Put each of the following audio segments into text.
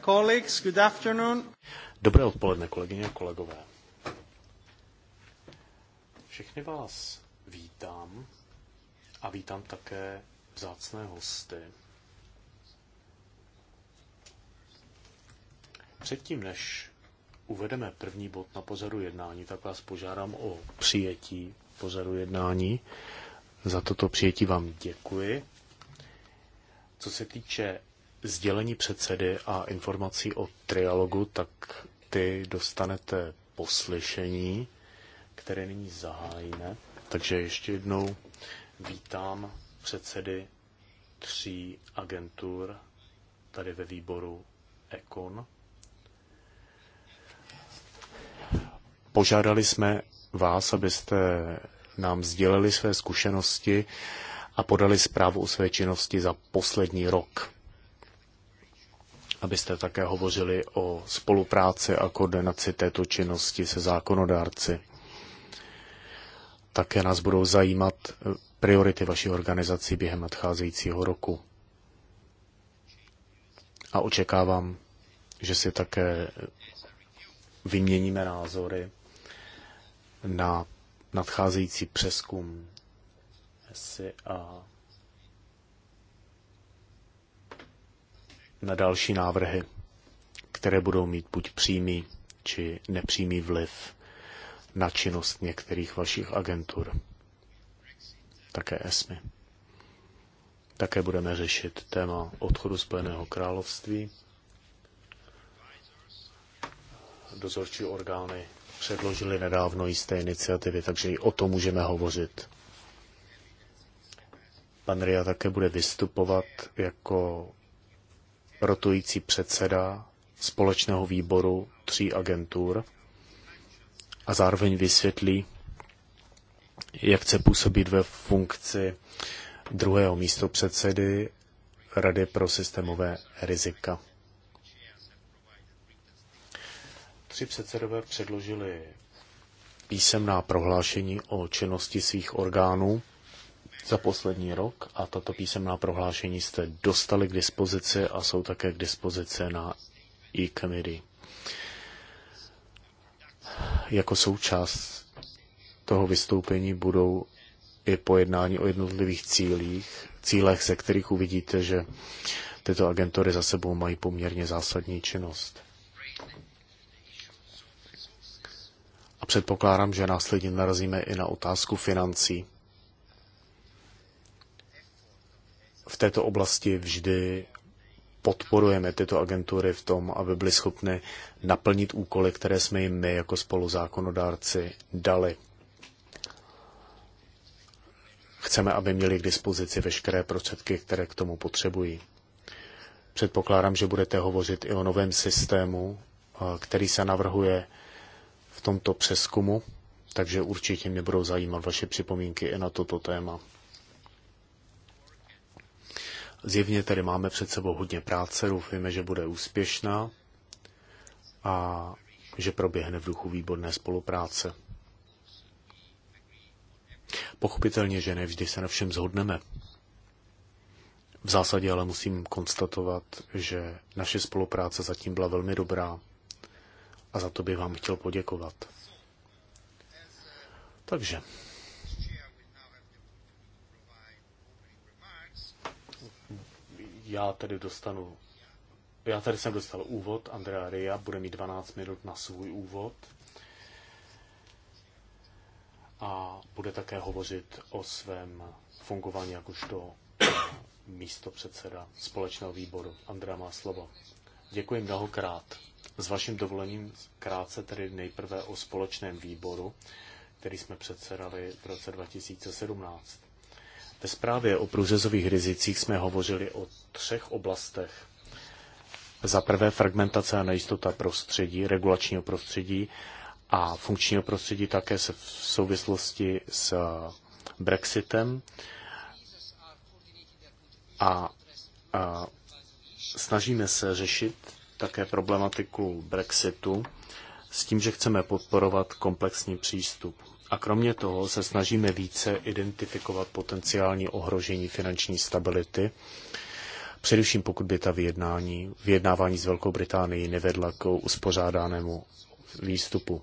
colleagues, good afternoon. Dobré odpoledne, kolegyně a kolegové. Všechny vás vítám a vítám také vzácné hosty. Předtím, než uvedeme první bod na pozoru jednání, tak vás požádám o přijetí pozoru jednání. Za toto přijetí vám děkuji. Co se týče sdělení předsedy a informací o trialogu, tak ty dostanete poslyšení, které nyní zahájíme. Takže ještě jednou vítám předsedy tří agentur tady ve výboru Econ. Požádali jsme vás, abyste nám sdělili své zkušenosti a podali zprávu o své činnosti za poslední rok abyste také hovořili o spolupráci a koordinaci této činnosti se zákonodárci. Také nás budou zajímat eh, priority vaší organizací během nadcházejícího roku. A očekávám, že si také eh, vyměníme názory na nadcházející přeskum SI a na další návrhy, které budou mít buď přímý či nepřímý vliv na činnost některých vašich agentur, také ESMY. Také budeme řešit téma odchodu Spojeného království. Dozorčí orgány předložili nedávno jisté iniciativy, takže i o tom můžeme hovořit. Pan Ria také bude vystupovat jako rotující předseda společného výboru tří agentur a zároveň vysvětlí, jak chce působit ve funkci druhého místo předsedy Rady pro systémové rizika. Tři předsedové předložili písemná prohlášení o činnosti svých orgánů za poslední rok a tato písemná prohlášení jste dostali k dispozici a jsou také k dispozici na e-committee. Jako součást toho vystoupení budou i pojednání o jednotlivých cílích, cílech, ze kterých uvidíte, že tyto agentury za sebou mají poměrně zásadní činnost. A předpokládám, že následně narazíme i na otázku financí v této oblasti vždy podporujeme tyto agentury v tom, aby byly schopny naplnit úkoly, které jsme jim my jako spoluzákonodárci dali. Chceme, aby měli k dispozici veškeré prostředky, které k tomu potřebují. Předpokládám, že budete hovořit i o novém systému, eh, který se navrhuje v tomto přeskumu, takže určitě mě budou zajímat vaše připomínky i na toto téma. Zjevně tady máme před sebou hodně práce, doufejme, že bude úspěšná a že proběhne v duchu výborné spolupráce. Pochopitelně, že ne vždy se na všem zhodneme. V zásadě ale musím konstatovat, že naše spolupráce zatím byla velmi dobrá a za to bych vám chtěl poděkovat. Takže. Já tedy dostanu, já tady jsem dostal úvod, Andrea Ria bude mít 12 minut na svůj úvod a bude také hovořit o svém fungování jakožto místo předseda společného výboru. Andrea má slovo. Děkuji mnohokrát. S vaším dovolením krátce tedy nejprve o společném výboru, který jsme předsedali v roce 2017. Ve zprávě o průřezových rizicích jsme hovořili o třech oblastech. Za prvé fragmentace a nejistota prostředí, regulačního prostředí a funkčního prostředí také se v souvislosti s Brexitem. A, a snažíme se řešit také problematiku Brexitu s tím, že chceme podporovat komplexní přístup. A kromě toho se snažíme více identifikovat potenciální ohrožení finanční stability, především pokud by ta vyjednání, vyjednávání s Velkou Británií nevedla k uspořádanému výstupu.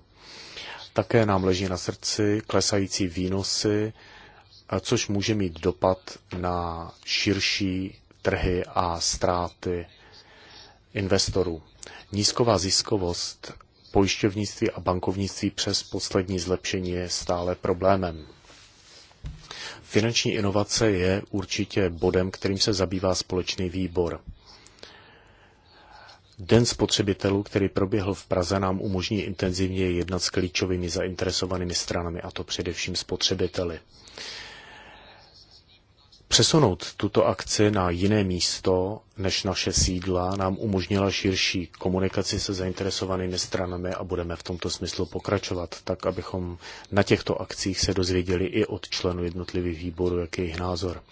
Také nám leží na srdci klesající výnosy, což může mít dopad na širší trhy a ztráty investorů. Nízková ziskovost pojišťovnictví a bankovnictví přes poslední zlepšení je stále problémem. Finanční inovace je určitě bodem, kterým se zabývá společný výbor. Den spotřebitelů, který proběhl v Praze, nám umožní intenzivně jednat s klíčovými zainteresovanými stranami, a to především spotřebiteli. Přesunout tuto akci na jiné místo než naše sídla nám umožnila širší komunikaci se zainteresovanými stranami a budeme v tomto smyslu pokračovat, tak abychom na těchto akcích se dozvěděli i od členů jednotlivých výborů, jaký je jejich názor.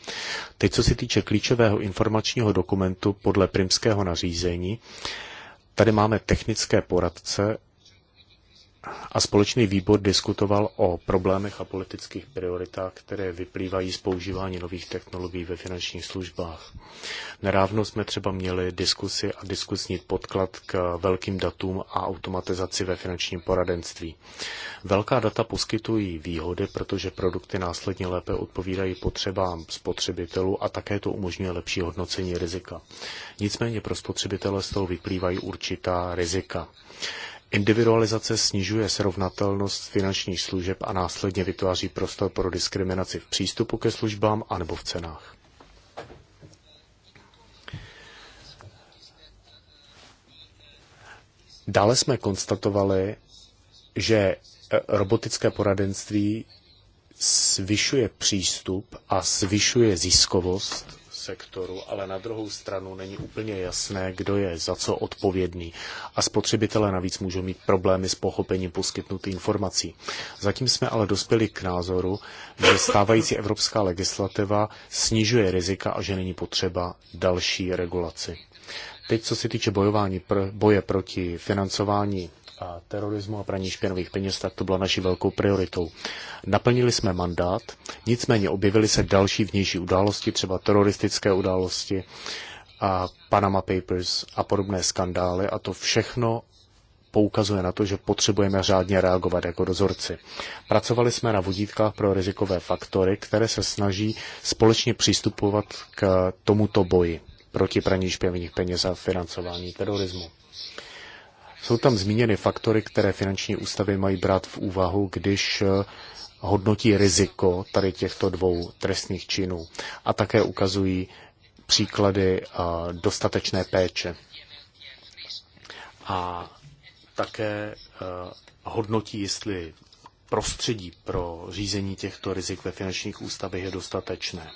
Teď, co se týče klíčového informačního dokumentu podle primského nařízení, tady máme technické poradce a společný výbor diskutoval o problémech a politických prioritách, které vyplývají z používání nových technologií ve finančních službách. Nerávno jsme třeba měli diskusy a diskusní podklad k velkým datům a automatizaci ve finančním poradenství. Velká data poskytují výhody, protože produkty následně lépe odpovídají potřebám spotřebitelů a také to umožňuje lepší hodnocení rizika. Nicméně pro spotřebitele z toho vyplývají určitá rizika. Individualizace snižuje srovnatelnost finančních služeb a následně vytváří prostor pro diskriminaci v přístupu ke službám anebo v cenách. Dále jsme konstatovali, že e, robotické poradenství zvyšuje přístup a zvyšuje ziskovost sektoru, ale na druhou stranu není úplně jasné, kdo je za co odpovědný. A spotřebitelé navíc můžou mít problémy s pochopením poskytnutých informací. Zatím jsme ale dospěli k názoru, že stávající evropská legislativa snižuje rizika a že není potřeba další regulaci. Teď, co se týče bojování pr- boje proti financování a terorismu a praní špinavých peněz, tak to bylo naší velkou prioritou. Naplnili jsme mandát, nicméně objevily se další vnější události, třeba teroristické události, a Panama Papers a podobné skandály a to všechno poukazuje na to, že potřebujeme řádně reagovat jako dozorci. Pracovali jsme na vodítkách pro rizikové faktory, které se snaží společně přistupovat k tomuto boji proti praní špinavých peněz a financování terorismu. Jsou tam zmíněny faktory, které finanční ústavy mají brát v úvahu, když eh, hodnotí riziko tady těchto dvou trestných činů a také ukazují příklady eh, dostatečné péče. A také eh, hodnotí, jestli prostředí pro řízení těchto rizik ve finančních ústavech je dostatečné.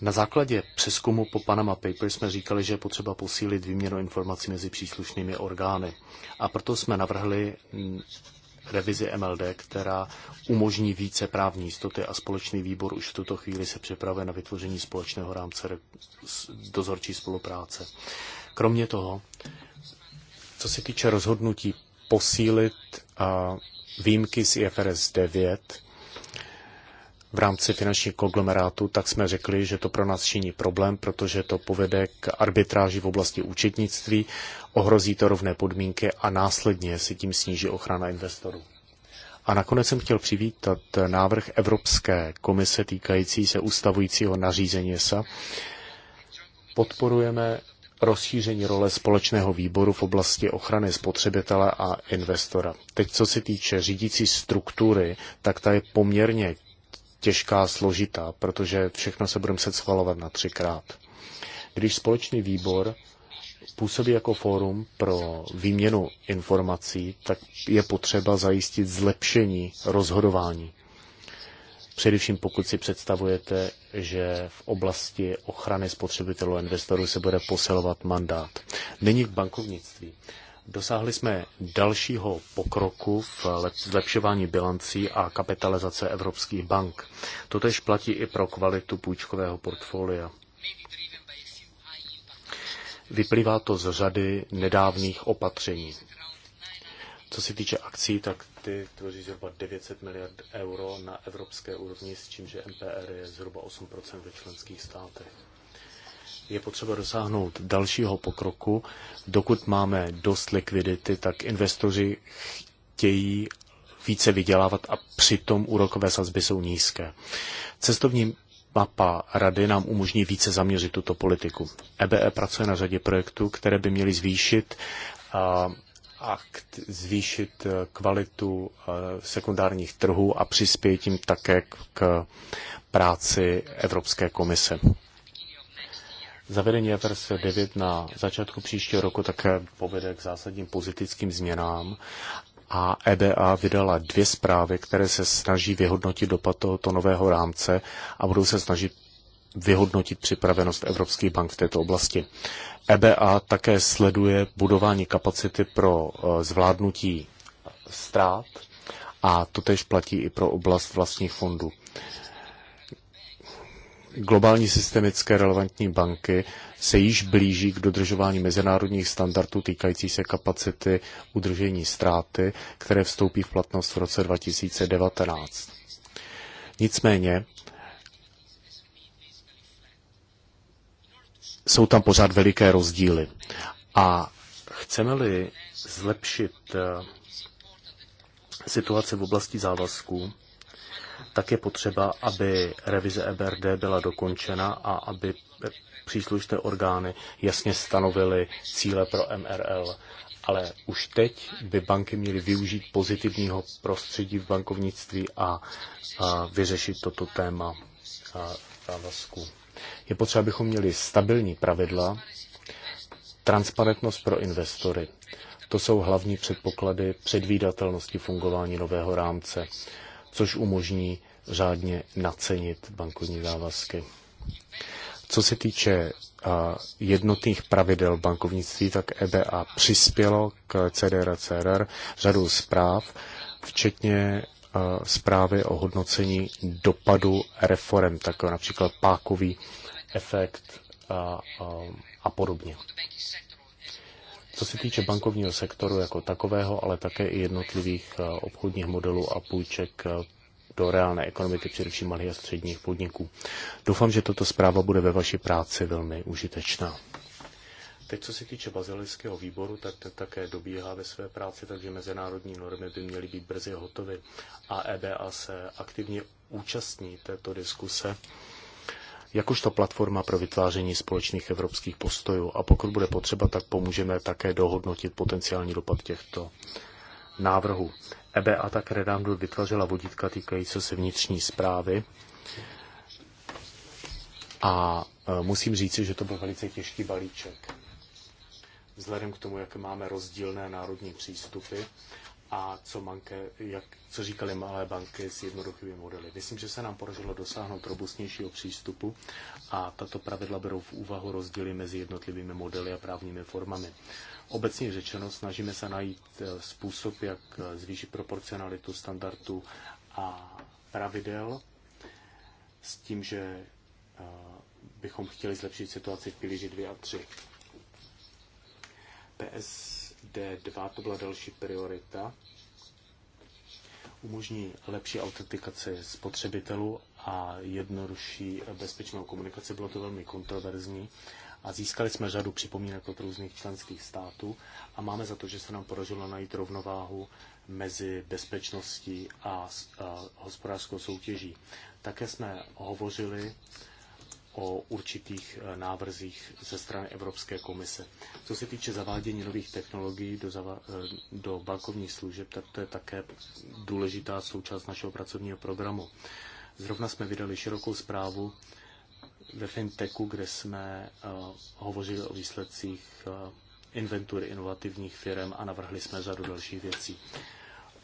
Na základě přeskumu po Panama Papers jsme říkali, že je potřeba posílit výměnu informací mezi příslušnými orgány. A proto jsme navrhli revizi MLD, která umožní více právní jistoty a společný výbor už v tuto chvíli se připravuje na vytvoření společného rámce dozorčí spolupráce. Kromě toho, co se týče rozhodnutí posílit výjimky z IFRS 9, v rámci finančních konglomerátů, tak jsme řekli, že to pro nás činí problém, protože to povede k arbitráži v oblasti účetnictví, ohrozí to rovné podmínky a následně se tím sníží ochrana investorů. A nakonec jsem chtěl přivítat návrh Evropské komise týkající se ustavujícího nařízení SA. Podporujeme rozšíření role společného výboru v oblasti ochrany spotřebitele a investora. Teď, co se týče řídící struktury, tak ta je poměrně těžká, složitá, protože všechno se bude muset schvalovat na třikrát. Když společný výbor působí jako fórum pro výměnu informací, tak je potřeba zajistit zlepšení rozhodování. Především pokud si představujete, že v oblasti ochrany spotřebitelů a investorů se bude posilovat mandát. Není v bankovnictví. Dosáhli jsme dalšího pokroku v zlepšování bilancí a kapitalizace evropských bank. Totež platí i pro kvalitu půjčkového portfolia. Vyplývá to z řady nedávných opatření. Co se týče akcí, tak ty tvoří zhruba 900 miliard euro na evropské úrovni, s čímž že MPR je zhruba 8 ve členských státech je potřeba dosáhnout dalšího pokroku. Dokud máme dost likvidity, tak investoři chtějí více vydělávat a přitom úrokové sazby jsou nízké. Cestovní mapa rady nám umožní více zaměřit tuto politiku. EBE e pracuje na řadě projektů, které by měly zvýšit a, akt, zvýšit e, kvalitu e, sekundárních trhů a přispět tím také k práci Evropské komise. Zavedení verze 9 na začátku příštího roku také povede k zásadním politickým změnám a EBA vydala dvě zprávy, které se snaží vyhodnotit dopad tohoto nového rámce a budou se snažit vyhodnotit připravenost Evropských bank v této oblasti. EBA také sleduje budování kapacity pro eh, zvládnutí ztrát a to tež platí i pro oblast vlastních fondů globální systemické relevantní banky se již blíží k dodržování mezinárodních standardů týkající se kapacity udržení ztráty, které vstoupí v platnost v roce 2019. Nicméně jsou tam pořád veliké rozdíly. A chceme-li zlepšit eh, situaci v oblasti závazků, tak je potřeba, aby revize EBRD byla dokončena a aby příslušné orgány jasně stanovily cíle pro MRL. Ale už teď by banky měly využít pozitivního prostředí v bankovnictví a, a vyřešit toto téma závazku. Je potřeba, abychom měli stabilní pravidla, transparentnost pro investory. To jsou hlavní předpoklady předvídatelnosti fungování nového rámce což umožní řádně nacenit bankovní závazky. Co se týče jednotných pravidel bankovnictví, tak EBA přispělo k CDR a CRR řadu zpráv, včetně zprávy o hodnocení dopadu reform, tak například pákový efekt a, a, a podobně co se týče bankovního sektoru jako takového, ale také i jednotlivých eh, obchodních modelů a půjček eh, do reálné ekonomiky, především malých a středních podniků. Doufám, že tato zpráva bude ve vaší práci velmi užitečná. Teď, co se týče bazilického výboru, tak ten také dobíhá ve své práci, takže mezinárodní normy by měly být brzy hotovy. A EBA se aktivně účastní této diskuse jakožto platforma pro vytváření společných evropských postojů. A pokud bude potřeba, tak pomůžeme také dohodnotit potenciální dopad těchto návrhů. EBA tak Redandu vytvořila vodítka týkající se vnitřní zprávy. A e, musím říci, že to byl velice těžký balíček. Vzhledem k tomu, jak máme rozdílné národní přístupy, a co, banke, jak, co říkali malé banky s jednoduchými modely. Myslím, že se nám podařilo dosáhnout robustnějšího přístupu a tato pravidla berou v úvahu rozdíly mezi jednotlivými modely a právními formami. Obecně řečeno, snažíme se najít eh, způsob, jak eh, zvýšit proporcionalitu standardů a pravidel s tím, že eh, bychom chtěli zlepšit situaci v pilíři 2 a 3. PS D2, to byla další priorita, umožní lepší autentikaci spotřebitelů a jednodušší bezpečnou komunikaci. Bylo to velmi kontroverzní a získali jsme řadu připomínek od různých členských států a máme za to, že se nám podařilo najít rovnováhu mezi bezpečností a, a hospodářskou soutěží. Také jsme hovořili o určitých eh, návrzích ze strany Evropské komise. Co se týče zavádění nových technologií do, zava- eh, do bankovních služeb, tak to je také důležitá součást našeho pracovního programu. Zrovna jsme vydali širokou zprávu ve Fintechu, kde jsme eh, hovořili o výsledcích inventury inovativních firm a navrhli jsme řadu dalších věcí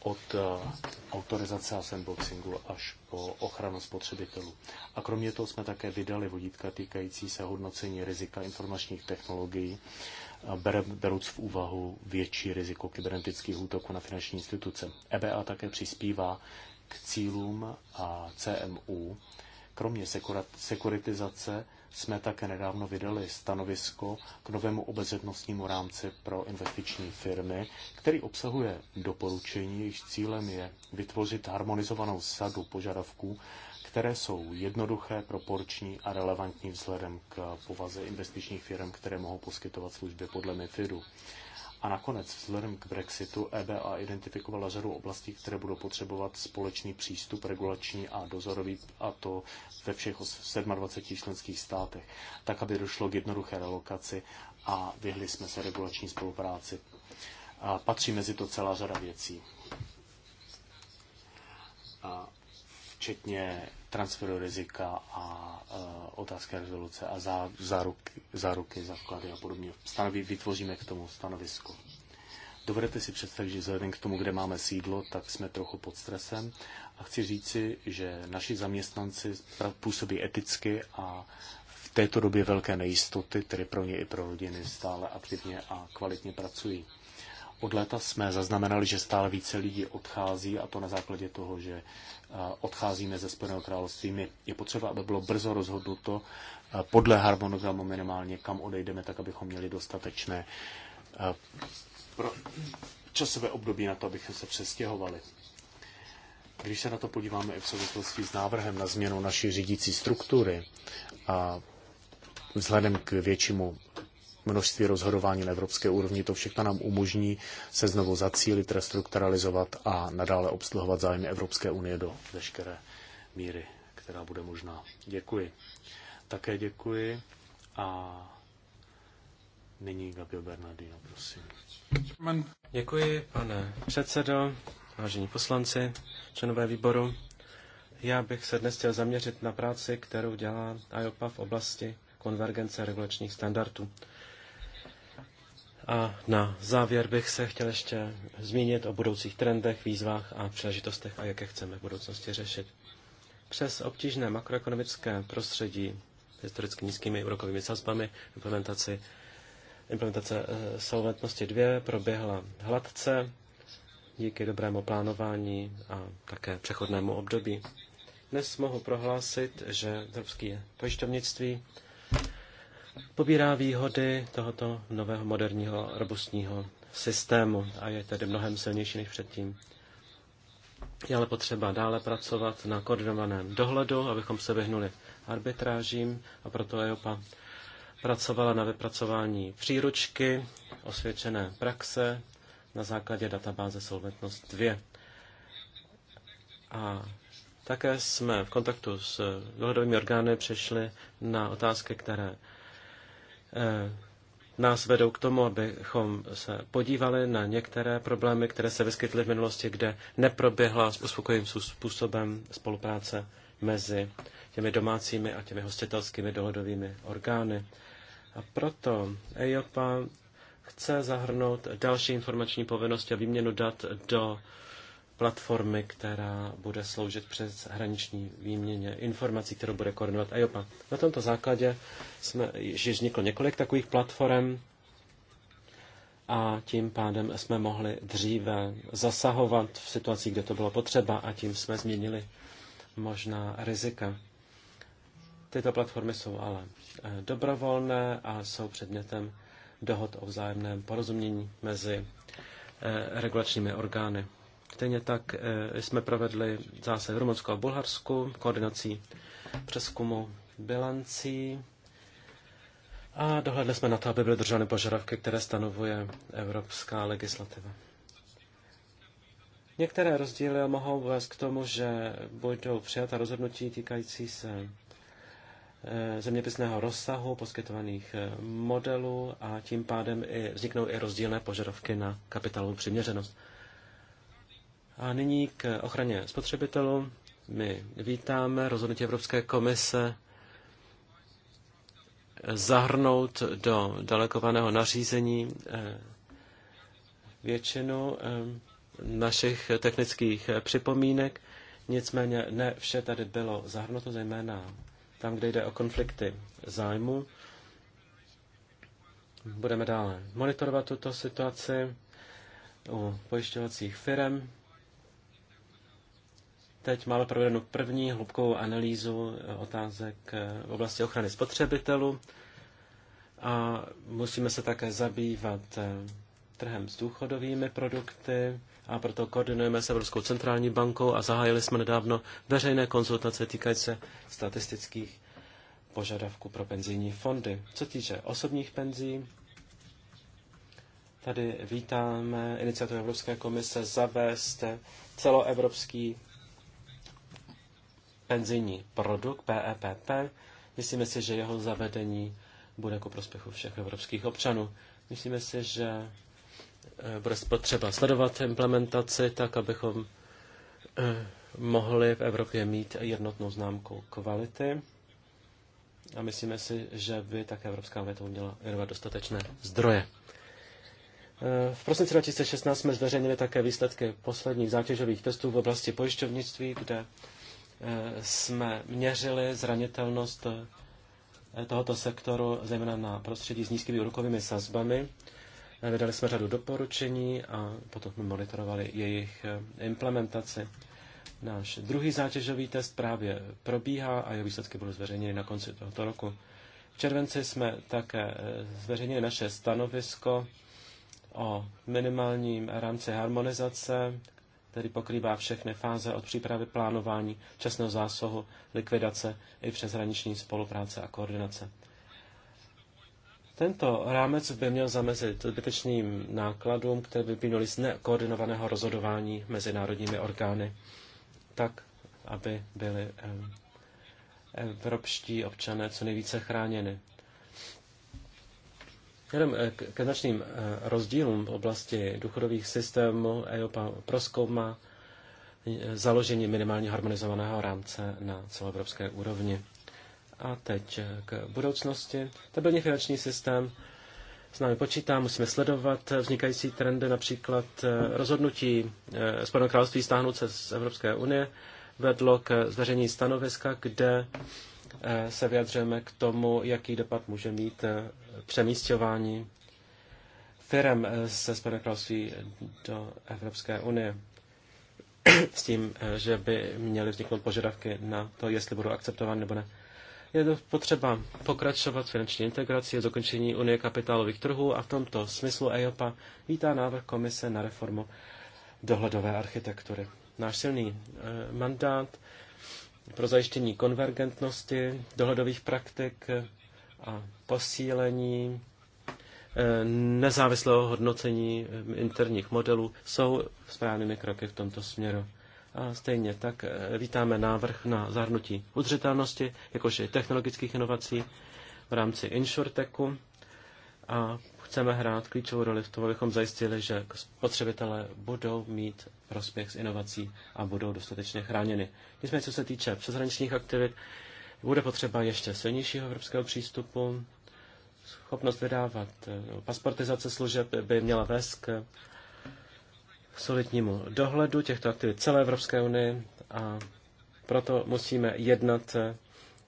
od eh, autorizace a sandboxingu až po ochranu spotřebitelů. A kromě toho jsme také vydali vodítka týkající se hodnocení rizika informačních technologií, beruc v úvahu větší riziko kybernetických útoků na finanční instituce. EBA také přispívá k cílům a CMU, kromě sekuritizace jsme také nedávno vydali stanovisko k novému obezřetnostnímu rámci pro investiční firmy, který obsahuje doporučení, jejichž cílem je vytvořit harmonizovanou sadu požadavků, které jsou jednoduché, proporční a relevantní vzhledem k povaze investičních firm, které mohou poskytovat služby podle MIFIDu. A nakonec, vzhledem k Brexitu, EBA identifikovala řadu oblastí, které budou potřebovat společný přístup regulační a dozorový, a to ve všech 27 členských státech, tak, aby došlo k jednoduché relokaci a vyhli jsme se regulační spolupráci. A patří mezi to celá řada věcí, a včetně transferu rizika a e, otázky rezoluce a za záruky, záruky, základy a podobně. Stanoví, vytvoříme k tomu stanovisko. Dovedete si představit, že vzhledem k tomu, kde máme sídlo, tak jsme trochu pod stresem. A chci říci, že naši zaměstnanci působí eticky a v této době velké nejistoty, tedy pro ně i pro rodiny, stále aktivně a kvalitně pracují. Od léta jsme zaznamenali, že stále více lidí odchází a to na základě toho, že odcházíme ze Spojeného království. Je potřeba, aby bylo brzo rozhodnuto podle harmonogramu minimálně, kam odejdeme, tak abychom měli dostatečné časové období na to, abychom se přestěhovali. Když se na to podíváme i v souvislosti s návrhem na změnu naší řídící struktury a vzhledem k většímu množství rozhodování na evropské úrovni. To všechno nám umožní se znovu zacílit, restrukturalizovat a nadále obsluhovat zájmy Evropské unie do veškeré míry, která bude možná. Děkuji. Také děkuji a nyní Gabriel Bernardino, prosím. Děkuji, pane předsedo, vážení poslanci, členové výboru. Já bych se dnes chtěl zaměřit na práci, kterou dělá IOPA v oblasti konvergence regulačních standardů. A na závěr bych se chtěl ještě zmínit o budoucích trendech, výzvách a příležitostech a jaké chceme v budoucnosti řešit. Přes obtížné makroekonomické prostředí historicky nízkými úrokovými sazbami implementaci, implementace eh, solventnosti 2 proběhla hladce díky dobrému plánování a také přechodnému období. Dnes mohu prohlásit, že evropské pojišťovnictví pobírá výhody tohoto nového moderního robustního systému a je tedy mnohem silnější než předtím. Je ale potřeba dále pracovat na koordinovaném dohledu, abychom se vyhnuli arbitrážím a proto EOPA pracovala na vypracování příručky, osvědčené praxe na základě databáze Solventnost 2. A také jsme v kontaktu s dohledovými orgány přešli na otázky, které Eh, nás vedou k tomu, abychom se podívali na některé problémy, které se vyskytly v minulosti, kde neproběhla s uspokojivým způsobem spolupráce mezi těmi domácími a těmi hostitelskými dohodovými orgány. A proto EIOPA chce zahrnout další informační povinnosti a výměnu dat do platformy, která bude sloužit přes hraniční výměně informací, kterou bude koordinovat EIOPA. Na tomto základě jsme, již vzniklo několik takových platform a tím pádem jsme mohli dříve zasahovat v situacích, kde to bylo potřeba a tím jsme změnili možná rizika. Tyto platformy jsou ale eh, dobrovolné a jsou předmětem dohod o vzájemném porozumění mezi eh, regulačními orgány. Stejně tak eh, jsme provedli zase v Rumunsku a Bulharsku, koordinací přeskumu bilancí a dohledli jsme na to, aby byly držány požadavky, které stanovuje evropská legislativa. Některé rozdíly mohou vést k tomu, že budou přijata rozhodnutí týkající se eh, zeměpisného rozsahu poskytovaných eh, modelů a tím pádem i vzniknou i rozdílné požadavky na kapitálovou přiměřenost. A nyní k ochraně spotřebitelů. My vítáme rozhodnutí Evropské komise zahrnout do dalekovaného nařízení eh, většinu eh, našich technických připomínek. Nicméně ne vše tady bylo zahrnuto, zejména tam, kde jde o konflikty zájmu. Budeme dále monitorovat tuto situaci u pojišťovacích firm. Teď máme provedenou první hloubkovou analýzu eh, otázek eh, v oblasti ochrany spotřebitelů a musíme se také zabývat eh, trhem s důchodovými produkty a proto koordinujeme s Evropskou centrální bankou a zahájili jsme nedávno veřejné konzultace týkající se statistických požadavků pro penzijní fondy. Co týče osobních penzí, tady vítáme iniciativu Evropské komise zavést celoevropský penzijní produkt PEPP. E myslíme si, že jeho zavedení bude ku prospěchu všech evropských občanů. Myslíme si, že eh, bude potřeba sledovat implementaci tak, abychom eh, mohli v Evropě mít jednotnou známku kvality. A myslíme si, že by také Evropská unie to měla věnovat dostatečné zdroje. Eh, v prosinci 2016 jsme zveřejnili také výsledky posledních zátěžových testů v oblasti pojišťovnictví, kde jsme měřili zranitelnost eh, tohoto sektoru, zejména na prostředí s nízkými úrokovými sazbami. Eh, vydali jsme řadu doporučení a potom jsme monitorovali jejich eh, implementaci. Náš druhý zátěžový test právě probíhá a jeho výsledky budou zveřejněny na konci tohoto roku. V červenci jsme také zveřejnili naše stanovisko o minimálním rámci harmonizace který pokrývá všechny fáze od přípravy plánování, časného zásahu, likvidace i přeshraniční spolupráce a koordinace. Tento rámec by měl zamezit zbytečným nákladům, které by vyplynuly z nekoordinovaného rozhodování mezinárodními orgány, tak, aby byly eh, evropští občané co nejvíce chráněny. Vzhledem eh, k značným eh, rozdílům v oblasti důchodových systémů EOPA proskoumá eh, založení minimálně harmonizovaného rámce na celoevropské úrovni. A teď k budoucnosti. Stabilní finanční systém s námi počítá, musíme sledovat vznikající trendy, například rozhodnutí Spojeného království stáhnout se z Evropské unie vedlo k zveřejnění stanoviska, kde se vyjadřujeme k tomu, jaký dopad může mít přemístěvání firm eh, ze Spojeného království do Evropské unie s tím, eh, že by měly vzniknout požadavky na to, jestli budou akceptovány nebo ne. Je to potřeba pokračovat finanční integraci, dokončení unie kapitálových trhů a v tomto smyslu EIOPA vítá návrh komise na reformu dohledové architektury. Náš silný eh, mandát pro zajištění konvergentnosti dohledových praktik a posílení eh, nezávislého hodnocení eh, interních modelů jsou správnými kroky v tomto směru. A stejně tak eh, vítáme návrh na zahrnutí udržitelnosti, jakož i technologických inovací v rámci InsurTechu a chceme hrát klíčovou roli v tom, abychom zajistili, že spotřebitelé budou mít prospěch z inovací a budou dostatečně chráněny. Nicméně, co se týče přeshraničních aktivit, bude potřeba ještě silnějšího evropského přístupu. Schopnost vydávat eh, pasportizace služeb by měla vést k solidnímu dohledu těchto aktivit celé Evropské unie a proto musíme jednat eh,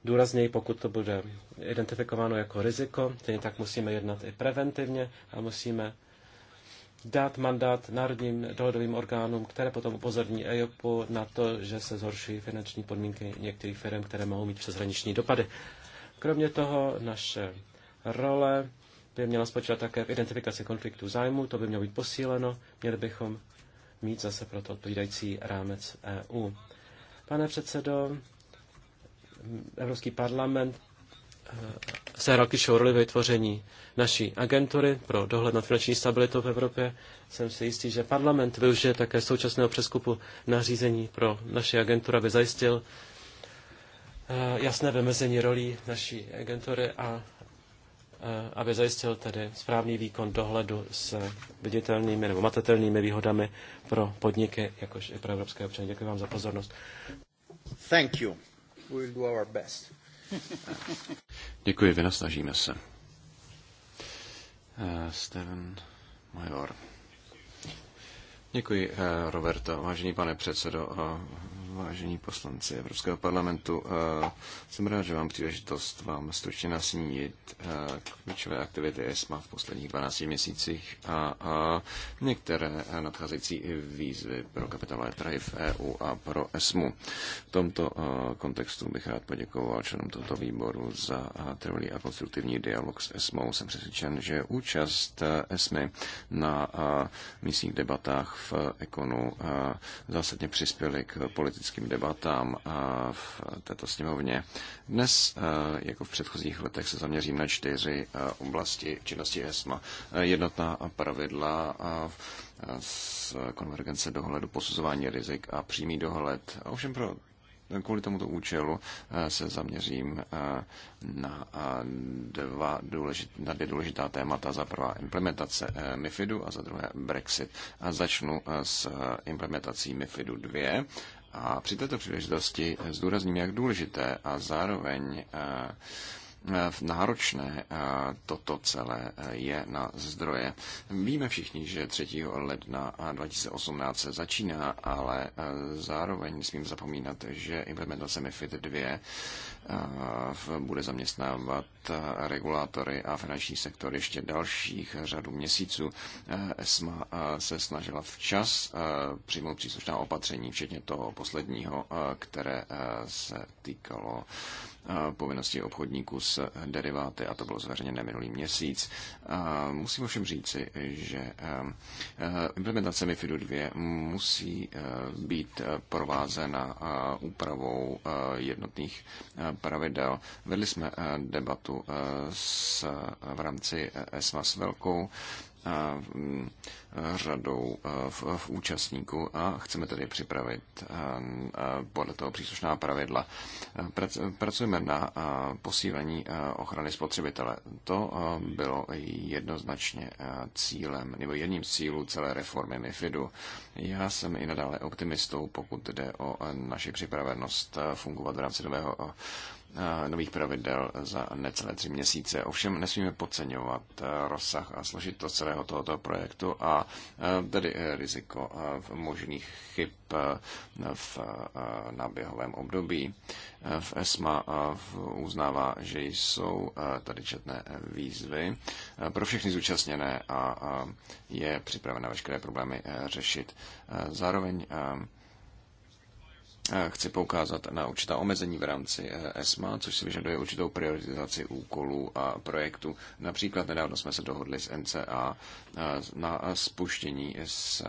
důrazněji, pokud to bude identifikováno jako riziko. Stejně tak musíme jednat i preventivně a musíme dát mandát národním dohodovým orgánům, které potom upozorní EIOPu na to, že se zhoršují finanční podmínky některých firm, které mohou mít přeshraniční dopady. Kromě toho naše role by měla spočívat také v identifikaci konfliktu zájmu, to by mělo být posíleno, měli bychom mít zase pro to odpovídající rámec EU. Pane předsedo, Evropský parlament eh, sehrál klíčovou roli vytvoření naší agentury pro dohled nad finanční stabilitou v Evropě. Jsem si jistý, že parlament využije také současného přeskupu nařízení pro naši agenturu, aby zajistil eh, jasné vymezení rolí naší agentury a eh, aby zajistil tedy správný výkon dohledu s viditelnými nebo matatelnými výhodami pro podniky, jakož i pro evropské občany. Děkuji vám za pozornost. Thank you. We'll do our best. Děkuji, vynasnažíme se. Uh, Steven Major. Děkuji, eh, Roberto. Vážený pane předsedo, eh, vážení poslanci Evropského parlamentu. Eh, jsem rád, že mám příležitost vám stručně nasnít eh, klíčové aktivity ESMA v posledních 12 měsících a, některé nadcházející výzvy pro kapitalové trhy v EU a pro ESMU. V tomto eh, kontextu bych rád poděkoval členům tohoto výboru za trvalý a konstruktivní dialog s ESMO. Jsem přesvědčen, že účast ESMy na místních debatách v Ekonu zásadně přispěly k politice politickým debatám eh, v této sněmovně. Dnes, eh, jako v předchozích letech, se zaměřím na čtyři eh, oblasti činnosti ESMA. Jednotná pravidla z konvergence dohledu, posuzování rizik a přímý dohled. Ovšem pro kvůli tomuto účelu se zaměřím na, dva důležit, na dvě důležitá témata. Za prvá implementace MIFIDu a za druhé Brexit. A začnu s implementací MIFIDu 2 a při této příležitosti zdůrazním, jak důležité a zároveň eh, eh, náročné eh, toto celé je na zdroje. Víme všichni, že 3. ledna 2018 se začíná, ale zároveň smím zapomínat, že implementace MIFID 2 Eh, bude zaměstnávat regulátory a finanční sektor ještě dalších řadu měsíců. Eh, ESMA eh, se snažila včas přijmout příslušná opatření, včetně toho posledního, které se týkalo povinnosti obchodníků s deriváty a to bylo zveřejněné minulý měsíc. Musím ovšem říci, že implementace MIFIDu 2 musí být provázena úpravou jednotných pravidel. Vedli jsme eh, debatu eh, s, v rámci ESMA eh, s velkou Mm, řadou v účastníků a chceme tedy připravit podle toho příslušná pravidla. Pracujeme na posílení ochrany spotřebitele. To bylo jednoznačně cílem, nebo jedním z cílů celé reformy MIFIDu. Já jsem i nadále optimistou, pokud jde o naši připravenost fungovat v rámci nového Eh, nových pravidel za necelé tři měsíce. Ovšem nesmíme podceňovat eh, rozsah a složitost celého tohoto projektu a eh, tedy riziko možných chyb v náběhovém období. V ESMA uznává, že jsou tady četné výzvy pro všechny zúčastněné a je připravena veškeré problémy řešit. Zároveň chci poukázat na určitá omezení v rámci eh, ESMA, což si vyžaduje určitou prioritizaci úkolů a projektů. Například nedávno jsme se dohodli s NCA eh, na spuštění z eh,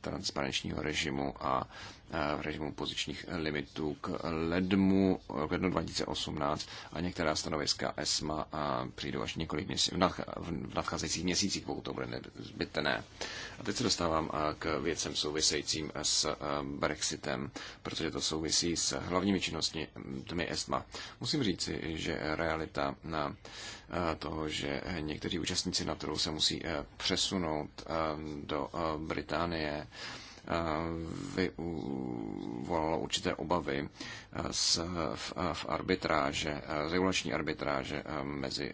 transparenčního režimu a Eh, v režimu pozičních limitů k lednu, eh, k lednu 2018 a některá stanoviska ESMA eh, přijdou až několik měsíců, v nadcházejících měsících, pokud to bude nezbytné. A teď se dostávám k věcem souvisejícím s Brexitem, protože to souvisí s hlavními činnostmi ESMA. Musím říci, že realita na toho, že někteří účastníci na trhu se musí přesunout do Británie, Eh, vyvolalo určité obavy z, eh, v, v arbitráže, eh, regulační arbitráže mezi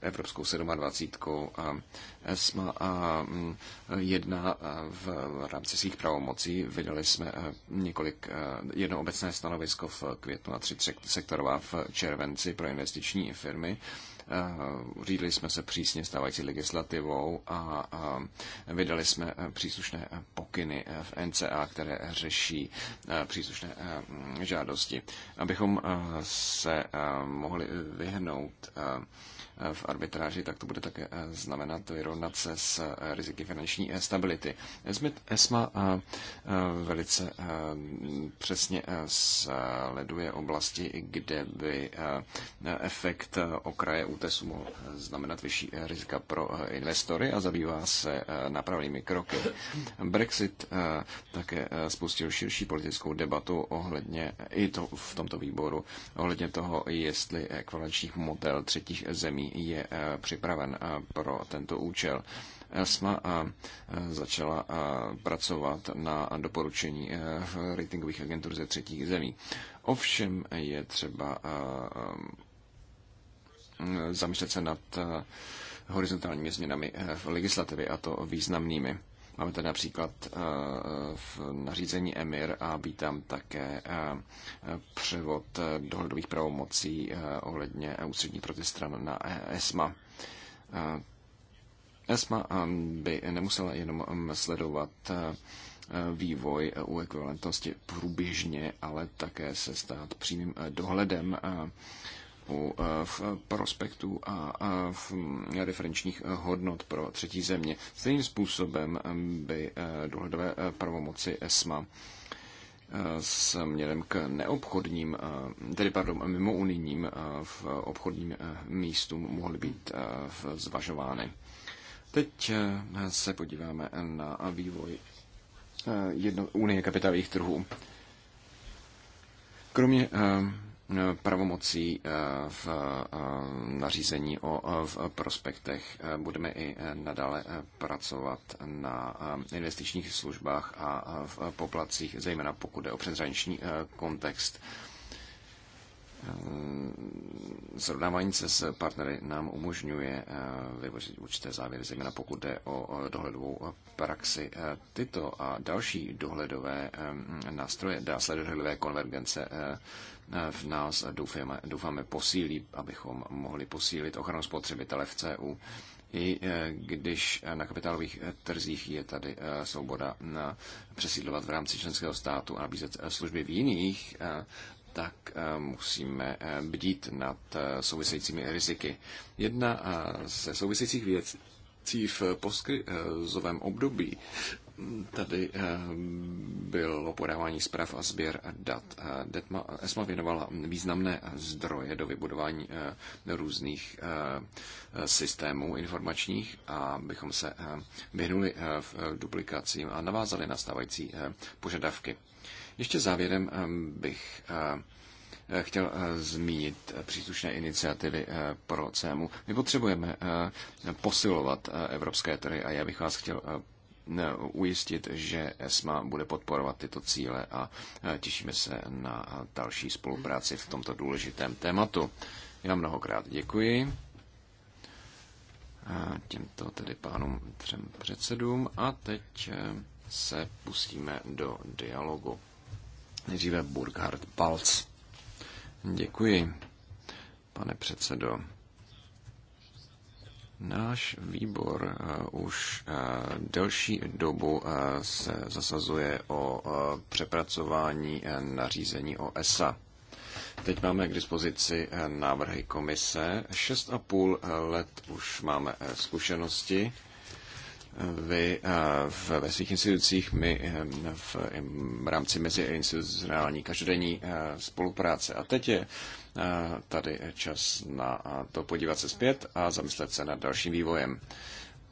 Evropskou 27 a ESMA a mm, jedna v rámci svých pravomocí. Vydali jsme několik, jedno obecné stanovisko v květnu a tři sektorová v červenci pro investiční firmy Eh, řídili jsme se přísně stávající legislativou a vydali jsme eh, příslušné eh, pokyny v NCA, které řeší příslušné žádosti. Abychom se mohli vyhnout v arbitráži, tak to bude také eh, znamenat vyrovnat se s eh, riziky finanční eh, stability. ESMA velice přesně sleduje oblasti, kde by efekt okraje útesu mohl znamenat vyšší rizika pro investory a zabývá se napravnými kroky. Brexit také spustil širší politickou debatu ohledně, i to v tomto výboru, ohledně toho, jestli ekvivalenčních model třetích zemí je eh, připraven eh, pro tento účel. ESMA eh, začala pracovat na doporučení ratingových agentur ze třetích zemí. Ovšem je třeba zamýšlet se nad horizontálními změnami v legislativě, a to významnými. Máme tady například eh, v nařízení EMIR a vítám také eh, převod eh, dohledových pravomocí ohledně ústřední protistran na ESMA. ESMA by nemusela jenom mm, sledovat vývoj u ekvivalentnosti průběžně, ale také se stát přímým dohledem u eh, prospektů a v eh, referenčních eh, hodnot pro třetí země. Stejným způsobem by dohledové pravomoci ESMA s měrem k neobchodním, tedy pardon, mimo unijním v obchodním místu mohly být zvažovány. Teď se podíváme na vývoj jedno, Unie kapitálových trhů. Kromě pravomocí eh, v eh, nařízení o eh, v prospektech. Budeme i nadále pracovat na investičních službách a v poplacích, zejména pokud jde o přeshraniční kontext srovnávání se s partnery nám umožňuje eh, vyvořit určité závěry, zejména pokud jde o eh, dohledovou eh, praxi. Tyto a další dohledové nástroje, následné dohledové konvergence v nás doufáme, doufáme posílí, abychom mohli posílit ochranu spotřebitele v CU i když na kapitálových trzích je tady svoboda přesídlovat v rámci členského státu a nabízet služby v jiných tak eh, musíme eh, bdít nad eh, souvisejícími riziky. Jedna ze souvisejících věcí v postkrizovém období hm, tady bylo podávání zpráv a sběr dat. Detma, ESMA věnovala významné zdroje do vybudování různých systémů informačních, abychom se vyhnuli v duplikacím a navázali na stávající požadavky. Ještě závěrem ehm, bych ehm, chtěl eh, zmínit příslušné iniciativy eh, pro CEMu. My potřebujeme eh, posilovat evropské trhy a já bych vás chtěl ujistit, že ESMA bude podporovat tyto cíle a těšíme se na další spolupráci v tomto důležitém tématu. Já mnohokrát děkuji těmto tedy pánům třem předsedům a teď se pustíme do dialogu. Nejdříve Burkhard Balc. Děkuji, pane předsedo. Náš výbor eh, už eh, delší dobu eh, se zasazuje o přepracování nařízení o ESA. Teď máme k dispozici návrhy komise. Šest a půl let už máme zkušenosti vy eh, ve svých institucích, my eh, v rámci meziinstitucionální každodenní eh, spolupráce. A teď je tady čas na to podívat se zpět a zamyslet se nad dalším vývojem.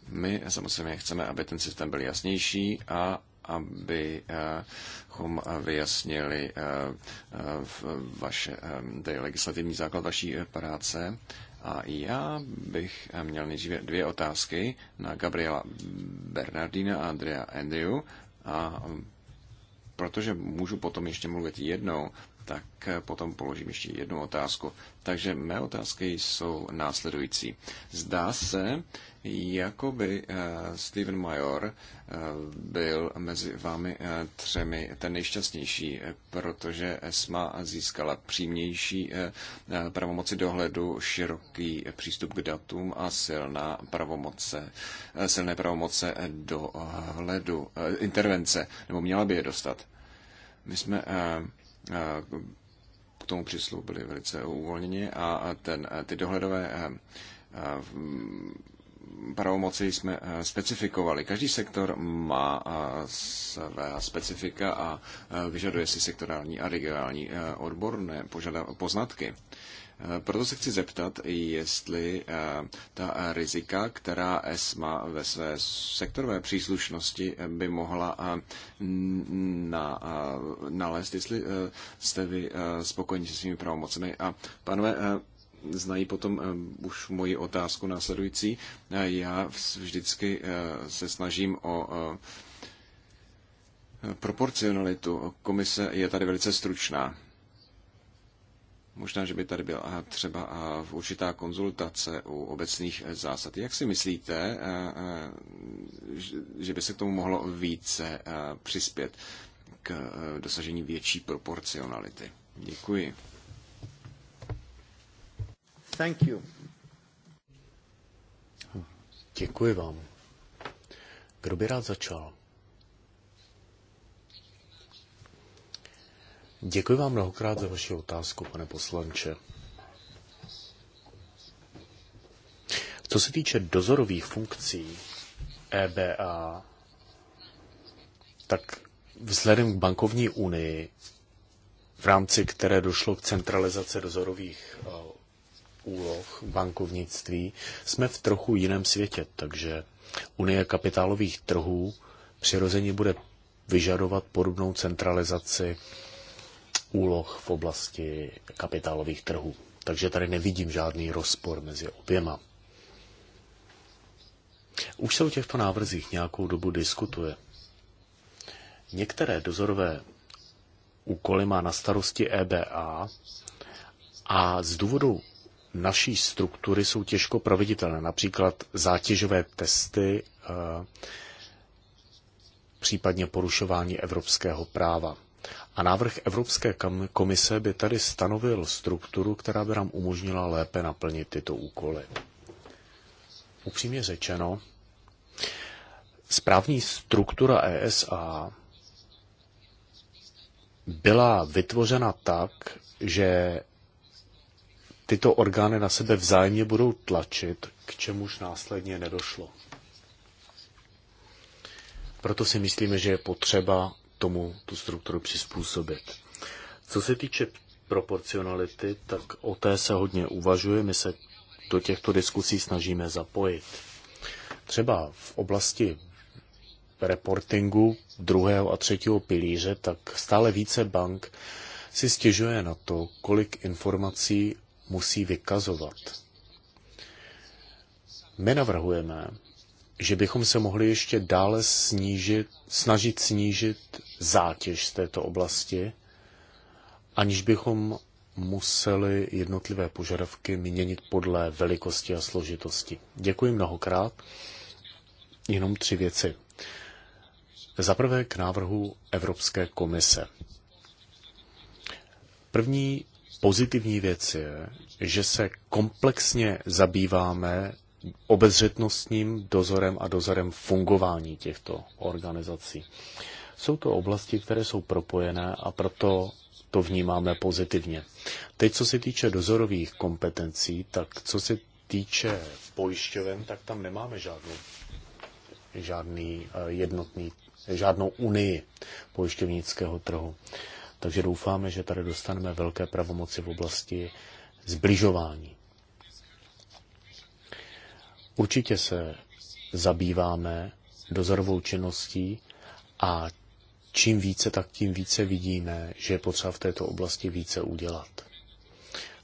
My samozřejmě chceme, aby ten systém byl jasnější a abychom vyjasnili vaše, legislativní základ vaší práce a já bych měl nejdříve dvě otázky na Gabriela Bernardina a Andrea Andrew. A protože můžu potom ještě mluvit jednou, tak potom položím ještě jednu otázku. Takže mé otázky jsou následující. Zdá se, jako by eh, Steven Major eh, byl mezi vámi eh, třemi ten nejšťastnější, protože ESMA získala přímější pravomoci dohledu, široký přístup k datům a silná pravomoce, silné pravomoce dohledu, intervence, nebo měla by je dostat. My jsme k tomu byli velice uvolněni a ten, ty dohledové pravomoci jsme specifikovali. Každý sektor má svá specifika a vyžaduje si sektorální a regionální odborné poznatky. Eh, proto se chci zeptat, jestli eh, ta rizika, která má ve své sektorové příslušnosti eh, by mohla na, nalézt, jestli jste vy spokojeni se svými pravomocemi. A panové, znají potom už moji otázku následující. Já vždycky se snažím o proporcionalitu. Komise je tady velice stručná. Možná, že by tady byla třeba v určitá konzultace u obecných zásad. Jak si myslíte, že by se k tomu mohlo více přispět k e, dosažení větší proporcionality? Děkuji. Thank you. Děkuji vám. Kdo by rád začal? Děkuji vám mnohokrát za vaši otázku, pane poslanče. Co se týče dozorových funkcí EBA, tak vzhledem k bankovní unii, v rámci které došlo k centralizaci dozorových eh, úloh bankovnictví, jsme v trochu jiném světě, takže Unie kapitálových trhů přirozeně bude vyžadovat podobnou centralizaci úloh v oblasti kapitálových trhů. Takže tady nevidím žádný rozpor mezi oběma. Už se o těchto návrzích nějakou dobu diskutuje. Některé dozorové úkoly má na starosti EBA a z důvodu naší struktury jsou těžko proveditelné. Například zátěžové testy, eh, případně porušování evropského práva. A návrh Evropské komise by tady stanovil strukturu, která by nám umožnila lépe naplnit tyto úkoly. Upřímně řečeno, správní struktura ESA byla vytvořena tak, že tyto orgány na sebe vzájemně budou tlačit, k čemuž následně nedošlo. Proto si myslíme, že je potřeba tomu tu strukturu přizpůsobit. Co se týče proporcionality, tak o té se hodně uvažuje. My se do těchto diskusí snažíme zapojit. Třeba v oblasti reportingu druhého a třetího pilíře, tak stále více bank si stěžuje na to, kolik informací musí vykazovat. My navrhujeme, že bychom se mohli ještě dále snížit, snažit snížit zátěž z této oblasti, aniž bychom museli jednotlivé požadavky měnit podle velikosti a složitosti. Děkuji mnohokrát. Jenom tři věci. Za prvé k návrhu Evropské komise. První pozitivní věc je, že se komplexně zabýváme obezřetnostním dozorem a dozorem fungování těchto organizací. Jsou to oblasti, které jsou propojené a proto to vnímáme pozitivně. Teď, co se týče dozorových kompetencí, tak co se týče pojišťoven, tak tam nemáme žádnou, žádný eh, jednotný, žádnou unii pojišťovnického trhu. Takže doufáme, že tady dostaneme velké pravomoci v oblasti zbližování Určitě se zabýváme dozorovou činností a čím více, tak tím více vidíme, že je potřeba v této oblasti více udělat.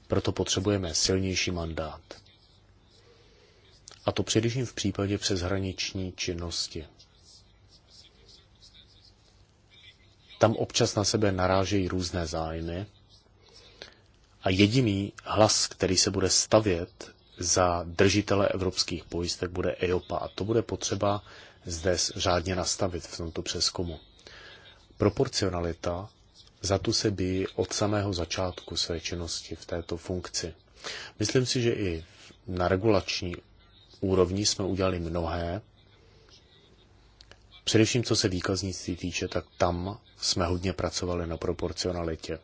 Proto potřebujeme silnější mandát. A to především v případě přeshraniční činnosti. Tam občas na sebe narážejí různé zájmy a jediný hlas, který se bude stavět za držitele evropských pojistek bude EIOPA a to bude potřeba zde řádně nastavit v tomto přeskumu. Proporcionalita, za tu se bíjí od samého začátku své činnosti v této funkci. Myslím si, že i na regulační úrovni jsme udělali mnohé. Především co se výkaznictví týče, tak tam jsme hodně pracovali na proporcionalitě.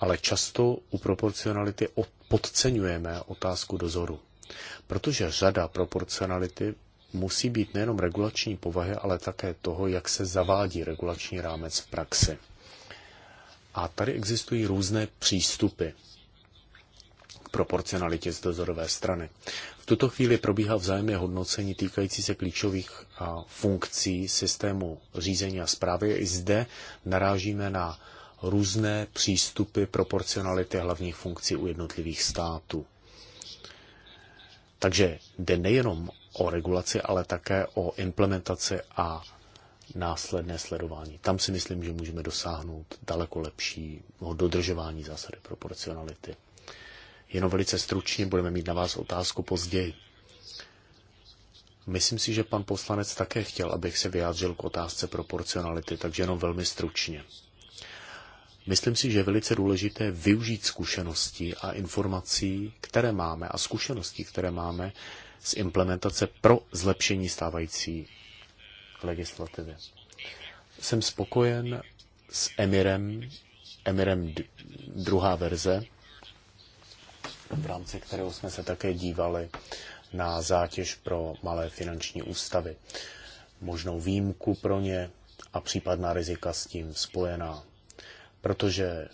Ale často u proporcionality podceňujeme otázku dozoru. Protože řada proporcionality musí být nejenom regulační povahy, ale také toho, jak se zavádí regulační rámec v praxi. A tady existují různé přístupy k proporcionalitě z dozorové strany. V tuto chvíli probíhá vzájemné hodnocení týkající se klíčových funkcí systému řízení a zprávy. I zde narážíme na různé přístupy proporcionality hlavních funkcí u jednotlivých států. Takže jde nejenom o regulaci, ale také o implementaci a následné sledování. Tam si myslím, že můžeme dosáhnout daleko lepšího dodržování zásady proporcionality. Jenom velice stručně budeme mít na vás otázku později. Myslím si, že pan poslanec také chtěl, abych se vyjádřil k otázce proporcionality, takže jenom velmi stručně. Myslím si, že je velice důležité využít zkušenosti a informací, které máme a zkušeností, které máme z implementace pro zlepšení stávající legislativy. Jsem spokojen s Emirem, Emirem druhá verze, v rámci kterého jsme se také dívali na zátěž pro malé finanční ústavy, možnou výjimku pro ně a případná rizika s tím spojená protože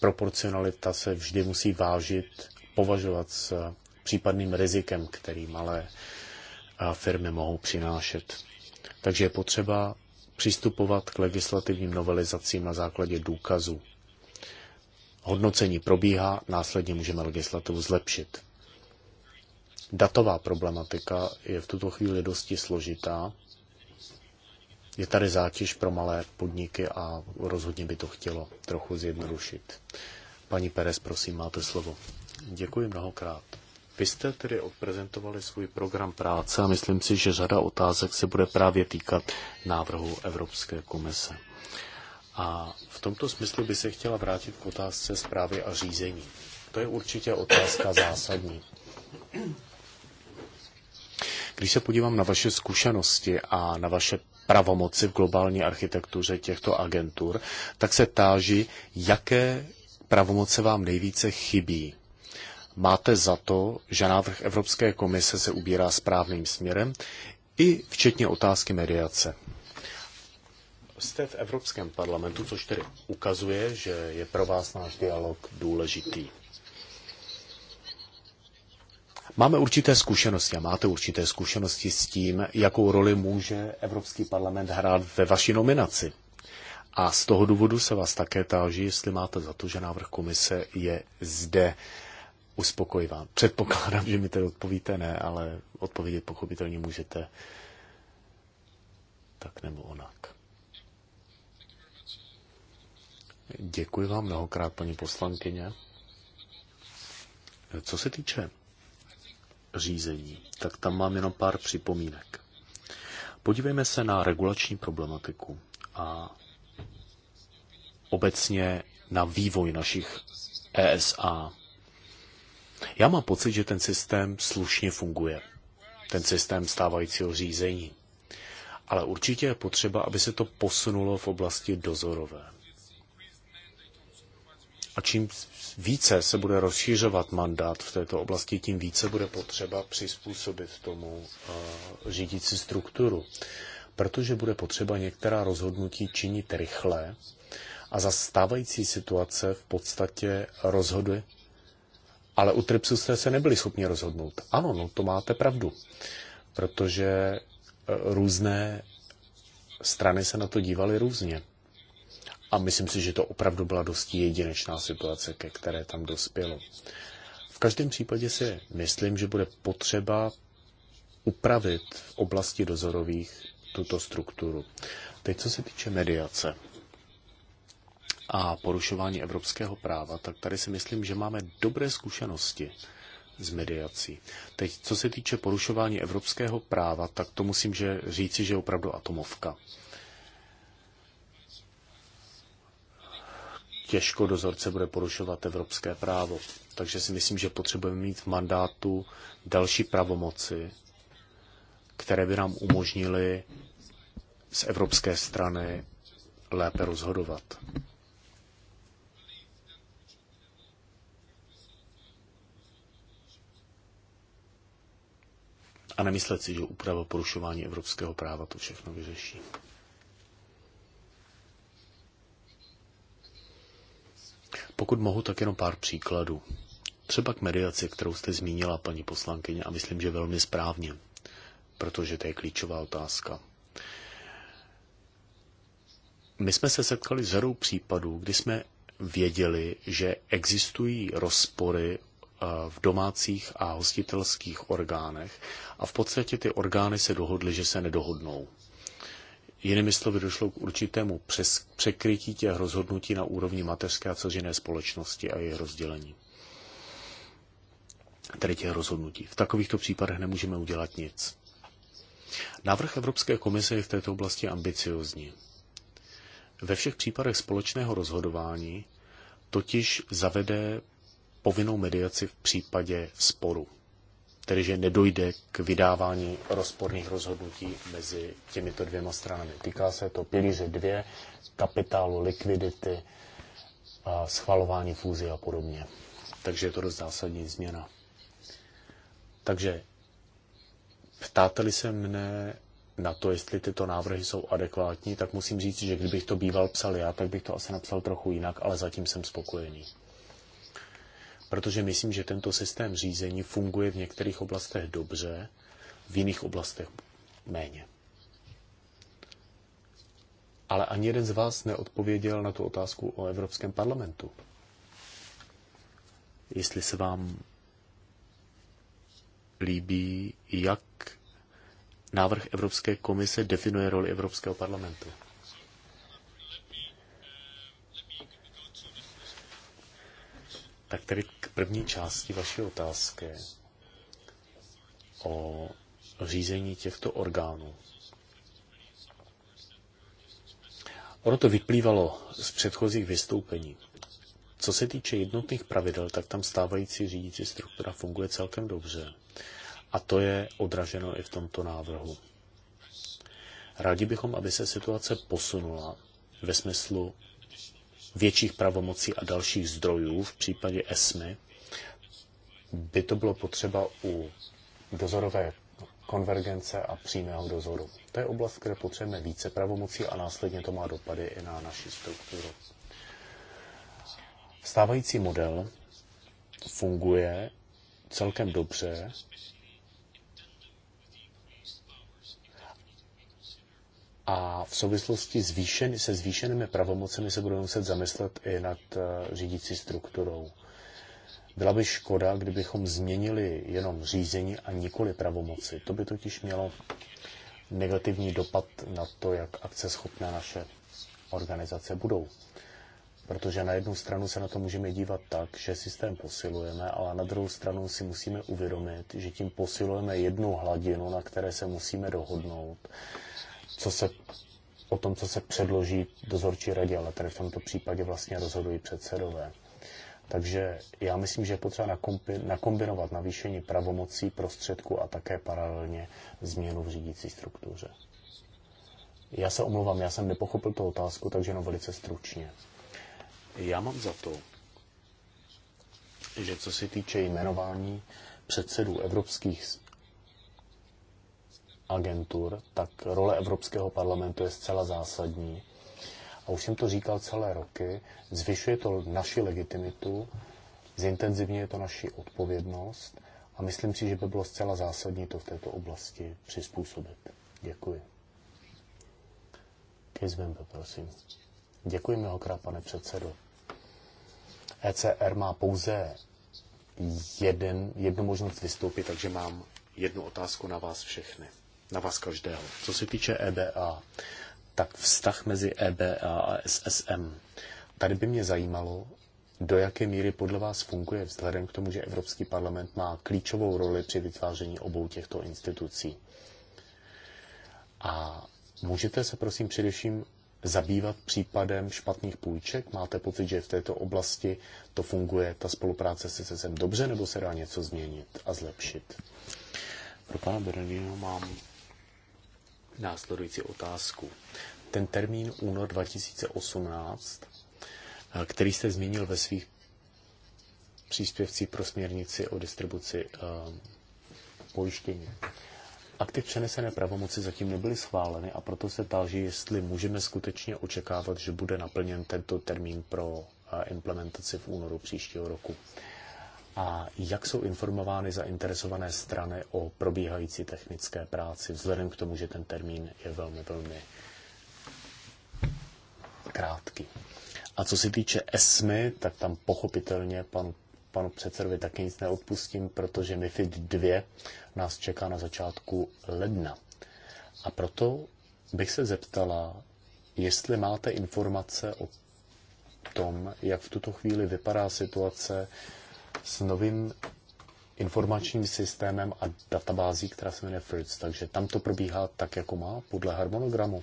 proporcionalita se vždy musí vážit, považovat s případným rizikem, který malé firmy mohou přinášet. Takže je potřeba přistupovat k legislativním novelizacím na základě důkazů. Hodnocení probíhá, následně můžeme legislativu zlepšit. Datová problematika je v tuto chvíli dosti složitá, je tady zátěž pro malé podniky a rozhodně by to chtělo trochu zjednodušit. Paní Perez, prosím, máte slovo. Děkuji mnohokrát. Vy jste tedy odprezentovali svůj program práce a myslím si, že řada otázek se bude právě týkat návrhu Evropské komise. A v tomto smyslu by se chtěla vrátit k otázce zprávy a řízení. To je určitě otázka zásadní. Když se podívám na vaše zkušenosti a na vaše pravomoci v globální architektuře těchto agentur, tak se táží, jaké pravomoce vám nejvíce chybí. Máte za to, že návrh Evropské komise se ubírá správným směrem, i včetně otázky mediace. Jste v Evropském parlamentu, což tedy ukazuje, že je pro vás náš dialog důležitý. Máme určité zkušenosti a máte určité zkušenosti s tím, jakou roli může Evropský parlament hrát ve vaší nominaci. A z toho důvodu se vás také táží, jestli máte za to, že návrh komise je zde uspokojivá. Předpokládám, že mi tedy odpovíte ne, ale odpovědět pochopitelně můžete tak nebo onak. Děkuji vám mnohokrát, paní poslankyně. Co se týče řízení, tak tam mám jenom pár připomínek. Podívejme se na regulační problematiku a obecně na vývoj našich ESA. Já mám pocit, že ten systém slušně funguje. Ten systém stávajícího řízení. Ale určitě je potřeba, aby se to posunulo v oblasti dozorové. A čím více se bude rozšířovat mandát v této oblasti, tím více bude potřeba přizpůsobit tomu řídící strukturu. Protože bude potřeba některá rozhodnutí činit rychle a za stávající situace v podstatě rozhoduje. Ale u TRIPSu jste se nebyli schopni rozhodnout. Ano, no to máte pravdu. Protože e, různé strany se na to dívaly různě. A myslím si, že to opravdu byla dosti jedinečná situace, ke které tam dospělo. V každém případě si myslím, že bude potřeba upravit v oblasti dozorových tuto strukturu. Teď, co se týče mediace a porušování evropského práva, tak tady si myslím, že máme dobré zkušenosti s mediací. Teď, co se týče porušování evropského práva, tak to musím že říci, že je opravdu atomovka. těžko dozorce bude porušovat evropské právo. Takže si myslím, že potřebujeme mít v mandátu další pravomoci, které by nám umožnily z evropské strany lépe rozhodovat. A nemyslet si, že úprava porušování evropského práva to všechno vyřeší. Pokud mohu, tak jenom pár příkladů. Třeba k mediaci, kterou jste zmínila, paní poslankyně, a myslím, že velmi správně, protože to je klíčová otázka. My jsme se setkali s řadou případů, kdy jsme věděli, že existují rozpory eh, v domácích a hostitelských orgánech a v podstatě ty orgány se dohodly, že se nedohodnou. Jinými slovy, došlo k určitému přes, překrytí těch rozhodnutí na úrovni mateřské a celžené společnosti a jejich rozdělení. Tedy těch rozhodnutí. V takovýchto případech nemůžeme udělat nic. Návrh Evropské komise je v této oblasti ambiciozní. Ve všech případech společného rozhodování totiž zavede povinnou mediaci v případě sporu tedy že nedojde k vydávání rozporných rozhodnutí mezi těmito dvěma stranami. Týká se to pilíře dvě, kapitálu, likvidity, a schvalování fúzy a podobně. Takže je to dost zásadní změna. Takže ptáte-li se mne na to, jestli tyto návrhy jsou adekvátní, tak musím říct, že kdybych to býval psal já, tak bych to asi napsal trochu jinak, ale zatím jsem spokojený protože myslím, že tento systém řízení funguje v některých oblastech dobře, v jiných oblastech méně. Ale ani jeden z vás neodpověděl na tu otázku o Evropském parlamentu. Jestli se vám líbí, jak návrh Evropské komise definuje roli Evropského parlamentu. Tak tedy k první části vaší otázky o řízení těchto orgánů. Ono to vyplývalo z předchozích vystoupení. Co se týče jednotných pravidel, tak tam stávající řídící struktura funguje celkem dobře. A to je odraženo i v tomto návrhu. Rádi bychom, aby se situace posunula ve smyslu větších pravomocí a dalších zdrojů v případě ESMY, by to bylo potřeba u dozorové konvergence a přímého dozoru. To je oblast, kde potřebujeme více pravomocí a následně to má dopady i na naši strukturu. Stávající model funguje celkem dobře A v souvislosti zvýšen, se zvýšenými pravomocemi se budeme muset zamyslet i nad eh, řídící strukturou. Byla by škoda, kdybychom změnili jenom řízení a nikoli pravomoci. To by totiž mělo negativní dopad na to, jak akceschopné naše organizace budou. Protože na jednu stranu se na to můžeme dívat tak, že systém posilujeme, ale na druhou stranu si musíme uvědomit, že tím posilujeme jednu hladinu, na které se musíme dohodnout co se, o tom, co se předloží dozorčí radě, ale tady v tomto případě vlastně rozhodují předsedové. Takže já myslím, že je potřeba nakombinovat navýšení pravomocí, prostředku a také paralelně změnu v řídící struktuře. Já se omlouvám, já jsem nepochopil tu otázku, takže jenom velice stručně. Já mám za to, že co se týče jmenování předsedů evropských agentur, tak role Evropského parlamentu je zcela zásadní. A už jsem to říkal celé roky, zvyšuje to naši legitimitu, zintenzivňuje to naši odpovědnost a myslím si, že by bylo zcela zásadní to v této oblasti přizpůsobit. Děkuji. Kizbembe, prosím. Děkuji mnohokrát, pane předsedo. ECR má pouze jeden, jednu možnost vystoupit, takže mám jednu otázku na vás všechny na vás každého. Co se týče EBA, tak vztah mezi EBA a SSM. Tady by mě zajímalo, do jaké míry podle vás funguje vzhledem k tomu, že Evropský parlament má klíčovou roli při vytváření obou těchto institucí. A můžete se prosím především zabývat případem špatných půjček? Máte pocit, že v této oblasti to funguje, ta spolupráce se SSM dobře, nebo se dá něco změnit a zlepšit? Pro pana Berenina mám následující otázku. Ten termín únor 2018, eh, který jste zmínil ve svých příspěvcích pro směrnici o distribuci eh, pojištění. Aktiv přenesené pravomoci zatím nebyly schváleny a proto se táží, jestli můžeme skutečně očekávat, že bude naplněn tento termín pro eh, implementaci v únoru příštího roku a jak jsou informovány zainteresované strany o probíhající technické práci, vzhledem k tomu, že ten termín je velmi, velmi krátký. A co se týče ESMY, tak tam pochopitelně pan panu předsedovi taky nic neodpustím, protože MIFID 2 nás čeká na začátku ledna. A proto bych se zeptala, jestli máte informace o tom, jak v tuto chvíli vypadá situace s novým informačním systémem a databází, která se jmenuje FRITZ. Takže tam to probíhá tak, jako má, podle harmonogramu.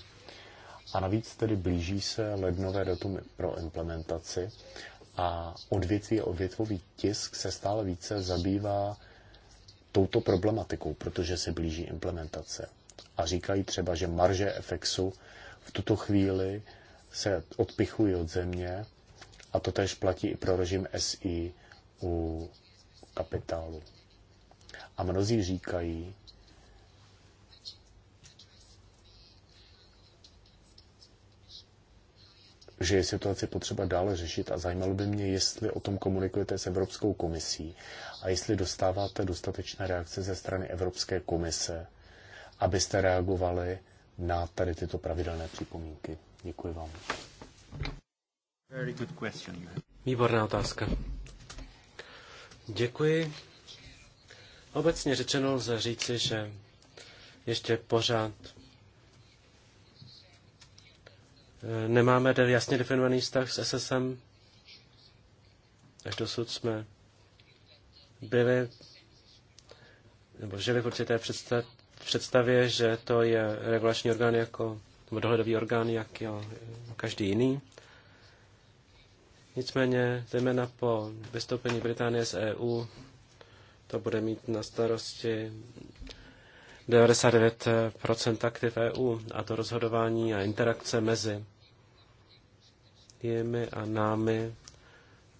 A navíc tedy blíží se lednové datum pro implementaci a odvětví a odvětvový tisk se stále více zabývá touto problematikou, protože se blíží implementace. A říkají třeba, že marže FXu v tuto chvíli se odpichují od země a to tež platí i pro režim SI u kapitálu. A mnozí říkají, že je situaci potřeba dále řešit a zajímalo by mě, jestli o tom komunikujete s Evropskou komisí a jestli dostáváte dostatečné reakce ze strany Evropské komise, abyste reagovali na tady tyto pravidelné připomínky. Děkuji vám. Výborná otázka. Děkuji. Obecně řečeno lze říci, že ještě pořád eh, nemáme jasně definovaný vztah s SSM. Až dosud jsme byli nebo žili v určité představě, že to je regulační orgán jako, nebo dohledový orgán jako každý jiný. Nicméně, zejména po vystoupení Británie z EU, to bude mít na starosti 99% aktiv EU a to rozhodování a interakce mezi jimi a námi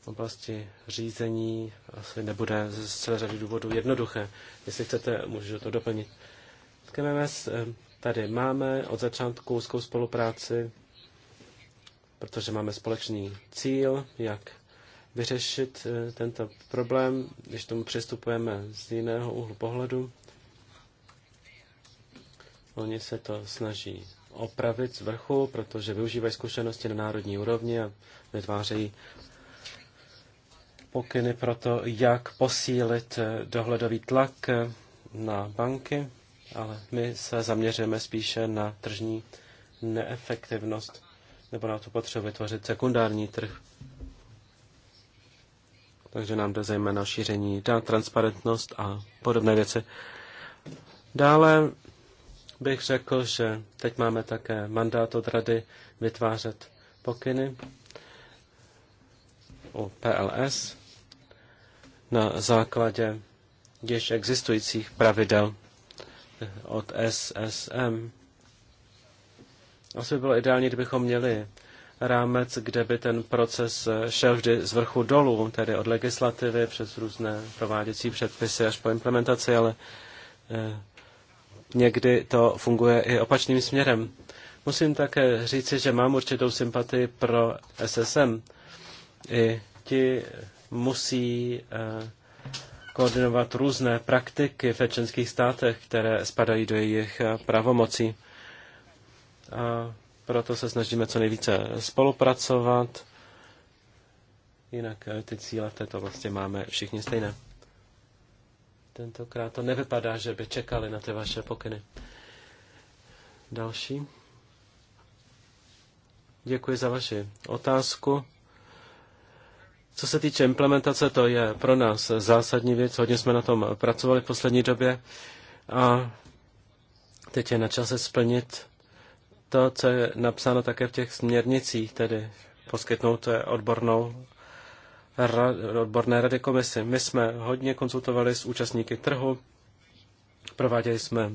v oblasti řízení asi nebude z celé řady důvodů jednoduché. Jestli chcete, můžu to doplnit. S eh, tady máme od začátku úzkou spolupráci protože máme společný cíl, jak vyřešit eh, tento problém, když tomu přistupujeme z jiného úhlu pohledu. Oni se to snaží opravit z vrchu, protože využívají zkušenosti na národní úrovni a vytvářejí pokyny pro to, jak posílit eh, dohledový tlak eh, na banky, ale my se zaměříme spíše na tržní neefektivnost nebo na to potřebuje vytvořit sekundární trh. Takže nám jde zejména šíření dá transparentnost a podobné věci. Dále bych řekl, že teď máme také mandát od rady vytvářet pokyny o PLS na základě již existujících pravidel od SSM. Asi by bylo ideální, kdybychom měli rámec, kde by ten proces šel vždy z vrchu dolů, tedy od legislativy přes různé prováděcí předpisy až po implementaci, ale eh, někdy to funguje i opačným směrem. Musím také říci, že mám určitou sympatii pro SSM. I ti musí eh, koordinovat různé praktiky v členských státech, které spadají do jejich eh, pravomocí a proto se snažíme co nejvíce spolupracovat. Jinak eh, ty cíle v této vlastně máme všichni stejné. Tentokrát to nevypadá, že by čekali na ty vaše pokyny. Další. Děkuji za vaši otázku. Co se týče implementace, to je pro nás zásadní věc. Hodně jsme na tom pracovali v poslední době a teď je na čase splnit to, co je napsáno také v těch směrnicích, tedy poskytnout odbornou odborné rady komisy. My jsme hodně konzultovali s účastníky trhu, prováděli jsme eh,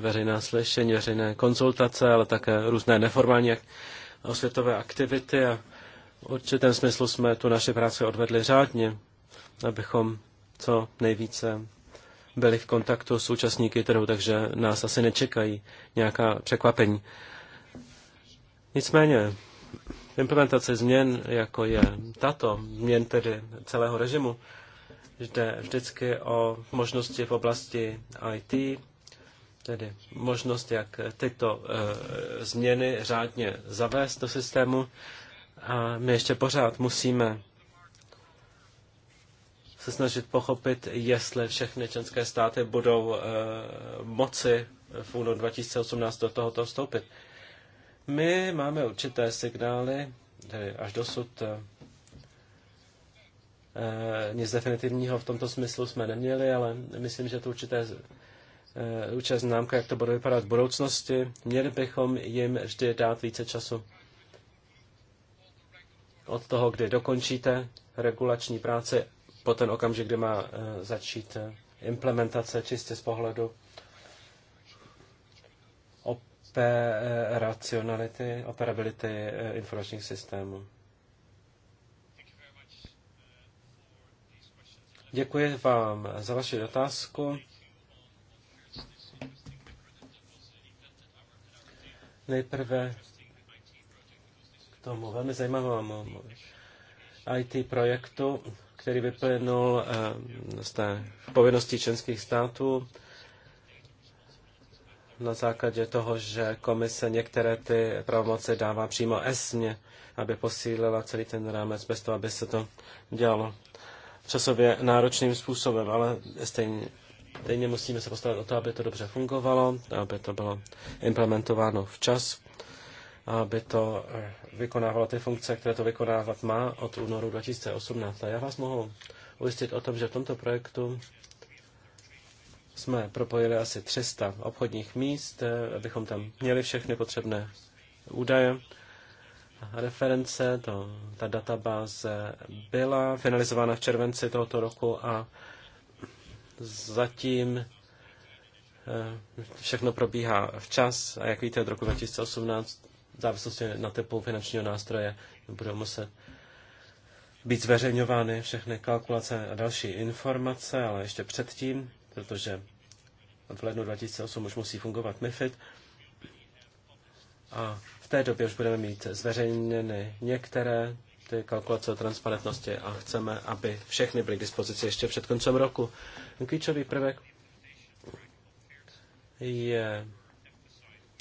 veřejná slyšení, veřejné konzultace, ale také různé neformální osvětové aktivity a v určitém smyslu jsme tu naši práci odvedli řádně, abychom co nejvíce byli v kontaktu s účastníky trhu, takže nás asi nečekají nějaká překvapení. Nicméně, implementace změn, jako je tato, změn tedy celého režimu, jde vždycky o možnosti v oblasti IT, tedy možnost, jak tyto e, změny řádně zavést do systému. A my ještě pořád musíme se snažit pochopit, jestli všechny členské státy budou eh, moci v únoru 2018 do tohoto vstoupit. My máme určité signály, tedy až dosud eh, eh, nic definitivního v tomto smyslu jsme neměli, ale myslím, že to určité určitá známka, jak to bude vypadat v budoucnosti. Měli bychom jim vždy dát více času od toho, kdy dokončíte regulační práci po ten okamžik, kdy má eh, začít eh, implementace čistě z pohledu operacionality, operability eh, informačních systémů. Děkuji vám za vaši otázku. Nejprve k tomu velmi zajímavému IT projektu, který vyplynul eh, z té povinnosti členských států na základě toho, že komise některé ty pravomoce dává přímo esně, aby posílila celý ten rámec bez toho, aby se to dělalo časově náročným způsobem, ale stejně, stejně musíme se postarat o to, aby to dobře fungovalo, aby to bylo implementováno včas aby to eh, vykonávalo ty funkce, které to vykonávat má od únoru 2018. A já vás mohu ujistit o tom, že v tomto projektu jsme propojili asi 300 obchodních míst, eh, abychom tam měli všechny potřebné údaje. Reference, to, ta databáze byla finalizována v červenci tohoto roku a zatím eh, všechno probíhá včas a jak víte, od roku 2018 v závislosti na typu finančního nástroje budou muset být zveřejňovány všechny kalkulace a další informace, ale ještě předtím, protože v lednu 2008 už musí fungovat MIFID a v té době už budeme mít zveřejněny některé ty kalkulace o transparentnosti a chceme, aby všechny byly k dispozici ještě před koncem roku. Klíčový prvek je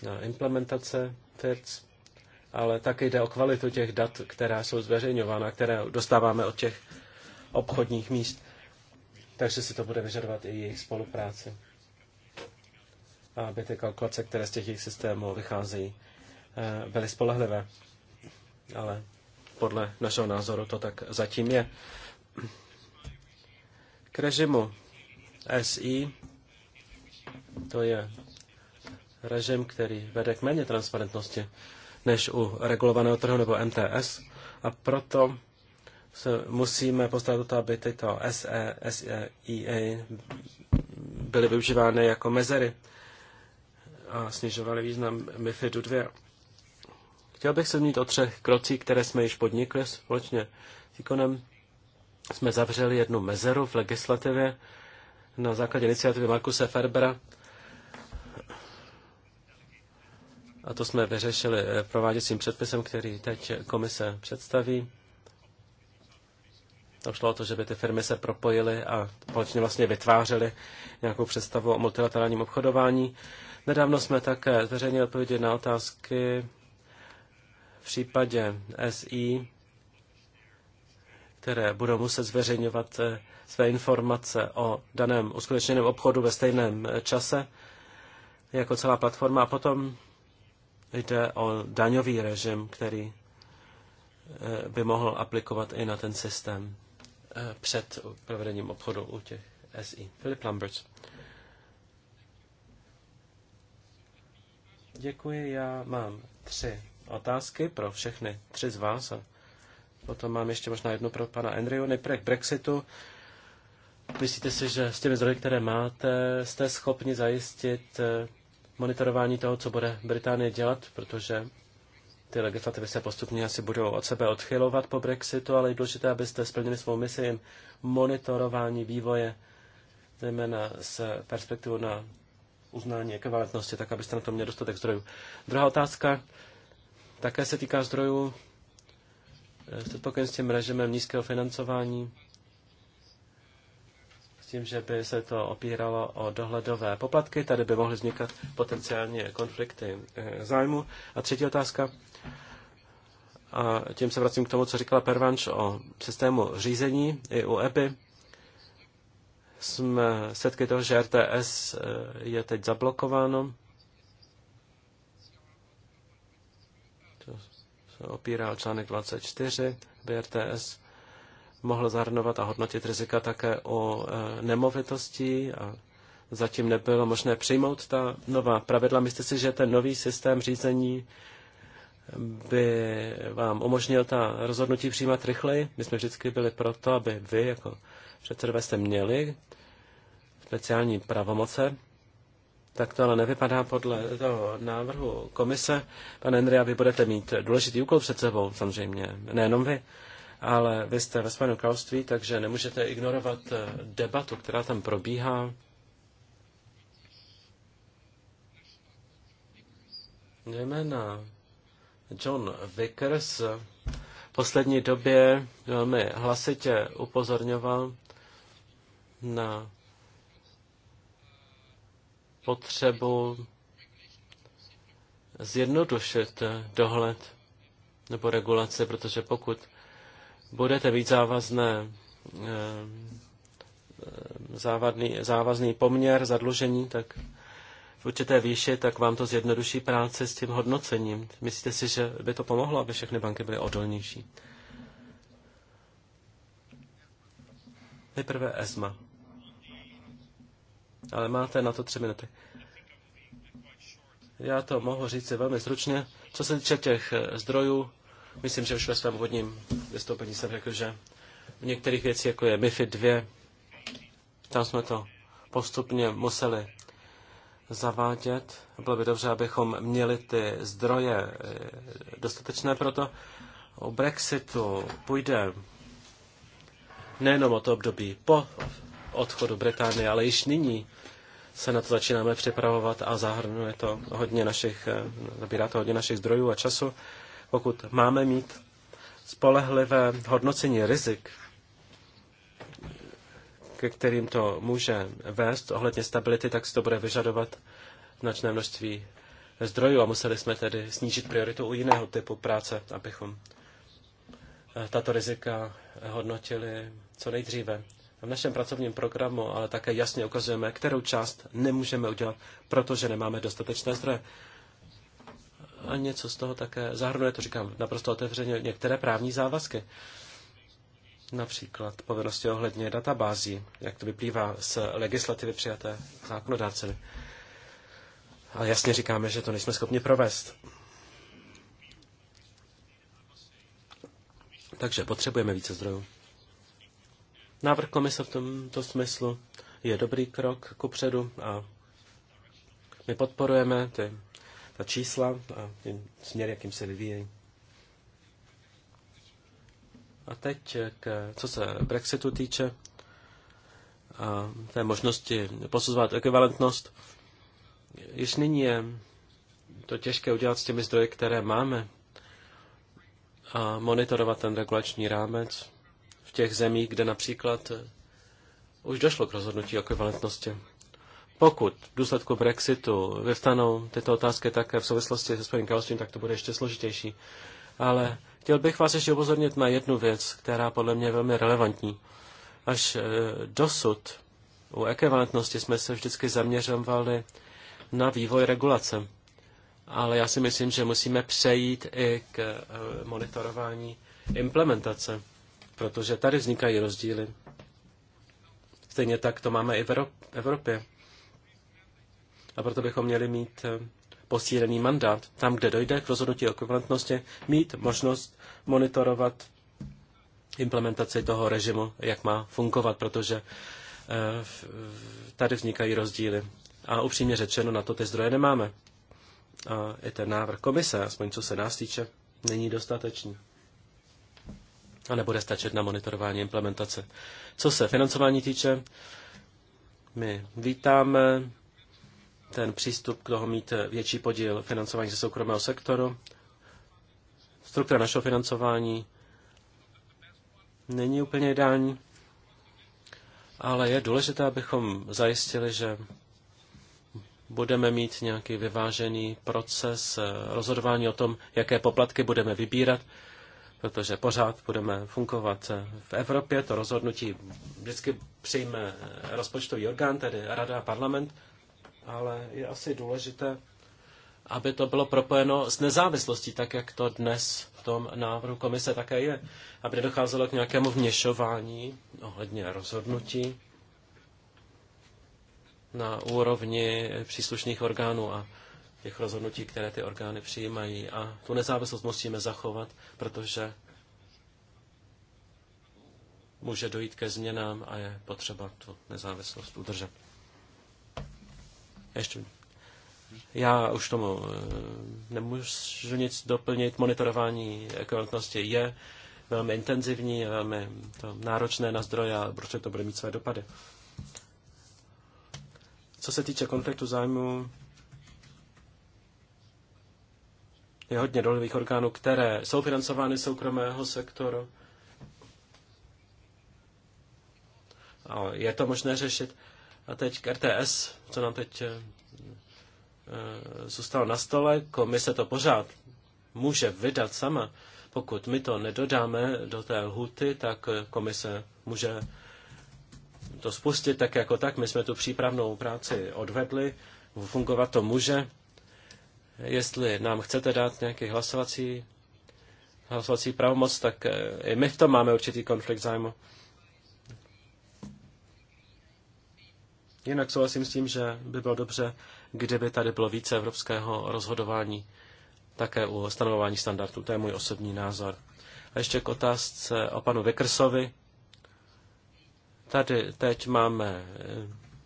no, implementace Terc, ale také jde o kvalitu těch dat, která jsou zveřejňována, které dostáváme od těch obchodních míst. Takže si to bude vyžadovat i jejich spolupráci. Aby ty kalkulace, které z těch jejich systémů vycházejí, eh, byly spolehlivé. Ale podle našeho názoru to tak zatím je. K režimu SI, to je režim, který vede k méně transparentnosti než u regulovaného trhu nebo MTS. A proto se musíme postarat o to, aby tyto SE, SEIA e byly využívány jako mezery a snižovaly význam MIFID 2. Chtěl bych se zmínit o třech krocích, které jsme již podnikli společně s ikonem. Jsme zavřeli jednu mezeru v legislativě na základě iniciativy Markuse Ferbera A to jsme vyřešili eh, prováděcím předpisem, který teď komise představí. Tam šlo o to, že by ty firmy se propojily a společně vlastně vytvářely nějakou představu o multilaterálním obchodování. Nedávno jsme také zveřejnili odpovědi na otázky v případě SI, které budou muset zveřejňovat eh, své informace o daném uskutečněném obchodu ve stejném eh, čase jako celá platforma. A potom Jde o daňový režim, který eh, by mohl aplikovat i na ten systém eh, před provedením obchodu u těch SI. Philip Lambert. Děkuji, já mám tři otázky pro všechny tři z vás a potom mám ještě možná jednu pro pana Andrew. Nejprve k Brexitu. Myslíte si, že s těmi zdroji, které máte, jste schopni zajistit eh, monitorování toho, co bude Británie dělat, protože ty legislativy se postupně asi budou od sebe odchylovat po Brexitu, ale je důležité, abyste splnili svou misi monitorování vývoje, zejména z perspektivu na uznání ekvivalentnosti, tak abyste na to měli dostatek zdrojů. Druhá otázka také se týká zdrojů. Eh, spokojen s tím režimem nízkého financování tím, že by se to opíralo o dohledové poplatky. Tady by mohly vznikat potenciálně konflikty eh, zájmu. A třetí otázka. A tím se vracím k tomu, co říkala Pervanš o systému řízení i u EPI. Jsme svědky toho, že RTS eh, je teď zablokováno. To se opírá o článek 24 BRTS mohl zahrnovat a hodnotit rizika také o e, nemovitosti, a zatím nebylo možné přijmout ta nová pravidla. Myslíte si, že ten nový systém řízení by vám umožnil ta rozhodnutí přijímat rychleji? My jsme vždycky byli proto, aby vy jako předsedové jste měli speciální pravomoce. Tak to ale nevypadá podle toho návrhu komise. Pane Andrea, vy budete mít důležitý úkol před sebou, samozřejmě, nejenom vy ale vy jste ve Spojeném království, takže nemůžete ignorovat eh, debatu, která tam probíhá. Jména John Vickers v poslední době velmi hlasitě upozorňoval na potřebu zjednodušit eh, dohled nebo regulace, protože pokud budete víc závazné, eh, eh, závadný, závazný poměr zadlužení, tak v určité výši, tak vám to zjednoduší práce s tím hodnocením. Myslíte si, že by to pomohlo, aby všechny banky byly odolnější? Nejprve ESMA. Ale máte na to tři minuty. Já to mohu říct si velmi stručně. Co se týče těch eh, zdrojů, Myslím, že už ve svém vodním vystoupení jsem řekl, že v některých věcích, jako je MIFID 2, tam jsme to postupně museli zavádět. Bylo by dobře, abychom měli ty zdroje eh, dostatečné pro to. O Brexitu půjde nejenom o to období po odchodu Británie, ale již nyní se na to začínáme připravovat a zahrnuje to hodně našich, eh, zabírá to hodně našich zdrojů a času. Pokud máme mít spolehlivé hodnocení rizik, ke kterým to může vést ohledně stability, tak se to bude vyžadovat značné množství zdrojů a museli jsme tedy snížit prioritu u jiného typu práce, abychom eh, tato rizika hodnotili co nejdříve. V našem pracovním programu ale také jasně ukazujeme, kterou část nemůžeme udělat, protože nemáme dostatečné zdroje a něco z toho také zahrnuje, to říkám naprosto otevřeně, některé právní závazky. Například povinnosti ohledně databází, jak to vyplývá z legislativy přijaté zákonodárcemi. Ale jasně říkáme, že to nejsme schopni provést. Takže potřebujeme více zdrojů. Návrh komise v tomto smyslu je dobrý krok ku předu a my podporujeme ty ta čísla a ten směr, jakým se vyvíjejí. A teď, k, co se Brexitu týče, a té možnosti posuzovat ekvivalentnost, již nyní je to těžké udělat s těmi zdroji, které máme a monitorovat ten regulační rámec v těch zemích, kde například už došlo k rozhodnutí o ekvivalentnosti. Pokud v důsledku Brexitu vyvstanou tyto otázky také v souvislosti se Spojeným královstvím, tak to bude ještě složitější. Ale chtěl bych vás ještě upozornit na jednu věc, která podle mě je velmi relevantní. Až e, dosud u ekvivalentnosti jsme se vždycky zaměřovali na vývoj regulace. Ale já si myslím, že musíme přejít i k e, monitorování implementace, protože tady vznikají rozdíly. Stejně tak to máme i v Evropě a proto bychom měli mít eh, posílený mandát. Tam, kde dojde k rozhodnutí o kvalitnosti, mít možnost monitorovat implementaci toho režimu, jak má fungovat, protože eh, tady vznikají rozdíly. A upřímně řečeno, na to ty zdroje nemáme. A i ten návrh komise, aspoň co se nás týče, není dostatečný. A nebude stačit na monitorování implementace. Co se financování týče, my vítáme ten přístup k toho mít větší podíl financování ze soukromého sektoru. Struktura našeho financování není úplně ideální, ale je důležité, abychom zajistili, že budeme mít nějaký vyvážený proces eh, rozhodování o tom, jaké poplatky budeme vybírat, protože pořád budeme fungovat eh, v Evropě. To rozhodnutí vždycky přijme eh, rozpočtový orgán, tedy Rada a parlament ale je asi důležité, aby to bylo propojeno s nezávislostí, tak jak to dnes v tom návrhu komise také je, aby nedocházelo k nějakému vněšování ohledně rozhodnutí na úrovni příslušných orgánů a těch rozhodnutí, které ty orgány přijímají. A tu nezávislost musíme zachovat, protože může dojít ke změnám a je potřeba tu nezávislost udržet. Ještě. Já už tomu eh, nemůžu nic doplnit. Monitorování ekvivalentnosti je velmi intenzivní, velmi to náročné na zdroje a protože to bude mít své dopady. Co se týče konfliktu zájmu, je hodně dolových orgánů, které jsou financovány soukromého sektoru. Je to možné řešit. A teď k RTS, co nám teď eh, eh, zůstalo na stole, komise to pořád může vydat sama. Pokud my to nedodáme do té lhuty, tak eh, komise může to spustit tak jako tak. My jsme tu přípravnou práci odvedli, fungovat to může. Jestli nám chcete dát nějaký hlasovací, hlasovací pravomoc, tak i my v tom máme určitý konflikt zájmu. Jinak souhlasím s tím, že by bylo dobře, kdyby tady bylo více evropského rozhodování také u stanovování standardů. To je můj osobní názor. A ještě k otázce o panu Vikersovi. Tady teď máme eh,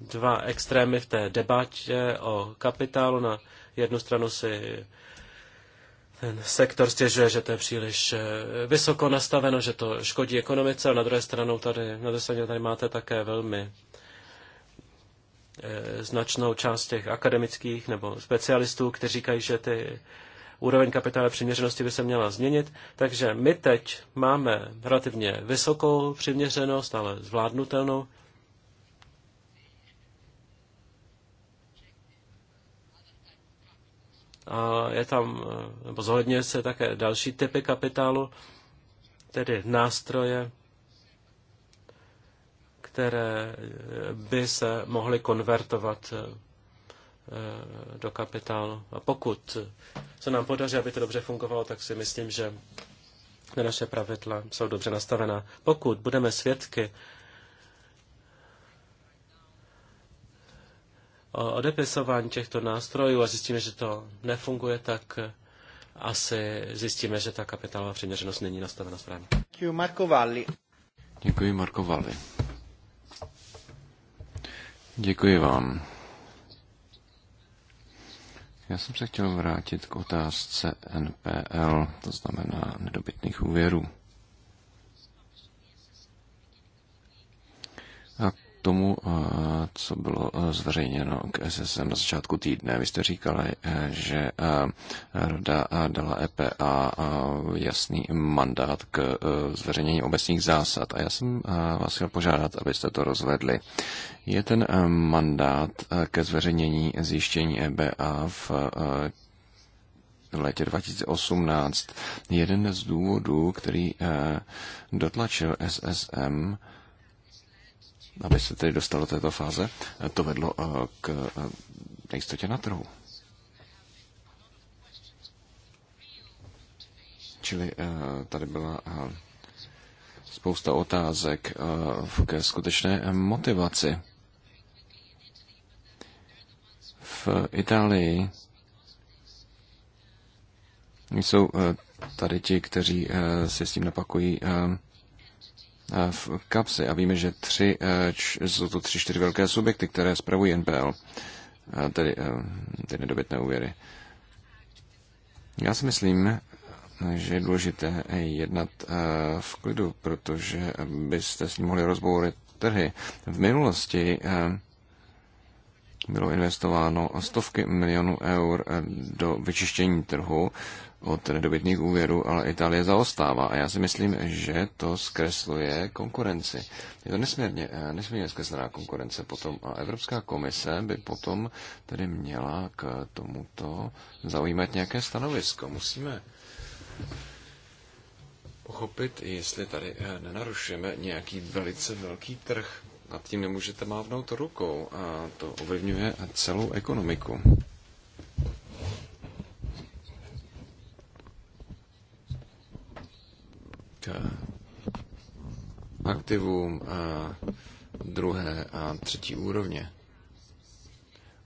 dva extrémy v té debatě o kapitálu. Na jednu stranu si ten sektor stěžuje, že to je příliš eh, vysoko nastaveno, že to škodí ekonomice, a na druhé stranu tady, na druhé straně tady máte také velmi Eh, značnou část těch akademických nebo specialistů, kteří říkají, že ty úroveň kapitálové přiměřenosti by se měla změnit. Takže my teď máme relativně vysokou přiměřenost, ale zvládnutelnou. A je tam, eh, nebo zohledňuje se také další typy kapitálu, tedy nástroje, které by se mohly konvertovat eh, do kapitálu. A pokud se nám podaří, aby to dobře fungovalo, tak si myslím, že naše pravidla jsou dobře nastavená. Pokud budeme svědky o odepisování těchto nástrojů a zjistíme, že to nefunguje, tak asi zjistíme, že ta kapitálová přiměřenost není nastavena správně. Děkuji Marko Valli. Děkuji Marko Valli. Děkuji vám. Já jsem se chtěl vrátit k otázce NPL, to znamená nedobytných úvěrů. tomu, eh, co bylo eh, zveřejněno k SSM na začátku týdne. Vy jste říkali, eh, že Rada dala EPA jasný mandát k zveřejnění obecných zásad a já jsem vás chtěl požádat, abyste to rozvedli. Je ten mandát ke zveřejnění zjištění EBA v v létě 2018 jeden z důvodů, který dotlačil SSM aby se tedy dostal do této fáze, to vedlo eh, k eh, nejistotě na trhu. Čili eh, tady byla spousta otázek k skutečné motivaci. V Itálii jsou tady ti, kteří se s tím napakují v kapsy a víme, že tři, eh, jsou to tři, čtyři velké subjekty, které zpravují NPL, tedy eh, ty nedobytné úvěry. Já si myslím, že je důležité jednat eh, v klidu, protože byste s ním mohli rozbourit trhy. V minulosti bylo investováno stovky milionů eur do vyčištění trhu od nedobytných úvěrů, ale Itálie zaostává a já si myslím, že to zkresluje konkurenci. Je to nesmírně, eh, nesmírně zkreslená konkurence potom a Evropská komise by potom tedy měla k tomuto zaujímat nějaké stanovisko. Musíme pochopit, jestli tady eh, nenarušujeme nějaký velice velký trh. Nad tím nemůžete mávnout rukou a to ovlivňuje celou ekonomiku. aktivům a eh, druhé a třetí úrovně.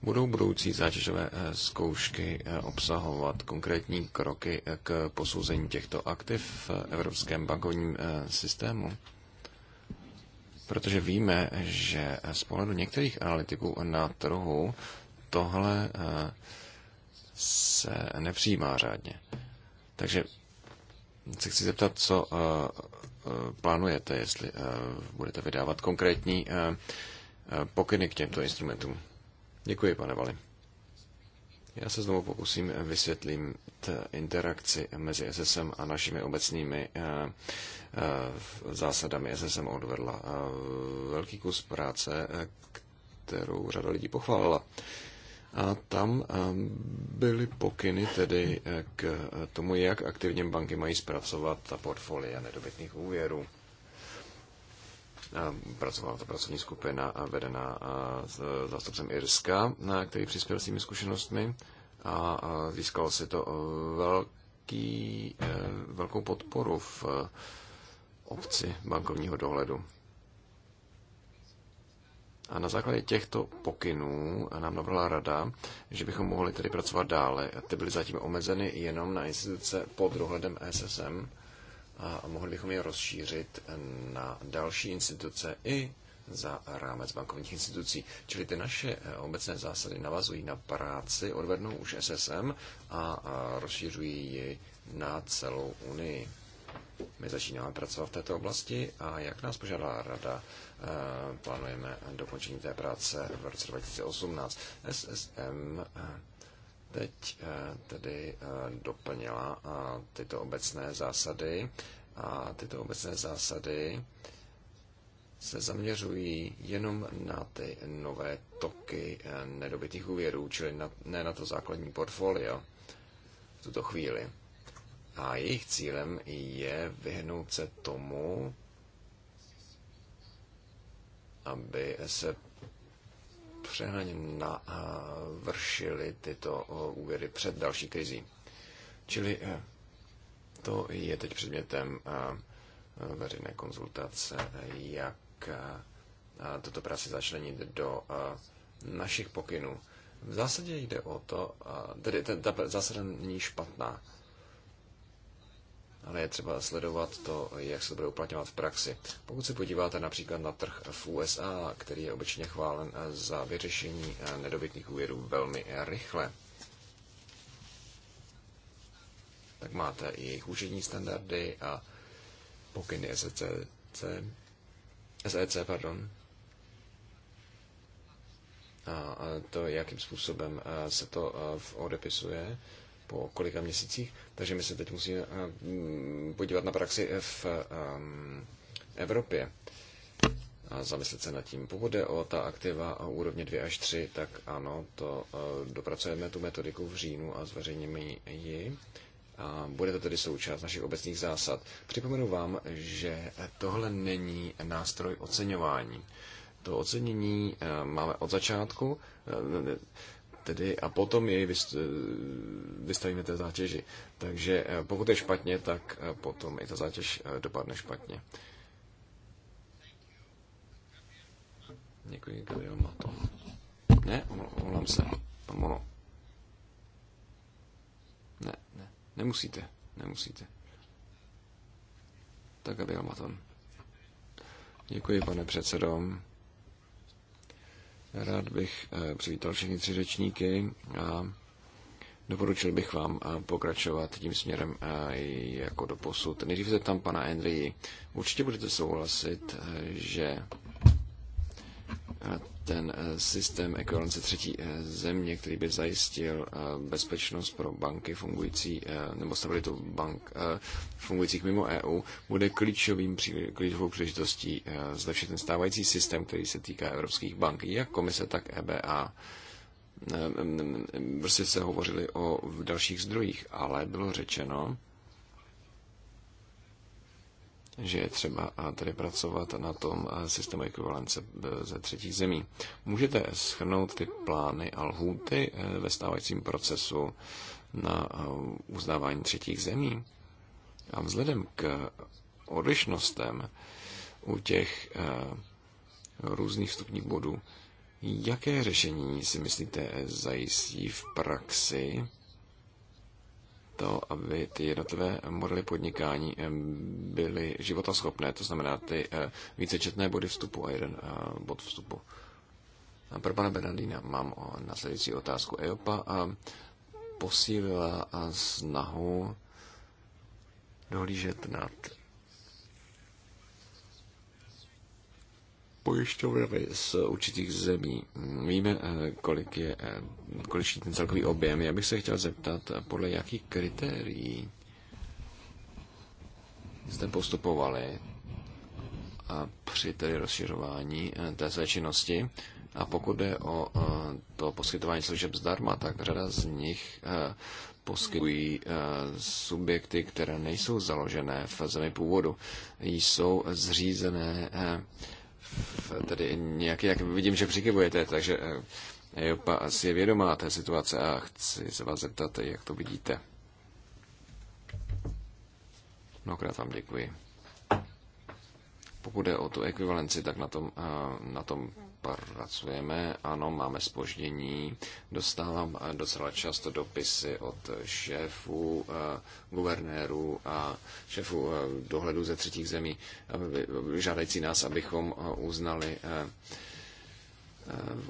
Budou budoucí zátěžové eh, zkoušky eh, obsahovat konkrétní kroky k posouzení těchto aktiv v evropském bankovním systému? Protože víme, že z pohledu některých analytiků na trhu tohle se nepřijímá řádně. Takže se chci zeptat, co eh, eh, plánujete, jestli eh, budete vydávat konkrétní pokyny k těmto instrumentům. Děkuji, pane Vali. Já se znovu pokusím vysvětlit interakci mezi SSM a našimi obecnými zásadami. SSM odvedla velký kus práce, kterou řada lidí pochválila. A tam eh, byly pokyny tedy eh, k eh, tomu, jak aktivně banky mají zpracovat ta portfolia nedobytných úvěrů. Pracovala to pracovní skupina vedená s zástupcem Irska, který přispěl těmi zkušenostmi a získalo si to velký, velkou podporu v obci bankovního dohledu. A na základě těchto pokynů nám navrhla rada, že bychom mohli tedy pracovat dále. Ty byly zatím omezeny jenom na instituce pod dohledem SSM a mohli bychom je rozšířit na další instituce i za rámec bankovních institucí. Čili ty naše eh, obecné zásady navazují na práci, odvednou už SSM a rozšířují ji na celou Unii. My začínáme pracovat v této oblasti a jak nás požádala rada, eh, plánujeme dokončení té práce v roce 2018. SSM eh, teď eh, tedy doplnila tyto obecné zásady a tyto obecné zásady se zaměřují jenom na ty nové toky nedobytých úvěrů, čili na, ne na to základní portfolio v tuto chvíli. A jejich cílem je vyhnout se tomu, aby se přehnaně navršily tyto eh, úvěry před další krizí. Čili eh, to je teď předmětem eh, veřejné konzultace, jak toto práci začlenit do našich pokynů. V zásadě jde o to, tedy ta zásada není špatná ale je třeba sledovat to, jak se to bude uplatňovat v praxi. Pokud se podíváte například na trh v USA, který je obecně chválen za vyřešení nedobytných úvěrů velmi rychle, tak máte i jejich úřední standardy a pokyny SEC, SEC, pardon, a to, jakým způsobem se to odepisuje po kolika měsících. Takže my se teď musíme eh, mm, podívat na praxi v ehm, Evropě a zamyslet se nad tím. Pokud jde o ta aktiva a úrovně 2 až 3, tak ano, to eh, dopracujeme tu metodiku v říjnu a zveřejníme ji. A bude to tedy součást našich obecných zásad. Připomenu vám, že tohle není nástroj oceňování. To ocenění eh, máme od začátku, tedy a potom jej eh, vystavíme té zátěži. Takže eh, pokud je špatně, tak eh, potom i ta zátěž dopadne špatně. Děkuji, Gabriel Mato. Ne, omlám se. Pan Ne, ne, nemusíte, nemusíte. Tak, Gabriel Maton. Děkuji, pane předsedom. Rád bych eh, přivítal všechny tři řečníky a doporučil bych vám eh, pokračovat tím směrem eh, jako do posud. Nejdřív se tam pana Henry. Určitě budete souhlasit, že ten eh, systém ekvivalence třetí eh, země, který by zajistil eh, bezpečnost pro banky fungující, nebo stabilitu bank fungujících mimo EU, bude klíčovým, klíčovou příležitostí zlepšit ten stávající systém, který se týká evropských bank, jak komise, tak EBA. Mm, mm, mm, prostě se hovořili o dalších zdrojích, ale bylo řečeno, že je třeba tedy pracovat na tom systému ekvivalence e, ze třetích zemí. Můžete schrnout ty plány a lhůty e, ve stávajícím procesu na e, uznávání třetích zemí? A vzhledem k odlišnostem u těch různých vstupních bodů, jaké řešení si myslíte zajistí v praxi to, aby ty jednotlivé modely podnikání eh, byly životaschopné, to znamená ty eh, vícečetné body vstupu a jeden eh, bod vstupu. A pro pana Bernardína mám následující otázku. EOPA posílila snahu dohlížet nad pojišťovny z určitých zemí. Víme, eh, kolik je, eh, kolik ten celkový objem. Já bych se chtěl zeptat, podle jakých kritérií jste postupovali a při tedy rozšiřování eh, té své činnosti. A pokud jde o to poskytování služeb zdarma, tak řada z nich poskytují subjekty, které nejsou založené v zemi původu. Jsou zřízené tedy nějaký, jak vidím, že přikybujete, takže eh, Jopa asi je vědomá té situace a chci se vás zeptat, jak to vidíte. Mnohokrát vám děkuji. Pokud je o tu ekvivalenci, tak na tom, eh, na tom pracujeme. Ano, máme spoždění. Dostávám eh, docela často dopisy od šéfů, eh, guvernérů a šéfů eh, dohledu ze třetích zemí, žádající nás, abychom uznali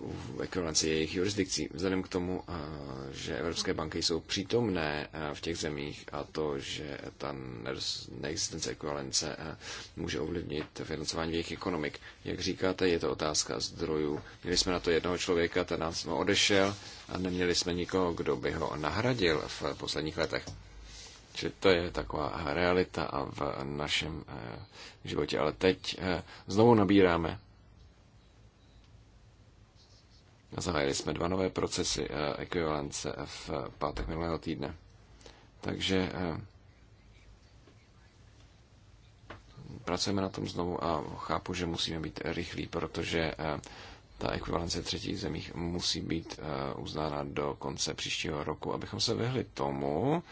v ekvivalenci jejich jurisdikcí. Vzhledem k tomu, že evropské banky jsou přítomné v těch zemích a to, že ta neexistence ekvivalence může ovlivnit financování jejich ekonomik. Jak říkáte, je to otázka zdrojů. Měli jsme na to jednoho člověka, ten nás odešel a neměli jsme nikoho, kdo by ho nahradil v posledních letech. Čili to je taková realita a v našem e, životě. Ale teď e, znovu nabíráme Zahájili jsme dva nové procesy eh, ekvivalence v pátek minulého týdne. Takže eh, pracujeme na tom znovu a chápu, že musíme být rychlí, protože eh, ta ekvivalence třetích zemích musí být uznána do konce příštího roku, abychom se vyhli tomu,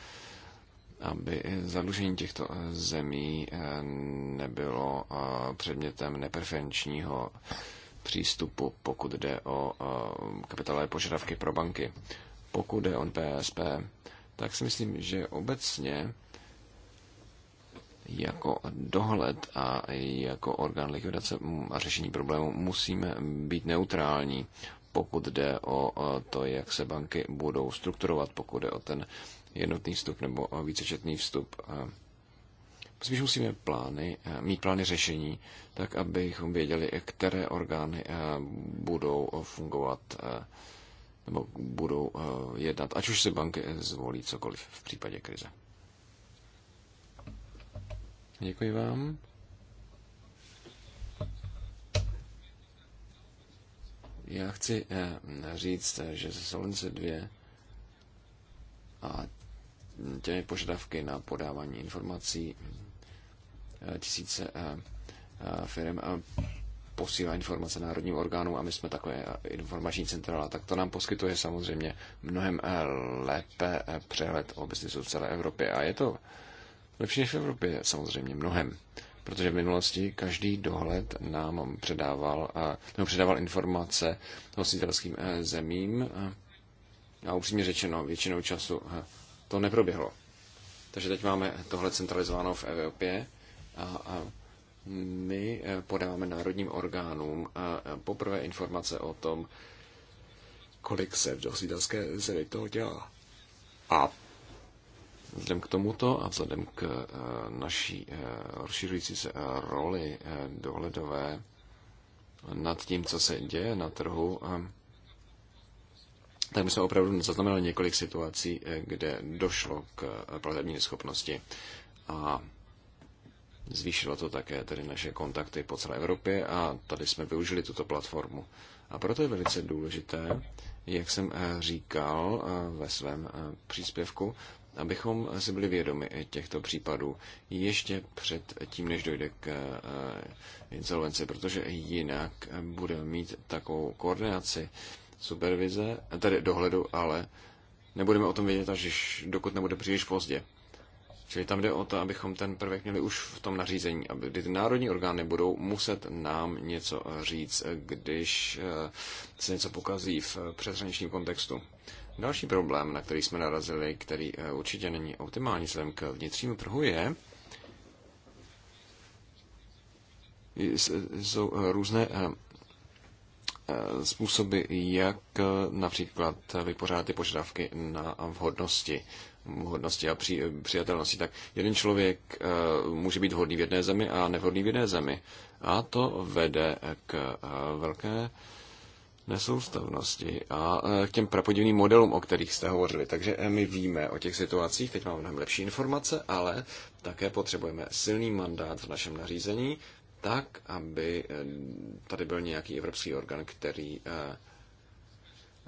aby zadlužení těchto zemí nebylo předmětem nepreferenčního přístupu, pokud jde o eh, kapitálové požadavky pro banky. Pokud jde o PSP, tak si myslím, že obecně jako dohled a jako orgán likvidace a řešení problému musíme být neutrální, pokud jde o eh, to, jak se banky budou strukturovat, pokud jde o ten jednotný vstup nebo vícečetný vstup. Eh, spíš musíme plány, mít plány řešení, tak abychom věděli, které orgány eh, budou eh, fungovat eh, nebo budou jednat, ať už si banky zvolí cokoliv v případě krize. Děkuji vám. Já chci říct, že ze Solence 2 a těmi požadavky na podávání informací tisíce firm posílá informace národním orgánům a my jsme takové informační centrála, tak to nám poskytuje samozřejmě mnohem eh, lépe eh, přehled o biznisu v celé Evropě. A je to lepší než v Evropě samozřejmě mnohem. Protože v minulosti každý dohled nám předával, eh, nebo předával informace hostitelským zemím a upřímně řečeno většinou času to neproběhlo. Takže teď máme tohle centralizováno v Evropě a, a my eh, podáváme národním orgánům eh, poprvé informace o tom, kolik se v hostitelské zemi toho dělá. A Vzhledem k tomuto a vzhledem k eh, naší rozšiřující se roli dohledové nad tím, co se děje na trhu, tak my jsme opravdu zaznamenali několik situací, kde došlo k platební neschopnosti. A Zvýšilo to také tedy naše kontakty po celé Evropě a tady jsme využili tuto platformu. A proto je velice důležité, jak jsem eh, říkal eh, ve svém eh, příspěvku, abychom si byli vědomi těchto případů ještě před tím, než dojde k insolvenci, protože jinak budeme mít takovou koordinaci supervize, tedy dohledu, ale nebudeme o tom vědět, až dokud nebude příliš pozdě. Čili tam jde o to, abychom ten prvek měli už v tom nařízení, aby kdy ty národní orgány budou muset nám něco říct, když eh, se něco pokazí v přeshraničním kontextu. Další problém, na který jsme narazili, který eh, určitě není optimální vzhledem k vnitřnímu trhu, je, jsou eh, různé způsoby, jak například vypořádat ty požadavky na vhodnosti hodnosti a při, přijatelnosti, tak jeden člověk eh, může být hodný v jedné zemi a nevhodný v jedné zemi. A to vede k eh, velké nesoustavnosti a eh, k těm prapodivným modelům, o kterých jste hovořili. Takže my víme o těch situacích, teď máme mnohem lepší informace, ale také potřebujeme silný mandát v našem nařízení, tak, aby tady byl nějaký evropský orgán, který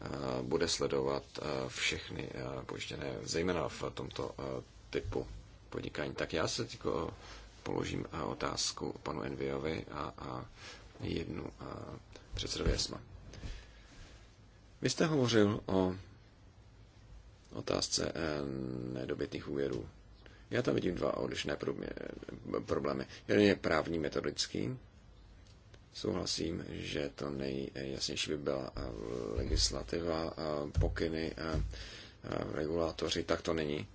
Eh, bude sledovat eh, všechny eh, pojištěné, zejména v tomto typu podnikání. Tak já se teď položím otázku panu Enviovi a, jednu a předsedovi ESMA. Vy jste hovořil o otázce nedobytných úvěrů. Já tam vidím dva odlišné problémy. Jeden je právní metodický, Souhlasím, že to nejjasnější by byla eh, legislativa, eh, pokyny, eh, regulátoři, tak to není.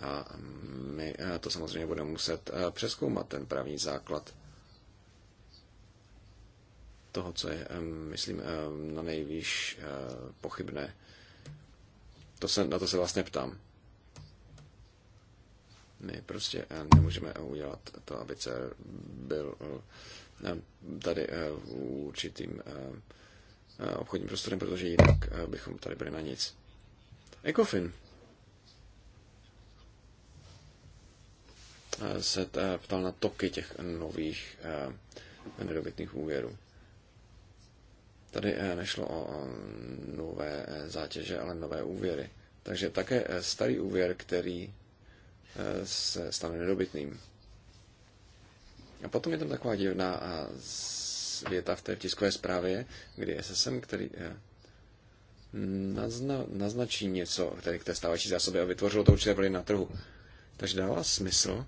A my to samozřejmě budeme muset přeskoumat, ten právní základ toho, co je, myslím, na nejvýš pochybné. To se, na to se vlastně ptám. My prostě nemůžeme udělat to, aby se byl Eh, tady eh, určitým eh, obchodním prostorem, protože jinak bychom tady byli na nic. Ecofin se ptal na toky těch nových nedobytných úvěrů. Tady nešlo o nové zátěže, ale nové úvěry. Takže také starý úvěr, který se stane nedobytným. A potom je tam taková divná věta v té tiskové zprávě, kdy SSM, který eh, nazna, naznačí něco který k té stávající zásobě a vytvořilo to určité vlivy na trhu. Takže dává smysl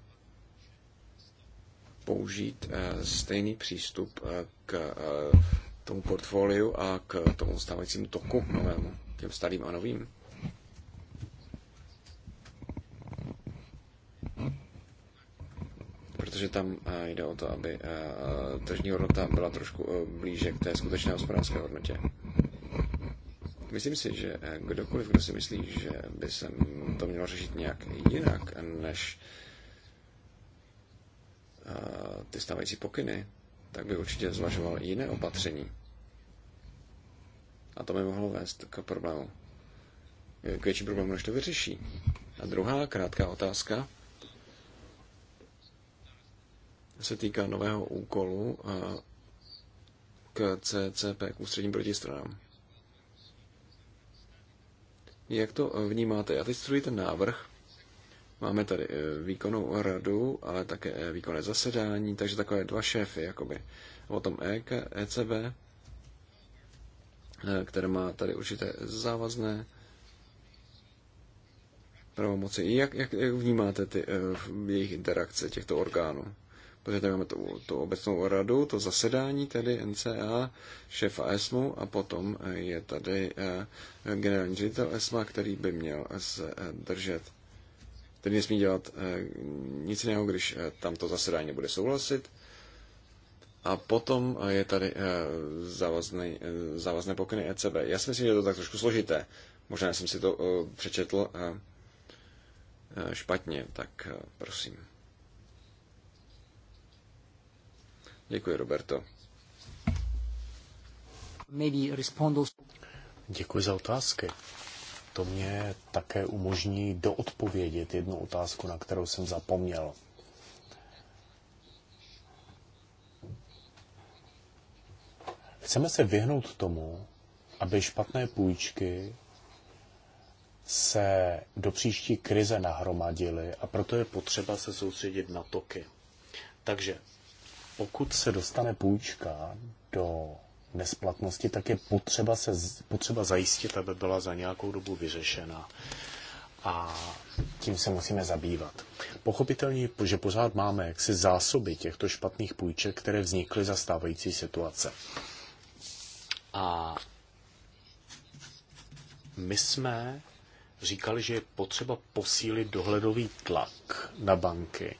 použít eh, stejný přístup eh, k tomu portfoliu a k tomu stávajícímu toku novému, těm starým a novým. protože tam eh, jde o to, aby eh, tržní hodnota byla trošku eh, blíže k té skutečné hospodářské hodnotě. Myslím si, že kdokoliv, kdo si myslí, že by se to mělo řešit nějak jinak, než ty stávající pokyny, tak by určitě zvažoval jiné opatření. A to by mohlo vést k problému. K větší problému, než to vyřeší. A druhá krátká otázka se týká nového úkolu k CCP, k ústředním protistranám. Jak to vnímáte? Já teď studuji ten návrh. Máme tady e, výkonnou radu, ale také e, výkonné zasedání, takže takové dva šéfy, jakoby. O tom EK, ECB, e, které má tady určité závazné pravomoci. Jak, jak, jak vnímáte ty, jejich interakce těchto orgánů? protože tady máme tu, tu obecnou radu, to zasedání tedy NCA, šéfa ESMu a potom eh, je tady eh, generální ředitel ESMA, který by měl eh, se držet který nesmí dělat nic jiného, když tam to zasedání bude souhlasit. A potom je tady závazné, závazné pokyny ECB. Já si myslím, že je to tak trošku složité. Možná jsem si to přečetl špatně, tak prosím. Děkuji, Roberto. Děkuji za otázky. To mě také umožní doodpovědět jednu otázku, na kterou jsem zapomněl. Chceme se vyhnout tomu, aby špatné půjčky se do příští krize nahromadily a proto je potřeba se soustředit na toky. Takže pokud se dostane půjčka do nesplatnosti, tak je potřeba, se, potřeba zajistit, aby byla za nějakou dobu vyřešena. A tím se musíme zabývat. Pochopitelně, že pořád máme jaksi zásoby těchto špatných půjček, které vznikly za stávající situace. A my jsme říkali, že je potřeba posílit dohledový tlak na banky.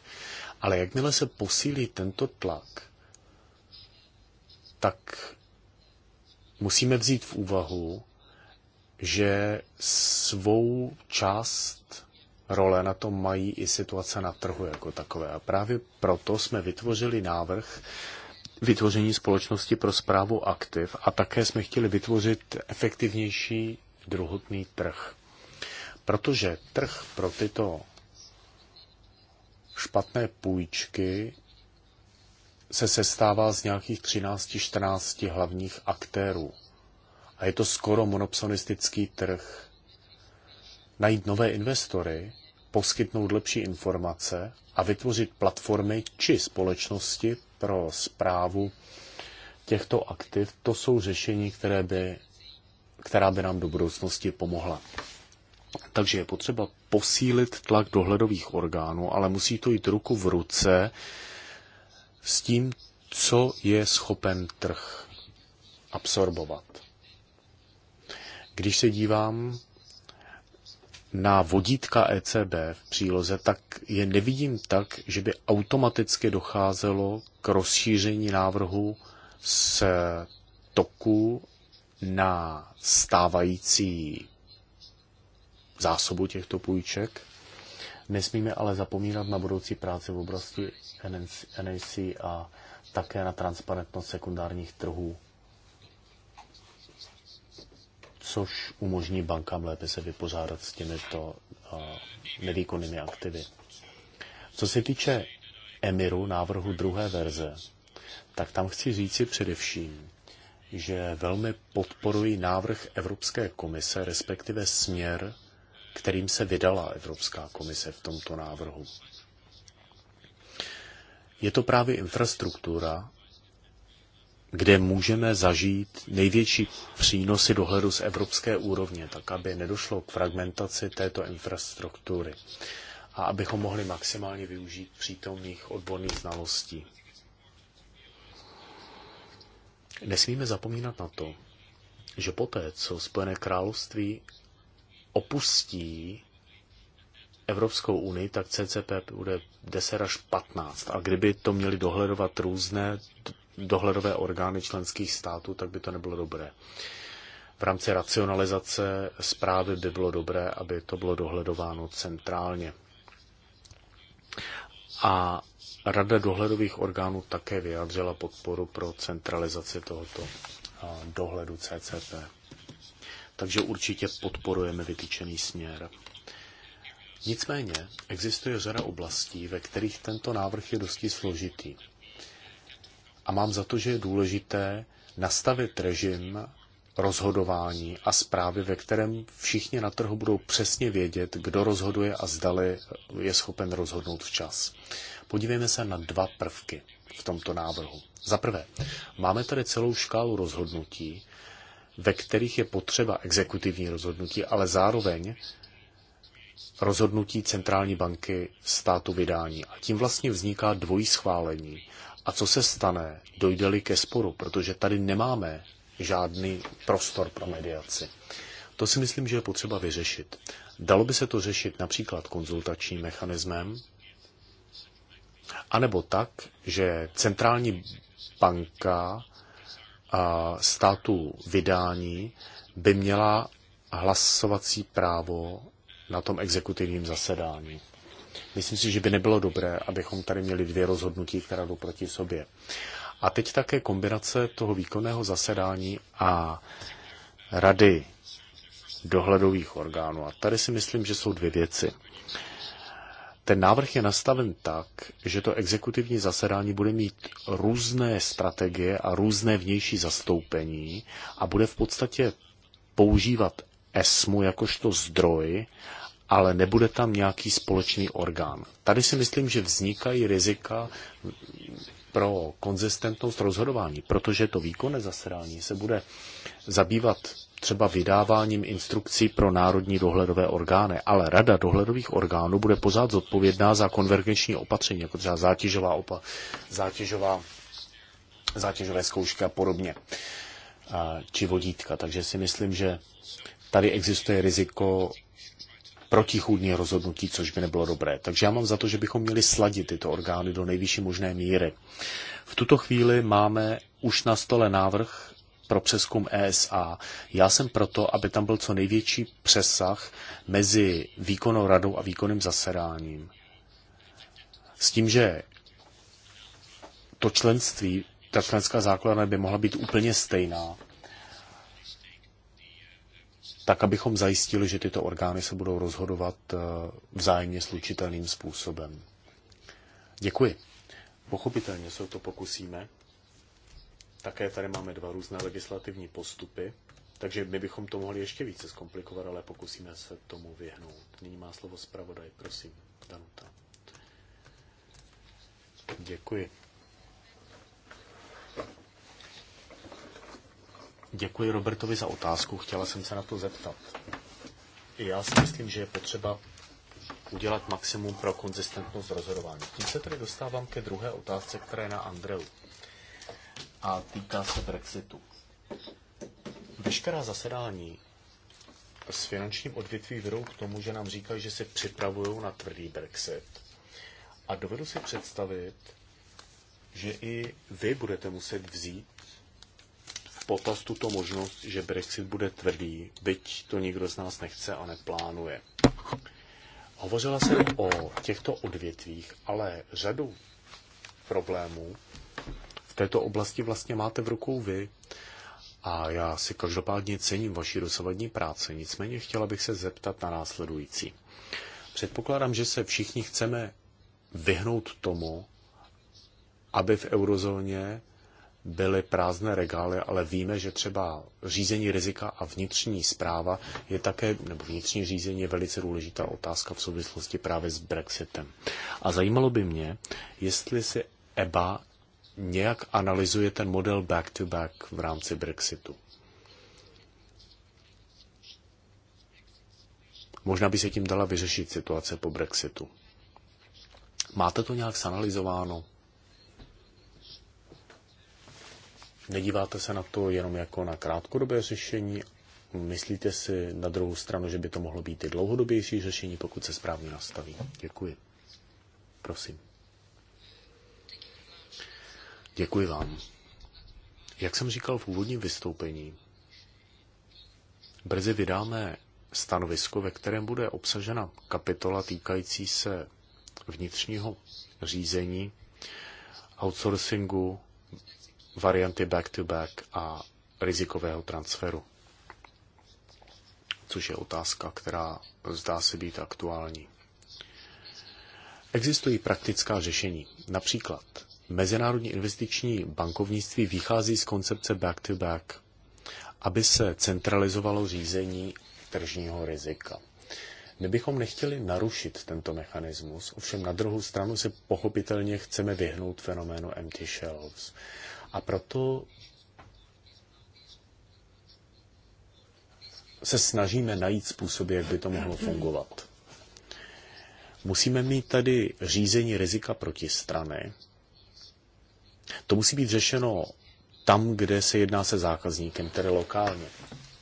Ale jakmile se posílí tento tlak, tak musíme vzít v úvahu, že svou část role na tom mají i situace na trhu jako takové. A právě proto jsme vytvořili návrh vytvoření společnosti pro zprávu aktiv a také jsme chtěli vytvořit efektivnější druhotný trh. Protože trh pro tyto špatné půjčky se sestává z nějakých 13-14 hlavních aktérů. A je to skoro monopsonistický trh. Najít nové investory, poskytnout lepší informace a vytvořit platformy či společnosti pro zprávu těchto aktiv, to jsou řešení, které by, která by nám do budoucnosti pomohla. Takže je potřeba posílit tlak dohledových orgánů, ale musí to jít ruku v ruce s tím, co je schopen trh absorbovat. Když se dívám na vodítka ECB v příloze, tak je nevidím tak, že by automaticky docházelo k rozšíření návrhu z toku na stávající zásobu těchto půjček. Nesmíme ale zapomínat na budoucí práci v oblasti NAC a také na transparentnost sekundárních trhů, což umožní bankám lépe se vypořádat s těmito nevýkonnými aktivy. Co se týče Emiru návrhu druhé verze, tak tam chci říci především, že velmi podporuji návrh Evropské komise, respektive směr, kterým se vydala Evropská komise v tomto návrhu. Je to právě infrastruktura, kde můžeme zažít největší přínosy dohledu z evropské úrovně, tak aby nedošlo k fragmentaci této infrastruktury a abychom mohli maximálně využít přítomných odborných znalostí. Nesmíme zapomínat na to, že poté, co Spojené království opustí Evropskou unii, tak CCP bude 10 až 15. A kdyby to měli dohledovat různé dohledové orgány členských států, tak by to nebylo dobré. V rámci racionalizace zprávy by bylo dobré, aby to bylo dohledováno centrálně. A Rada dohledových orgánů také vyjádřila podporu pro centralizaci tohoto dohledu CCP takže určitě podporujeme vytýčený směr. Nicméně existuje řada oblastí, ve kterých tento návrh je dosti složitý. A mám za to, že je důležité nastavit režim rozhodování a zprávy, ve kterém všichni na trhu budou přesně vědět, kdo rozhoduje a zdali je schopen rozhodnout včas. Podívejme se na dva prvky v tomto návrhu. Za prvé, máme tady celou škálu rozhodnutí, ve kterých je potřeba exekutivní rozhodnutí, ale zároveň rozhodnutí centrální banky státu vydání. A tím vlastně vzniká dvojí schválení. A co se stane, dojde-li ke sporu, protože tady nemáme žádný prostor pro mediaci. To si myslím, že je potřeba vyřešit. Dalo by se to řešit například konzultačním mechanismem, anebo tak, že centrální banka Státu vydání by měla hlasovací právo na tom exekutivním zasedání. Myslím si, že by nebylo dobré, abychom tady měli dvě rozhodnutí, která jdou proti sobě. A teď také kombinace toho výkonného zasedání a rady dohledových orgánů. A tady si myslím, že jsou dvě věci ten návrh je nastaven tak, že to exekutivní zasedání bude mít různé strategie a různé vnější zastoupení a bude v podstatě používat ESMu jakožto zdroj, ale nebude tam nějaký společný orgán. Tady si myslím, že vznikají rizika pro konzistentnost rozhodování, protože to výkonné zasedání se bude zabývat třeba vydáváním instrukcí pro národní dohledové orgány, ale rada dohledových orgánů bude pořád zodpovědná za konvergenční opatření, jako třeba zátěžová, opa- zátěžová zátěžové zkoušky a podobně, a, či vodítka. Takže si myslím, že tady existuje riziko protichůdní rozhodnutí, což by nebylo dobré. Takže já mám za to, že bychom měli sladit tyto orgány do nejvyšší možné míry. V tuto chvíli máme už na stole návrh pro přeskum ESA. Já jsem proto, aby tam byl co největší přesah mezi výkonnou radou a výkonným zasedáním. S tím, že to členství, ta členská základna by mohla být úplně stejná, tak abychom zajistili, že tyto orgány se budou rozhodovat eh, vzájemně slučitelným způsobem. Děkuji. Pochopitelně se o to pokusíme. Také tady máme dva různé legislativní postupy, takže my bychom to mohli ještě více zkomplikovat, ale pokusíme se tomu vyhnout. Nyní má slovo zpravodaj, prosím, Danuta. Děkuji. Děkuji Robertovi za otázku, chtěla jsem se na to zeptat. Já si myslím, že je potřeba udělat maximum pro konzistentnost rozhodování. Tím se tedy dostávám ke druhé otázce, která je na Andreu a týká se Brexitu. Veškerá zasedání s finančním odvětví vedou k tomu, že nám říkají, že se připravují na tvrdý Brexit. A dovedu si představit, že i vy budete muset vzít v potaz tuto možnost, že Brexit bude tvrdý, byť to nikdo z nás nechce a neplánuje. Hovořila jsem o těchto odvětvích, ale řadu problémů této oblasti vlastně máte v rukou vy. A já si každopádně cením vaši dosavadní práce, nicméně chtěla bych se zeptat na následující. Předpokládám, že se všichni chceme vyhnout tomu, aby v eurozóně byly prázdné regály, ale víme, že třeba řízení rizika a vnitřní zpráva je také, nebo vnitřní řízení je velice důležitá otázka v souvislosti právě s Brexitem. A zajímalo by mě, jestli si EBA nějak analyzuje ten model back-to-back v rámci Brexitu. Možná by se tím dala vyřešit situace po Brexitu. Máte to nějak zanalizováno? Nedíváte se na to jenom jako na krátkodobé řešení? Myslíte si na druhou stranu, že by to mohlo být i dlouhodobější řešení, pokud se správně nastaví? Děkuji. Prosím. Děkuji vám. Jak jsem říkal v úvodním vystoupení, brzy vydáme stanovisko, ve kterém bude obsažena kapitola týkající se vnitřního řízení, outsourcingu, varianty back-to-back -back a rizikového transferu, což je otázka, která zdá se být aktuální. Existují praktická řešení, například mezinárodní investiční bankovnictví vychází z koncepce back-to-back, aby se centralizovalo řízení tržního rizika. My bychom nechtěli narušit tento mechanismus, ovšem na druhou stranu se pochopitelně chceme vyhnout fenoménu empty shelves. A proto se snažíme najít způsoby, jak by to mohlo fungovat. Musíme mít tady řízení rizika proti strany, to musí být řešeno tam, kde se jedná se zákazníkem, tedy lokálně.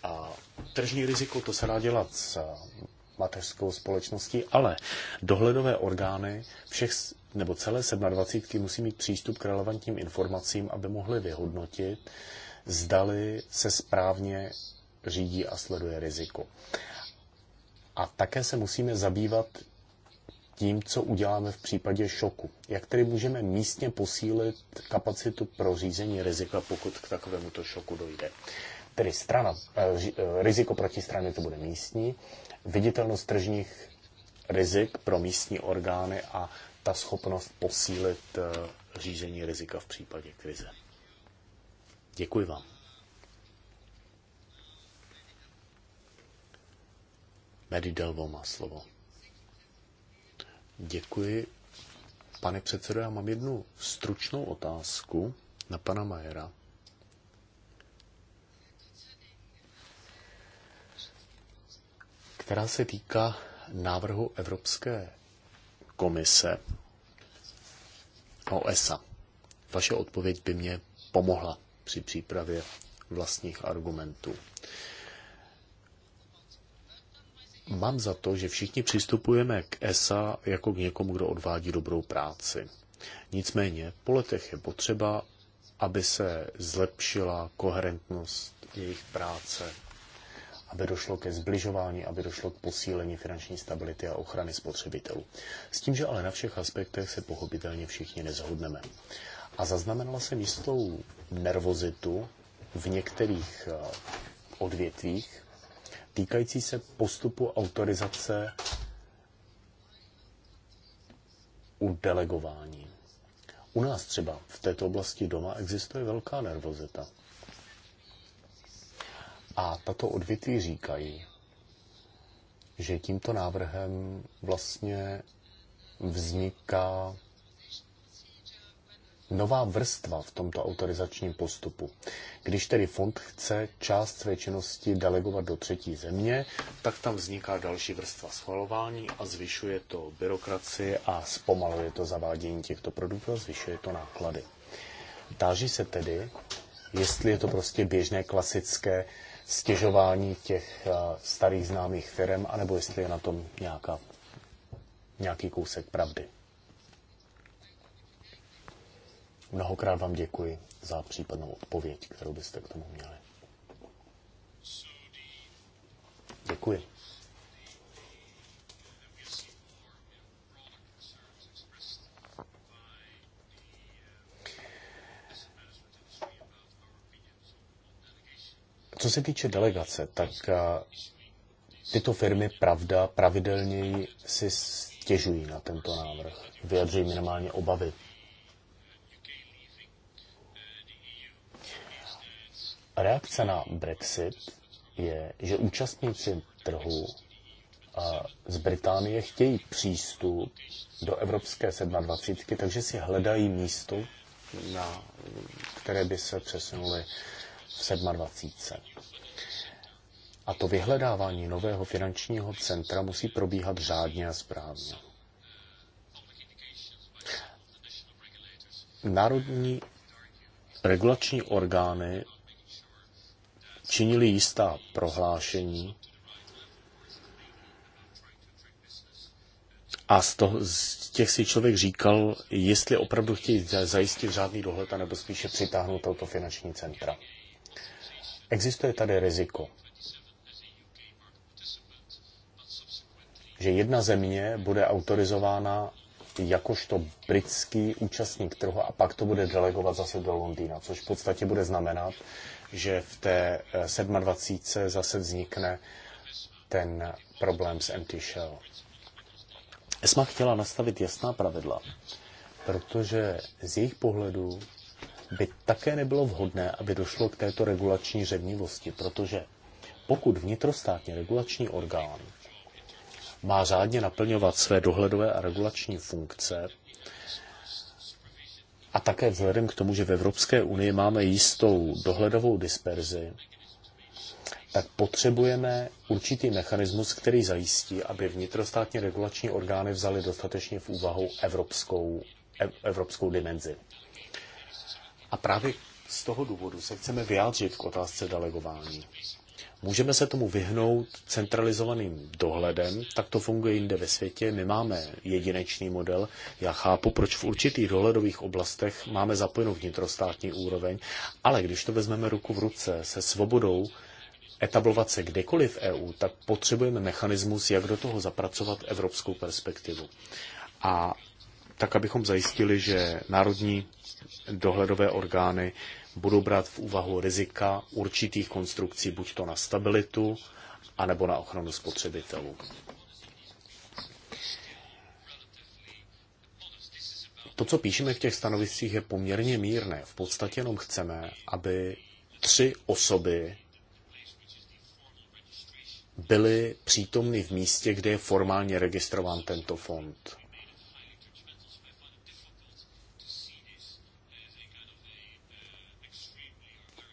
A tržní riziko, to se dá dělat s eh, mateřskou společností, ale dohledové orgány všech nebo celé 27 musí mít přístup k relevantním informacím, aby mohli vyhodnotit, zdali se správně řídí a sleduje riziko. A také se musíme zabývat tím, co uděláme v případě šoku. Jak tedy můžeme místně posílit kapacitu pro řízení rizika, pokud k takovémuto šoku dojde. Tedy strana, eh, eh, riziko proti straně to bude místní, viditelnost tržních rizik pro místní orgány a ta schopnost posílit eh, řízení rizika v případě krize. Děkuji vám. Mary Delvo má slovo. Děkuji. Pane předsedo, já mám jednu stručnou otázku na pana Majera. která se týká návrhu Evropské komise OSA. Vaše odpověď by mě pomohla při přípravě vlastních argumentů mám za to, že všichni přistupujeme k ESA jako k někomu, kdo odvádí dobrou práci. Nicméně po letech je potřeba, aby se zlepšila koherentnost jejich práce, aby došlo ke zbližování, aby došlo k posílení finanční stability a ochrany spotřebitelů. S tím, že ale na všech aspektech se pochopitelně všichni nezhodneme. A zaznamenala jsem jistou nervozitu v některých eh, odvětvích, týkající se postupu autorizace u delegování. U nás třeba v této oblasti doma existuje velká nervozita. A tato odvětví říkají, že tímto návrhem vlastně vzniká nová vrstva v tomto autorizačním postupu. Když tedy fond chce část své činnosti delegovat do třetí země, tak tam vzniká další vrstva schvalování a zvyšuje to byrokracii a zpomaluje to zavádění těchto produktů a zvyšuje to náklady. Táží se tedy, jestli je to prostě běžné klasické stěžování těch eh, starých známých firm, anebo jestli je na tom nějaká, nějaký kousek pravdy. Mnohokrát vám děkuji za případnou odpověď, kterou byste k tomu měli. Děkuji. Co se týče delegace, tak eh, tyto firmy, pravda, pravidelněji si stěžují na tento návrh. Vyjadřují minimálně obavy reakce na Brexit je, že účastníci trhu z Británie chtějí přístup do Evropské 27, takže si hledají místo, na které by se přesunuli v 27. A to vyhledávání nového finančního centra musí probíhat řádně a správně. Národní regulační orgány činili jistá prohlášení a z, toho, z těch si člověk říkal, jestli opravdu chtějí zajistit řádný dohled, nebo spíše přitáhnout toto finanční centra. Existuje tady riziko, že jedna země bude autorizována jakožto britský účastník trhu a pak to bude delegovat zase do Londýna, což v podstatě bude znamenat, že v té 27. Eh, zase vznikne ten problém s empty shell. ESMA chtěla nastavit jasná pravidla, protože z jejich pohledu by také nebylo vhodné, aby došlo k této regulační řevnivosti, protože pokud vnitrostátní regulační orgán má řádně naplňovat své dohledové a regulační funkce, a také vzhledem k tomu, že v Evropské unii máme jistou dohledovou disperzi, tak potřebujeme určitý mechanismus, který zajistí, aby vnitrostátní regulační orgány vzaly dostatečně v úvahu evropskou, evropskou dimenzi. A právě z toho důvodu se chceme vyjádřit k otázce delegování. Můžeme se tomu vyhnout centralizovaným dohledem, tak to funguje jinde ve světě, my máme jedinečný model. Já chápu, proč v určitých dohledových oblastech máme zapojenou vnitrostátní úroveň, ale když to vezmeme ruku v ruce se svobodou etablovat se kdekoliv v EU, tak potřebujeme mechanismus, jak do toho zapracovat evropskou perspektivu. A tak, abychom zajistili, že národní dohledové orgány budou brát v úvahu rizika určitých konstrukcí, buď to na stabilitu, anebo na ochranu spotřebitelů. To, co píšeme v těch stanoviscích, je poměrně mírné. V podstatě jenom chceme, aby tři osoby byly přítomny v místě, kde je formálně registrován tento fond.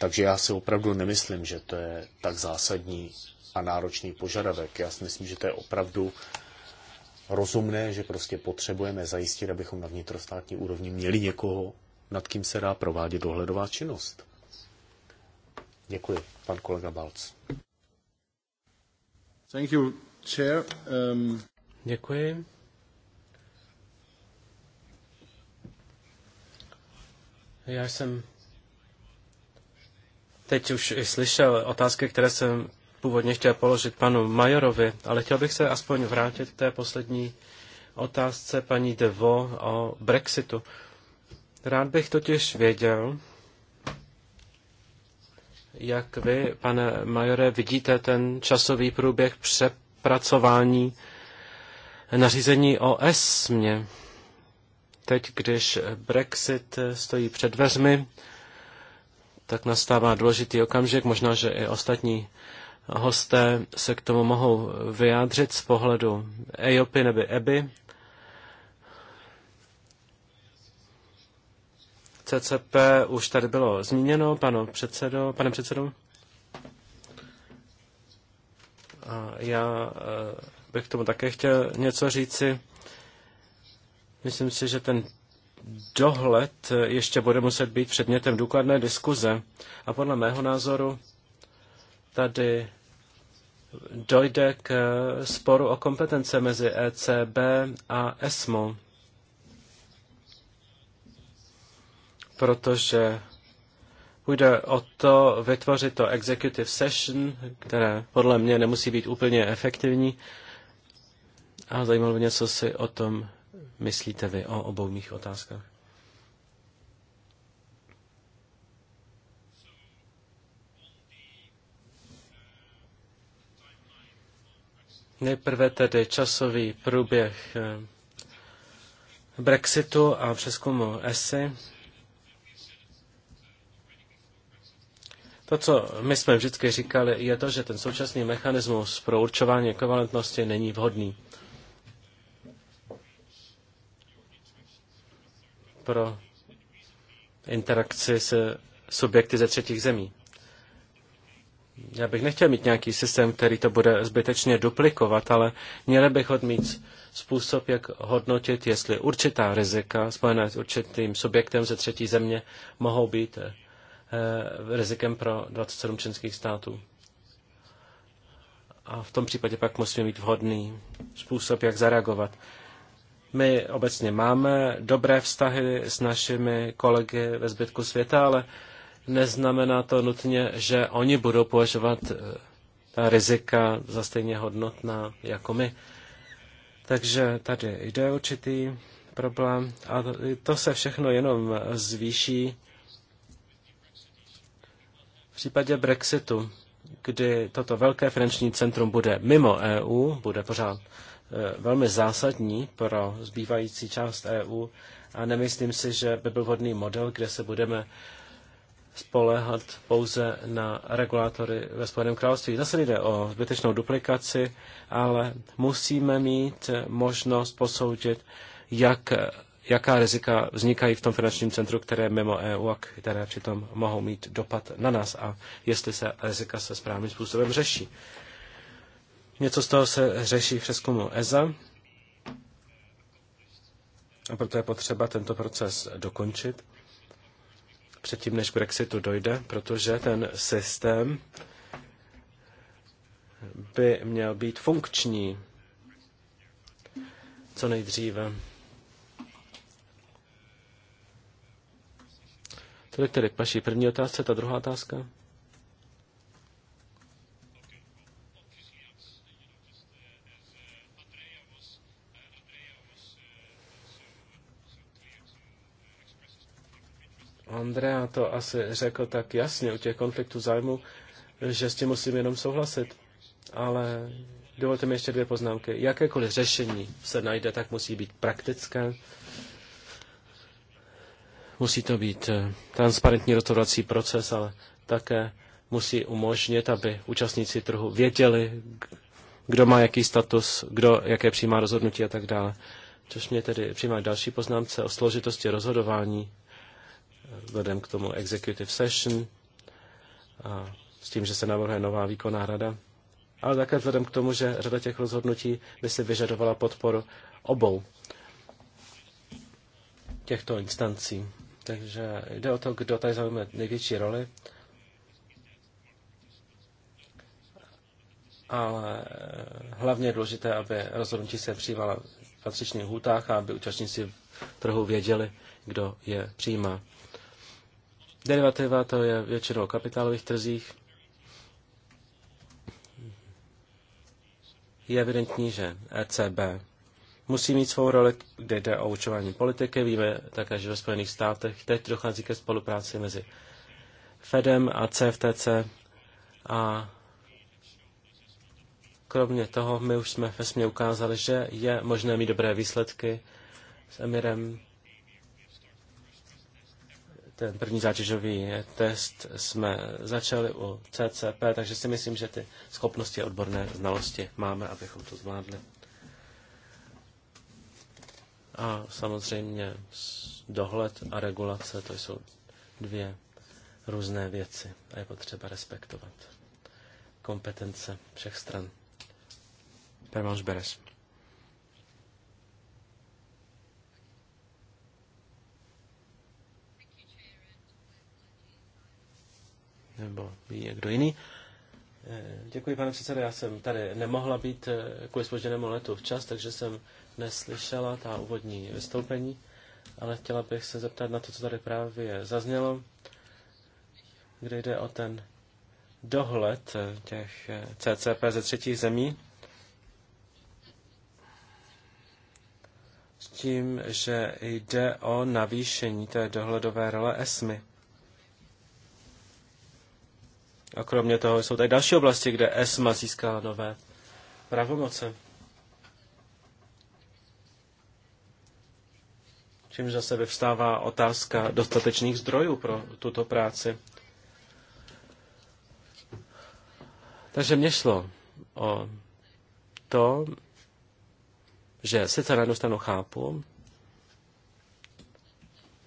Takže já si opravdu nemyslím, že to je tak zásadní a náročný požadavek. Já si myslím, že to je opravdu rozumné, že prostě potřebujeme zajistit, abychom na vnitrostátní úrovni měli někoho, nad kým se dá provádět dohledová činnost. Děkuji, pan kolega Balc. Thank you, chair. Um... Děkuji. Já jsem Teď už slyšel otázky, které jsem původně chtěl položit panu Majorovi, ale chtěl bych se aspoň vrátit k té poslední otázce paní Devo o Brexitu. Rád bych totiž věděl, jak vy, pane Majore, vidíte ten časový průběh přepracování nařízení o ESMě. Teď, když Brexit stojí před dveřmi, tak nastává důležitý okamžik. Možná, že i ostatní hosté se k tomu mohou vyjádřit z pohledu EOPY nebo EBY. CCP už tady bylo zmíněno, panu předsedo, pane předsedu. A já eh, bych k tomu také chtěl něco říci. Myslím si, že ten dohled ještě bude muset být předmětem důkladné diskuze. A podle mého názoru tady dojde k sporu o kompetence mezi ECB a ESMO, protože půjde o to vytvořit to executive session, které podle mě nemusí být úplně efektivní. A zajímalo mě, co si o tom myslíte vy o obou mých otázkách? Nejprve tedy časový průběh eh, Brexitu a přeskumu ESI. To, co my jsme vždycky říkali, je to, že ten současný mechanismus pro určování kovalentnosti není vhodný. pro interakci se subjekty ze třetích zemí. Já bych nechtěl mít nějaký systém, který to bude zbytečně duplikovat, ale měli bych mít způsob, jak hodnotit, jestli určitá rizika spojená s určitým subjektem ze třetí země mohou být eh, rizikem pro 27 členských států. A v tom případě pak musíme mít vhodný způsob, jak zareagovat. My obecně máme dobré vztahy s našimi kolegy ve zbytku světa, ale neznamená to nutně, že oni budou považovat eh, ta rizika za stejně hodnotná jako my. Takže tady jde určitý problém a to se všechno jenom zvýší v případě Brexitu, kdy toto velké finanční centrum bude mimo EU, bude pořád Eh, velmi zásadní pro zbývající část EU a nemyslím si, že by byl vhodný model, kde se budeme spolehat pouze na regulátory ve Spojeném království. Zase jde o zbytečnou duplikaci, ale musíme mít možnost posoudit, jak, jaká rizika vznikají v tom finančním centru, které je mimo EU a které přitom mohou mít dopad na nás a jestli se rizika se správným způsobem řeší. Něco z toho se řeší v přeskumu EZA a proto je potřeba tento proces dokončit předtím, než k Brexitu dojde, protože ten systém by měl být funkční co nejdříve. Tolik tedy k vaší první otázce, ta druhá otázka. Andrea to asi řekl tak jasně u těch konfliktů zájmu, že s tím musím jenom souhlasit. Ale dovolte mi ještě dvě poznámky. Jakékoliv řešení se najde, tak musí být praktické. Musí to být eh, transparentní rozhodovací proces, ale také musí umožnit, aby účastníci trhu věděli, kdo má jaký status, kdo jaké přijímá rozhodnutí a tak dále. Což mě tedy přijímá další poznámce o složitosti rozhodování vzhledem k tomu executive session a s tím, že se navrhuje nová výkonná rada, ale také vzhledem k tomu, že řada těch rozhodnutí by si vyžadovala podporu obou těchto instancí. Takže jde o to, kdo tady zaujme největší roli. ale hlavně je důležité, aby rozhodnutí se přijímala v patřičných hůtách a aby účastníci trhu věděli, kdo je přijímá. Derivativa to je většinou o kapitálových trzích. Je evidentní, že ECB musí mít svou roli, kde jde o učování politiky. Víme také, že ve Spojených státech teď dochází ke spolupráci mezi Fedem a CFTC a kromě toho my už jsme ve ukázali, že je možné mít dobré výsledky s Emirem ten první zátěžový test jsme začali u CCP, takže si myslím, že ty schopnosti a odborné znalosti máme, abychom to zvládli. A samozřejmě dohled a regulace, to jsou dvě různé věci a je potřeba respektovat kompetence všech stran. Permanš Beres. nebo ví někdo jiný. Eh, děkuji, pane předsedo. Já jsem tady nemohla být eh, kvůli spoženému letu včas, takže jsem neslyšela ta úvodní vystoupení, ale chtěla bych se zeptat na to, co tady právě zaznělo, kde jde o ten dohled eh, těch CCP ze třetích zemí. S tím, že jde o navýšení té dohledové role ESMY. A kromě toho jsou tady další oblasti, kde ESMA získala nové pravomoce. Čímž zase vyvstává otázka dostatečných zdrojů pro tuto práci. Takže mě šlo o to, že sice na jednu stranu chápu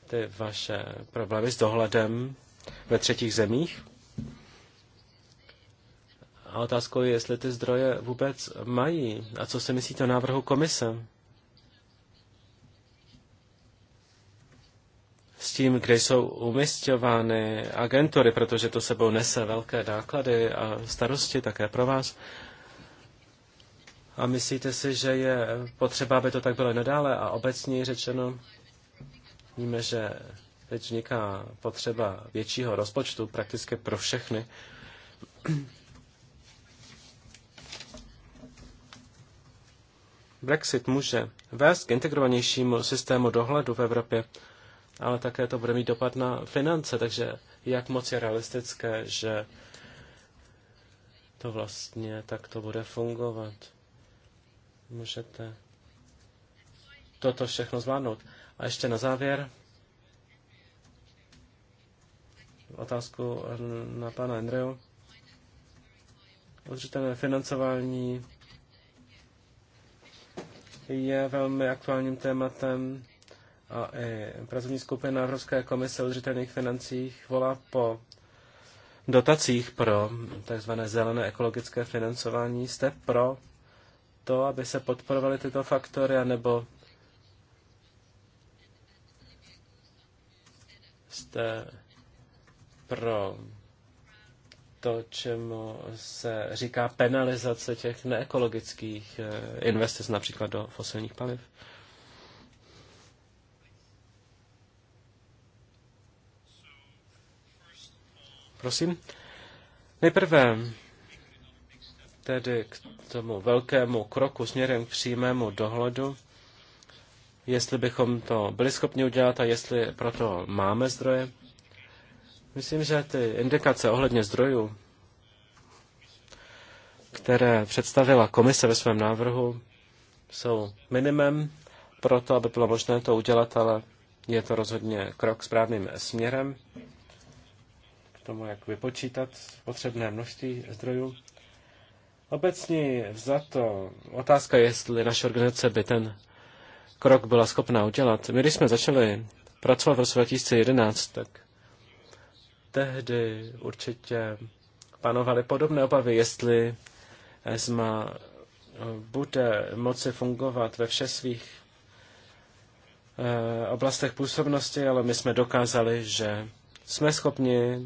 ty vaše problémy s dohledem ve třetích zemích, a otázkou je, jestli ty zdroje vůbec mají. A co si myslíte o návrhu komise? S tím, kde jsou umistovány agentury, protože to sebou nese velké náklady a starosti také pro vás. A myslíte si, že je potřeba, aby to tak bylo nadále? A obecně řečeno, víme, že teď vzniká potřeba většího rozpočtu prakticky pro všechny. Brexit může vést k integrovanějšímu systému dohledu v Evropě, ale také to bude mít dopad na finance, takže jak moc je realistické, že to vlastně tak to bude fungovat. Můžete toto všechno zvládnout. A ještě na závěr otázku na pana Andreu. Udržitelné financování je velmi aktuálním tématem a i pracovní skupina Evropské komise o udržitelných financích volá po dotacích pro tzv. zelené ekologické financování. Jste pro to, aby se podporovaly tyto faktory, anebo jste pro to, čemu se říká penalizace těch neekologických eh, investic, například do fosilních paliv. Prosím. Nejprve tedy k tomu velkému kroku směrem k přímému dohledu, jestli bychom to byli schopni udělat a jestli proto máme zdroje. Myslím, že ty indikace ohledně zdrojů, které představila komise ve svém návrhu, jsou minimem pro to, aby bylo možné to udělat, ale je to rozhodně krok správným směrem k tomu, jak vypočítat potřebné množství zdrojů. Obecně to otázka, jestli naše organizace by ten krok byla schopná udělat. My, když jsme začali pracovat v roce 2011, tak tehdy určitě panovaly podobné obavy, jestli ESMA bude moci fungovat ve všech svých eh, oblastech působnosti, ale my jsme dokázali, že jsme schopni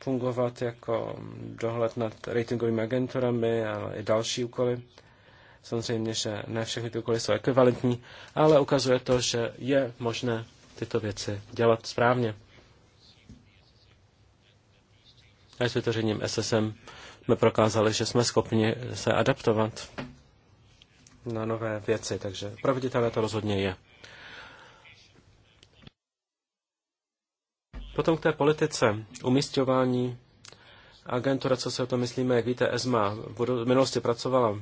fungovat jako dohled nad ratingovými agenturami a i další úkoly. Samozřejmě, že ne všechny ty úkoly jsou ekvivalentní, ale ukazuje to, že je možné tyto věci dělat správně. a s vytvořením SSM jsme prokázali, že jsme schopni se adaptovat na nové věci, takže proveditelné to rozhodně je. Potom k té politice, umístování agentura, co si o tom myslíme, jak víte, ESMA v minulosti pracovala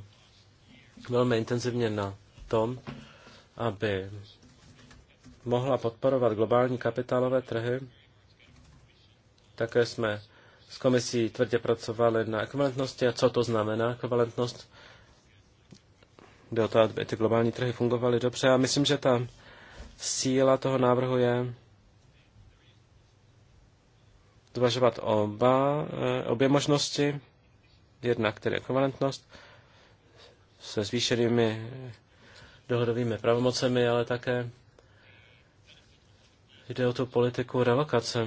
velmi intenzivně na tom, aby mohla podporovat globální kapitálové trhy. Také jsme s komisí tvrdě pracovali na ekvivalentnosti a co to znamená ekvivalentnost. Jde o to, aby ty globální trhy fungovaly dobře a myslím, že ta síla toho návrhu je zvažovat oba, eh, obě možnosti, která je ekvivalentnost se zvýšenými dohodovými pravomocemi, ale také jde o tu politiku relokace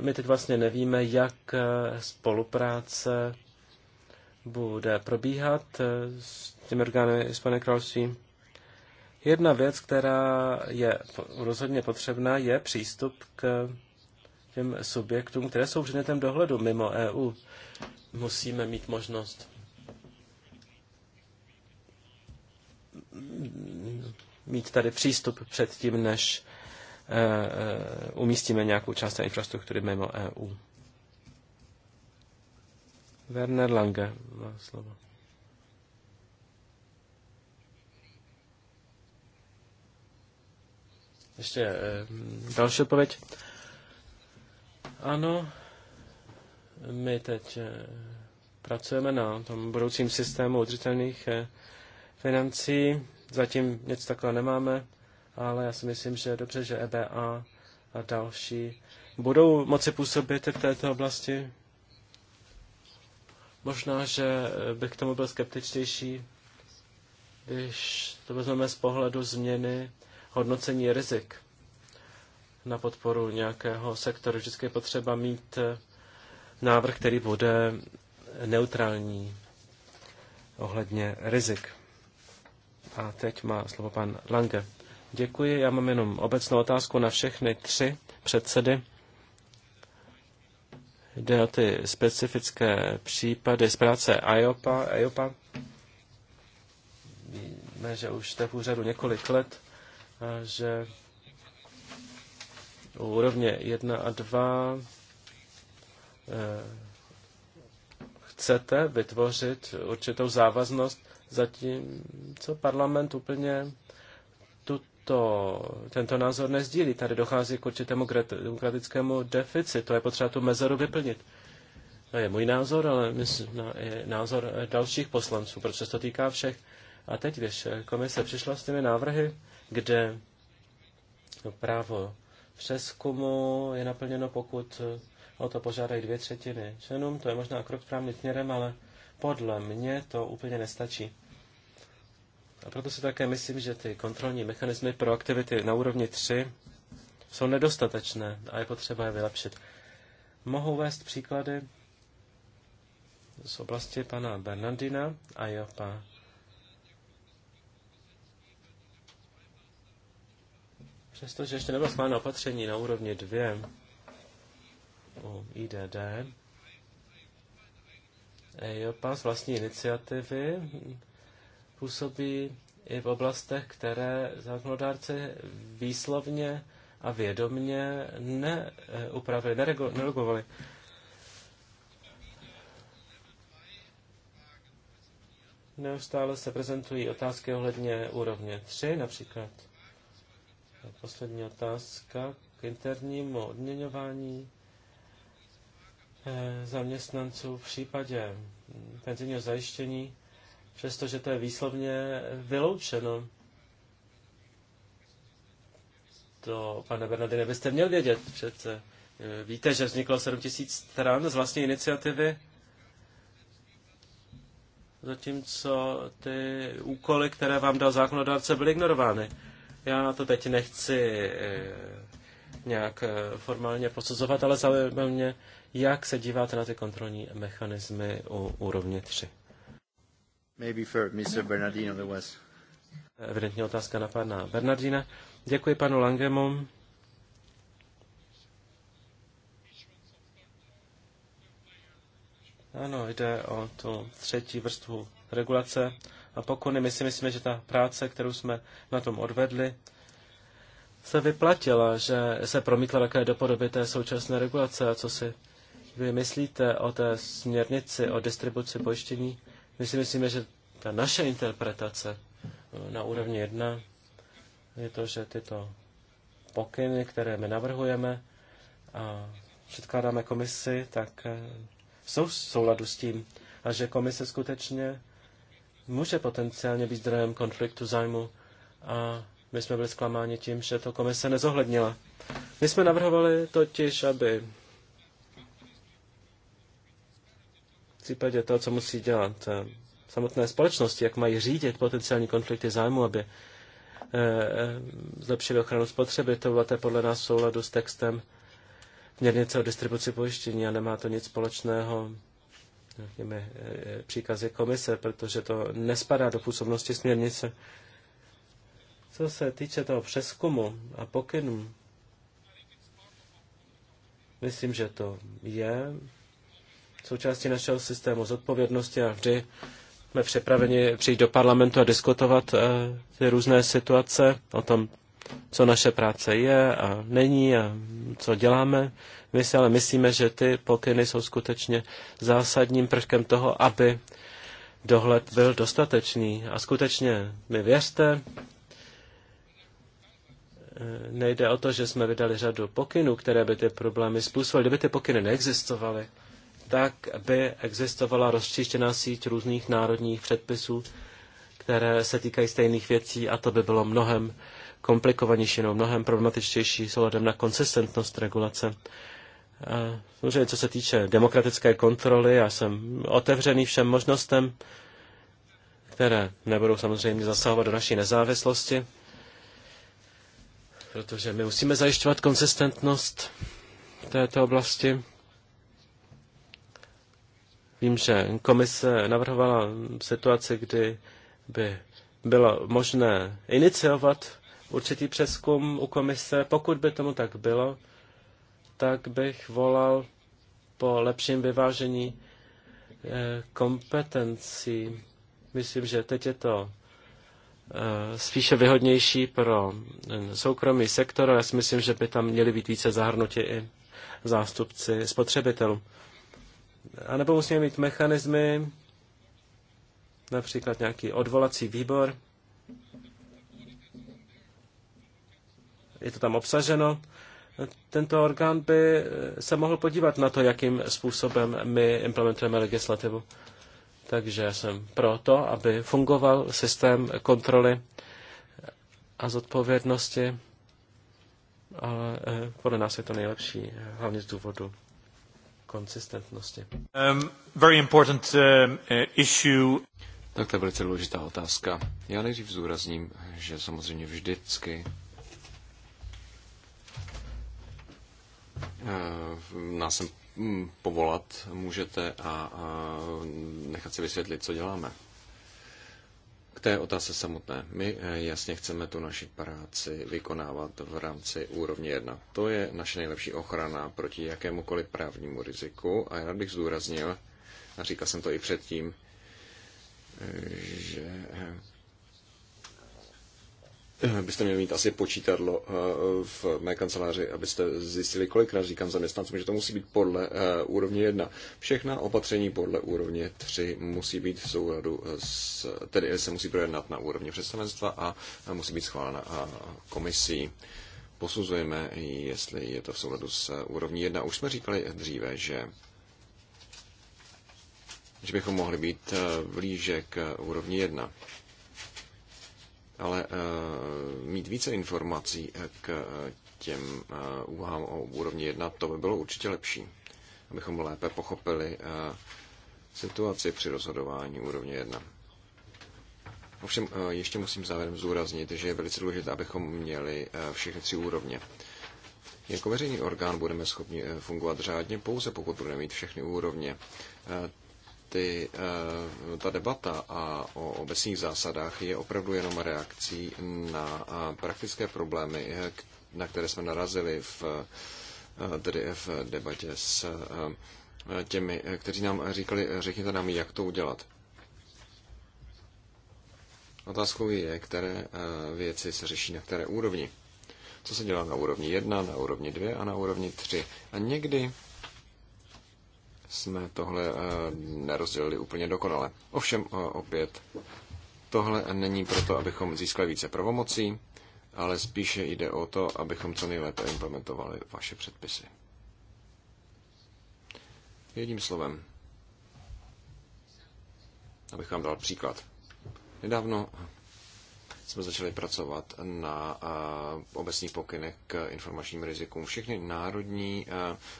my teď vlastně nevíme, jak eh, spolupráce bude probíhat eh, s těmi orgány Spojené království. Jedna věc, která je rozhodně potřebná, je přístup k těm subjektům, které jsou předmětem dohledu mimo EU. Musíme mít možnost mít tady přístup před tím, než Eh, eh, umístíme nějakou část té infrastruktury mimo EU. Werner Lange má slovo. Ještě eh, další odpověď. Ano, my teď pracujeme na tom budoucím systému udržitelných financí. Zatím nic takového nemáme ale já si myslím, že je dobře, že EBA a další budou moci působit v této oblasti. Možná, že bych k tomu byl skeptičtější, když to vezmeme z pohledu změny hodnocení rizik na podporu nějakého sektoru. Vždycky je potřeba mít návrh, který bude neutrální ohledně rizik. A teď má slovo pan Lange. Děkuji. Já mám jenom obecnou otázku na všechny tři předsedy. Jde o ty specifické případy z práce IOPA. IOPA. Víme, že už jste v úřadu několik let a že u úrovně 1 a 2 eh, chcete vytvořit určitou závaznost, zatímco parlament úplně to, tento názor nezdílí. Tady dochází k určitému demokratickému deficitu. Je potřeba tu mezeru vyplnit. To je můj názor, ale myslím, no, je názor eh, dalších poslanců, protože se to týká všech. A teď, když eh, komise přišla s těmi návrhy, kde to no, právo přeskumu je naplněno, pokud eh, o to požádají dvě třetiny členům, to je možná krok správným směrem, ale podle mě to úplně nestačí. A proto si také myslím, že ty kontrolní mechanismy pro aktivity na úrovni 3 jsou nedostatečné a je potřeba je vylepšit. Mohu vést příklady z oblasti pana Bernardina a Jopa. Přestože ještě nebylo schválena opatření na úrovni 2 u IDD, Jopa z vlastní iniciativy působí i v oblastech, které zákonodárce výslovně a vědomně neupravili, neregulovali. Neustále se prezentují otázky ohledně úrovně 3, například poslední otázka k internímu odměňování eh, zaměstnanců v případě penzijního zajištění přestože to je výslovně vyloučeno. To, pane Bernady, nebyste měl vědět přece. Víte, že vzniklo 7000 stran z vlastní iniciativy, zatímco ty úkoly, které vám dal zákonodárce, byly ignorovány. Já to teď nechci eh, nějak eh, formálně posuzovat, ale zajímá mě, jak se díváte na ty kontrolní mechanismy u úrovně 3. Maybe for Mr. Bernardino there was. Evidentně otázka na pana Bernardina. Děkuji panu Langemu. Ano, jde o tu třetí vrstvu regulace a pokuny. My si myslíme, že ta práce, kterou jsme na tom odvedli, se vyplatila, že se promítla také do podoby té současné regulace. A co si vy myslíte o té směrnici o distribuci pojištění? My si myslíme, že ta naše interpretace eh, na úrovni jedna je to, že tyto pokyny, které my navrhujeme a předkládáme komisi, tak eh, jsou v souladu s tím a že komise skutečně může potenciálně být zdrojem konfliktu zájmu a my jsme byli zklamáni tím, že to komise nezohlednila. My jsme navrhovali totiž, aby případě toho, co musí dělat eh, samotné společnosti, jak mají řídit potenciální konflikty zájmu, aby eh, eh, zlepšili ochranu spotřebitelů a to je podle nás souladu s textem směrnice o distribuci pojištění a nemá to nic společného řekněme, příkazy komise, protože to nespadá do působnosti směrnice. Co se týče toho přeskumu a pokynů, myslím, že to je součástí našeho systému zodpovědnosti a vždy jsme připraveni přijít do parlamentu a diskutovat eh, ty různé situace o tom, co naše práce je a není a co děláme. My si ale myslíme, že ty pokyny jsou skutečně zásadním prvkem toho, aby dohled byl dostatečný. A skutečně mi věřte, eh, nejde o to, že jsme vydali řadu pokynů, které by ty problémy způsobily. Kdyby ty pokyny neexistovaly, tak by existovala rozčištěná síť různých národních předpisů, které se týkají stejných věcí a to by bylo mnohem komplikovanější nebo mnohem problematičtější s ohledem na konsistentnost regulace. A samozřejmě, co se týče demokratické kontroly, já jsem otevřený všem možnostem, které nebudou samozřejmě zasahovat do naší nezávislosti, protože my musíme zajišťovat konsistentnost v této oblasti. Vím, že komise navrhovala situaci, kdy by bylo možné iniciovat určitý přeskum u komise. Pokud by tomu tak bylo, tak bych volal po lepším vyvážení eh, kompetencí. Myslím, že teď je to eh, spíše vyhodnější pro soukromý sektor. Já si myslím, že by tam měli být více zahrnuti i zástupci spotřebitelů. A nebo musíme mít mechanismy, například nějaký odvolací výbor. Je to tam obsaženo. Tento orgán by se mohl podívat na to, jakým způsobem my implementujeme legislativu. Takže jsem pro to, aby fungoval systém kontroly a zodpovědnosti, ale eh, podle nás je to nejlepší, eh, hlavně z důvodu konsistentnosti. Um, very important um, uh, issue. Tak to je velice důležitá otázka. Já nejdřív zúrazním, že samozřejmě vždycky uh, eh, nás sem hm, povolat můžete a, a nechat si vysvětlit, co děláme. K té otázce samotné. My eh, jasně chceme tu naši práci vykonávat v rámci úrovně 1. To je naše nejlepší ochrana proti jakémukoliv právnímu riziku a já bych zdůraznil, a říkal jsem to i předtím, eh, že eh, byste měli mít asi počítadlo eh, v mé kanceláři, abyste zjistili, kolikrát říkám zaměstnancům, že to musí být podle eh, úrovně 1. Všechna opatření podle úrovně 3 musí být v souladu, s, tedy se musí projednat na úrovni představenstva a musí být schválena eh, komisí. Posuzujeme, jestli je to v souladu s úrovní 1. Už jsme říkali dříve, že že bychom mohli být blíže k úrovni 1 ale eh, mít více informací eh, k eh, těm úvahám o úrovni 1, to by bylo určitě lepší, abychom lépe pochopili situaci při rozhodování úrovně 1. Ovšem ještě musím závěrem zúraznit, že je velice důležité, abychom měli všechny tři úrovně. Jako veřejný orgán budeme schopni fungovat řádně pouze, pokud budeme mít všechny úrovně ty, eh, ta debata a o obecných zásadách je opravdu jenom reakcí na eh, praktické problémy, eh, na které jsme narazili v, tedy v debatě s těmi, kteří nám říkali, řekněte nám, jak to udělat. Otázkou je, které věci se řeší na které úrovni. Co se dělá na úrovni 1, na úrovni 2 a na úrovni 3. A někdy jsme tohle eh, nerozdělili úplně dokonale. Ovšem, eh, opět, tohle není proto, abychom získali více pravomocí, ale spíše jde o to, abychom co nejlépe implementovali vaše předpisy. Jedním slovem, abych vám dal příklad. Nedávno jsme začali pracovat na obecných pokynech k informačním rizikům. Všechny národní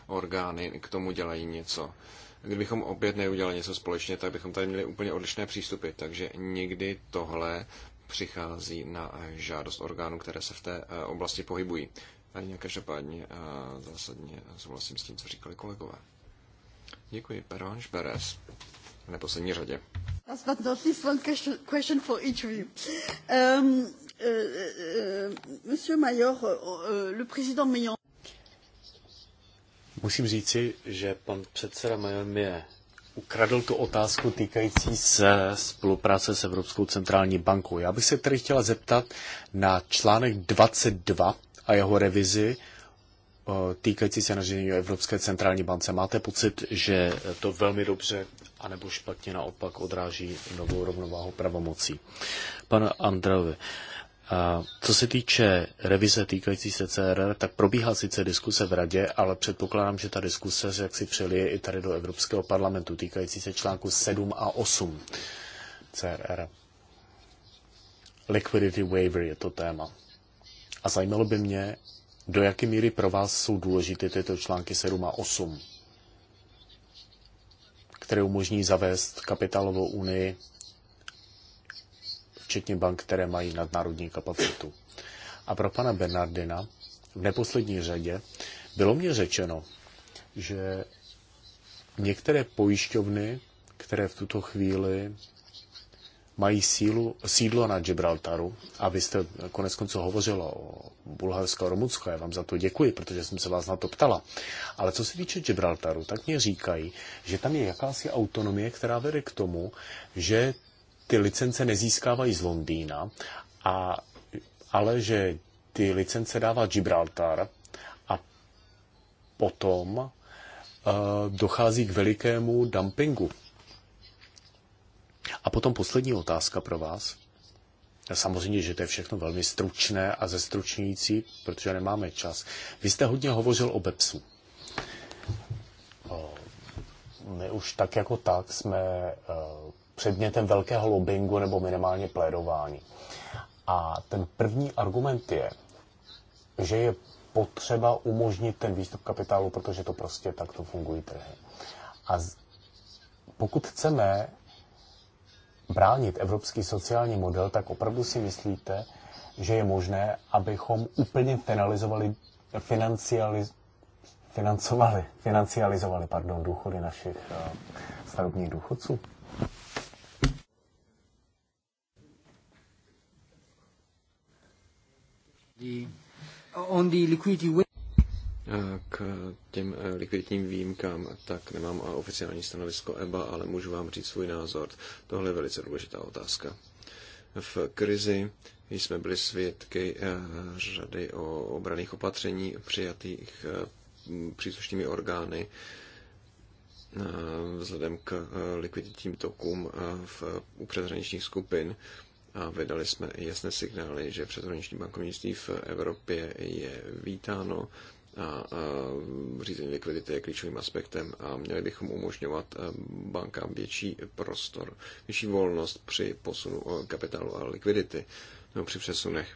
orgány k tomu dělají něco. Kdybychom opět neudělali něco společně, tak bychom tady měli úplně odlišné přístupy. Takže někdy tohle přichází na žádost orgánů, které se v té oblasti pohybují. Ale nějak každopádně zásadně souhlasím s tím, co říkali kolegové. Děkuji, Peron Šperes. V neposlední řadě. Last but not least, one question, question for each of you. Um, uh, uh, uh Monsieur Mayor, uh, uh le président Mayor. Musím říci, že pan předseda Mayor mi ukradl tu otázku týkající se spolupráce s Evropskou centrální bankou. Já bych se tedy chtěla zeptat na článek 22 a jeho revizi týkající se nařízení Evropské centrální bance. Máte pocit, že to velmi dobře anebo špatně naopak odráží novou rovnováhu pravomocí? Pan Androvi, a co se týče revize týkající se CRR, tak probíhá sice diskuse v radě, ale předpokládám, že ta diskuse se jaksi přelije i tady do Evropského parlamentu týkající se článku 7 a 8 CRR. Liquidity waiver je to téma. A zajímalo by mě, do jaké míry pro vás jsou důležité tyto články 7 a 8, které umožní zavést kapitálovou unii, včetně bank, které mají nadnárodní kapacitu. A pro pana Bernardina, v neposlední řadě, bylo mně řečeno, že některé pojišťovny, které v tuto chvíli mají sílu, sídlo na Gibraltaru a vy jste konec konců hovořila o Bulharsko a Rumunsko, já vám za to děkuji, protože jsem se vás na to ptala. Ale co se týče Gibraltaru, tak mě říkají, že tam je jakási autonomie, která vede k tomu, že ty licence nezískávají z Londýna, a, ale že ty licence dává Gibraltar a potom uh, dochází k velikému dumpingu a potom poslední otázka pro vás. Samozřejmě, že to je všechno velmi stručné a zestručňující, protože nemáme čas. Vy jste hodně hovořil o BEPSu. Eh, my už tak jako tak jsme eh, předmětem velkého lobbingu nebo minimálně plédování. A ten první argument je, že je potřeba umožnit ten výstup kapitálu, protože to prostě takto fungují trhy. A pokud chceme bránit evropský sociální model, tak opravdu si myslíte, že je možné, abychom úplně finalizovali, financializ, financovali, financializovali pardon, důchody našich eh, starobních důchodců? on the liquidity k těm eh, likviditním výjimkám, tak nemám oficiální stanovisko EBA, ale můžu vám říct svůj názor. Tohle je velice důležitá otázka. V krizi jsme byli svědky eh, řady o obraných opatření přijatých eh, příslušnými orgány vzhledem k likviditním tokům v, u přeshraničních skupin a vydali jsme jasné signály, že přeshraniční bankovnictví v Evropě je vítáno a řízení likvidity je klíčovým aspektem a měli bychom umožňovat bankám větší prostor, větší volnost při posunu kapitálu a likvidity nebo při přesunech.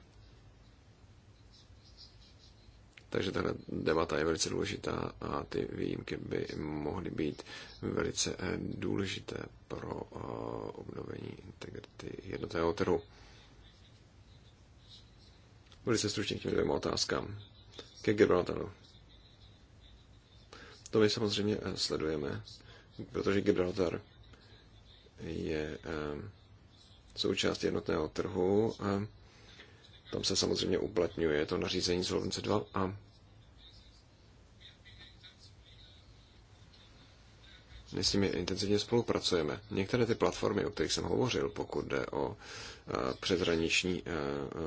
Takže tahle debata je velice důležitá a ty výjimky by mohly být velice e, důležité pro obnovení integrity jednotného trhu. Velice stručně k těm dvěma otázkám ke Gibraltaru. To my samozřejmě eh, sledujeme, protože Gibraltar je eh, součást jednotného trhu. Tam se samozřejmě uplatňuje to nařízení Solvence 2 a my s nimi intenzivně spolupracujeme. Některé ty platformy, o kterých jsem hovořil, pokud jde o eh, předhraniční eh,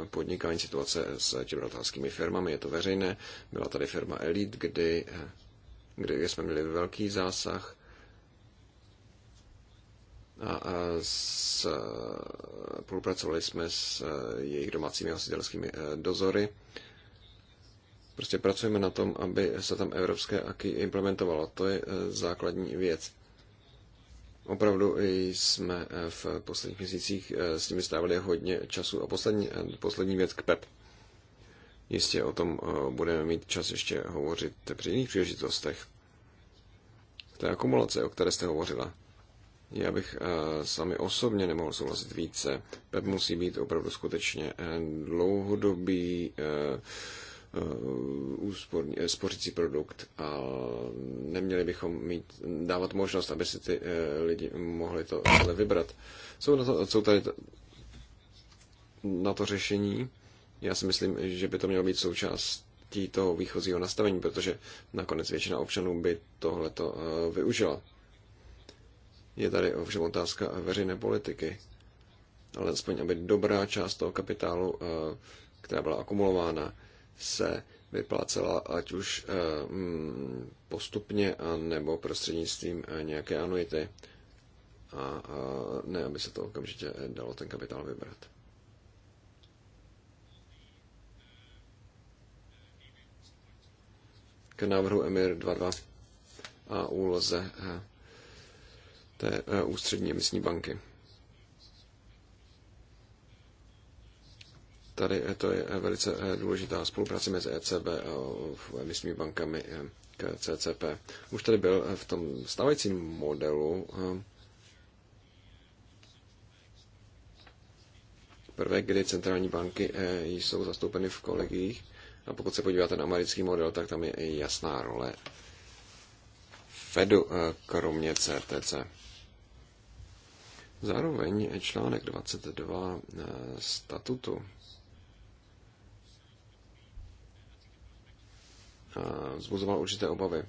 podnikání situace s gibraltarskými firmami, je to veřejné. Byla tady firma Elite, kdy, eh, kdy jsme měli velký zásah a, a s, spolupracovali jsme s jejich domácími hostitelskými dozory. Prostě pracujeme na tom, aby se tam evropské aky implementovalo. To je eh, základní věc. Opravdu jsme eh, v posledních měsících eh, s nimi strávili hodně času. A poslední, poslední věc k PEP. Jistě o tom budeme mít čas ještě hovořit při jiných příležitostech. V té akumulace, o které jste hovořila, já bych sami osobně nemohl souhlasit více. PEP musí být opravdu skutečně dlouhodobý Uh, úsporní, eh, spořící produkt a neměli bychom mít, dávat možnost, aby si ty eh, lidi mohli to vybrat. Jsou, na to, jsou tady na to řešení. Já si myslím, že by to mělo být součástí toho výchozího nastavení, protože nakonec většina občanů by tohleto eh, využila. Je tady ovšem otázka veřejné politiky. Ale aspoň, aby dobrá část toho kapitálu, která byla akumulována, se vyplácela ať už eh, mm, postupně nebo prostřednictvím eh, nějaké anuity a eh, ne, aby se to okamžitě dalo ten kapitál vybrat. K návrhu EMIR 2.2 a úloze té ústřední emisní banky. Tady eh, to je eh, velice eh, důležitá spolupráce mezi ECB a emisními bankami k CCP. Už tady byl v tom stávajícím modelu prvé, kdy centrální banky jsou zastoupeny v kolegích. A pokud se podíváte na americký model, tak tam je i jasná role Fedu, kromě CTC. Zároveň článek 22 statutu vzbuzoval určité obavy.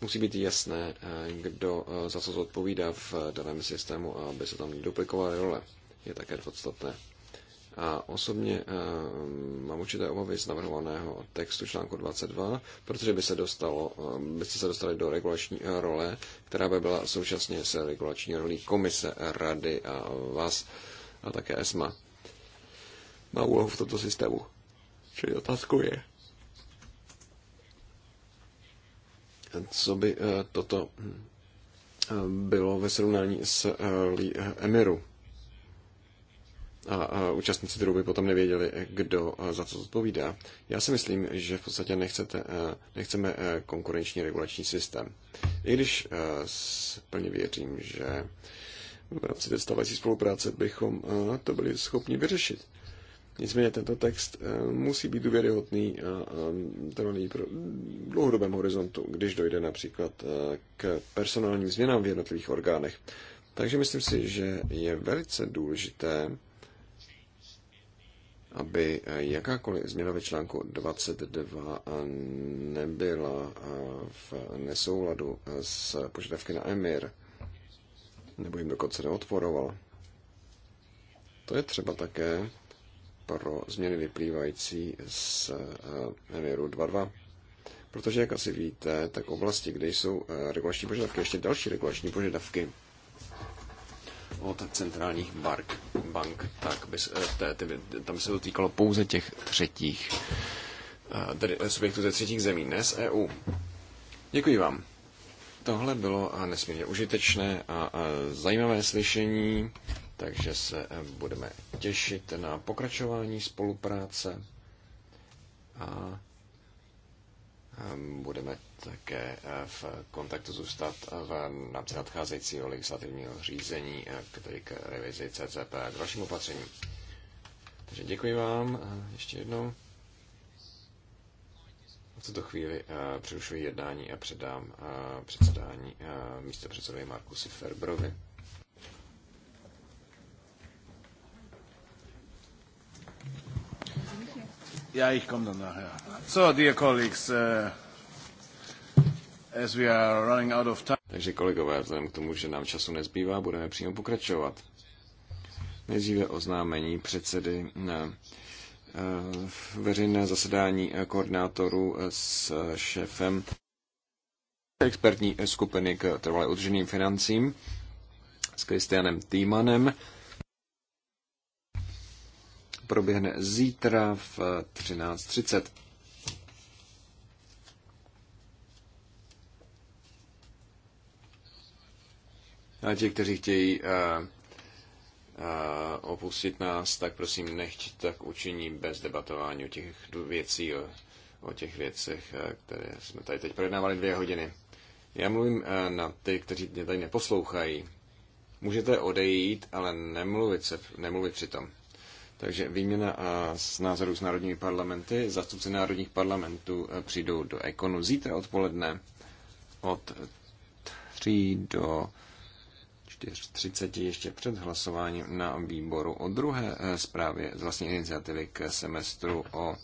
Musí být jasné, eh, kdo eh, za co zodpovídá v eh, daném systému, aby se tam duplikovaly role. Je také podstatné. A osobně mám určité obavy z navrhovaného textu článku 22, protože by se dostalo, by se dostali do regulační role, která by byla současně se regulační rolí komise, rady a vás a také ESMA. Má úlohu v tomto systému. Čili otázkou je, co by eh, toto hm, bylo ve srovnání s eh, Emiru. A účastníci trhu by potom nevěděli, kdo eh, za co zodpovídá. Já si myslím, že v podstatě nechcete, nechceme konkurenční regulační systém. I když plně věřím, že v rámci té stávající spolupráce bychom to byli schopni vyřešit. Nicméně tento text eh, musí být důvěryhodný a trvalý pro dlouhodobém horizontu, když dojde například eh, k personálním změnám v jednotlivých orgánech. Takže myslím si, že je velice důležité, aby eh, jakákoliv změna ve článku 22 nebyla v nesouladu s požadavky na Emir, nebo jim dokonce neodporovala. To je třeba také pro změny vyplývající z eh, věru 2.2. Protože, jak asi víte, tak oblasti, kde jsou eh, regulační požadavky, ještě další regulační požadavky od centrálních bank, bank, tak by, eh, té, te, tam se to týkalo pouze těch třetích, tedy subjektů ze třetích zemí, ne z EU. Děkuji vám. Tohle bylo nesmírně užitečné a zajímavé slyšení takže se budeme těšit na pokračování spolupráce a budeme také v kontaktu zůstat v rámci nadcházejícího legislativního řízení, který k revizi CCP a k vašim opatřením. Takže děkuji vám ještě jednou. V tuto chvíli přerušuji jednání a předám předsedání předsedovi Markusi Ferbrovi. Ja, ich komme dann nachher. So, dear colleagues, uh, as we are running out of time. Takže kolegové, vzhledem k tomu, že nám času nezbývá, budeme přímo pokračovat. Nejdříve oznámení předsedy na uh, uh, veřejné zasedání uh, koordinátorů s šéfem expertní skupiny k trvalé udrženým financím s Kristianem Týmanem proběhne zítra v 13.30. Eh, A ti, kteří chtějí eh, eh, opustit nás, tak prosím nechť tak učiní bez debatování o těch věcí, o, o těch věcech, které jsme tady teď projednávali dvě hodiny. Já mluvím na ty, kteří mě tady neposlouchají. Můžete odejít, ale nemluvit, se, nemluvit přitom. Takže výměna s názorů s národními parlamenty. Zastupci národních parlamentů e, přijdou do Ekonu zítra odpoledne od 3 do 4.30 ještě před hlasováním na výboru o druhé e, zprávě z vlastní iniciativy k semestru o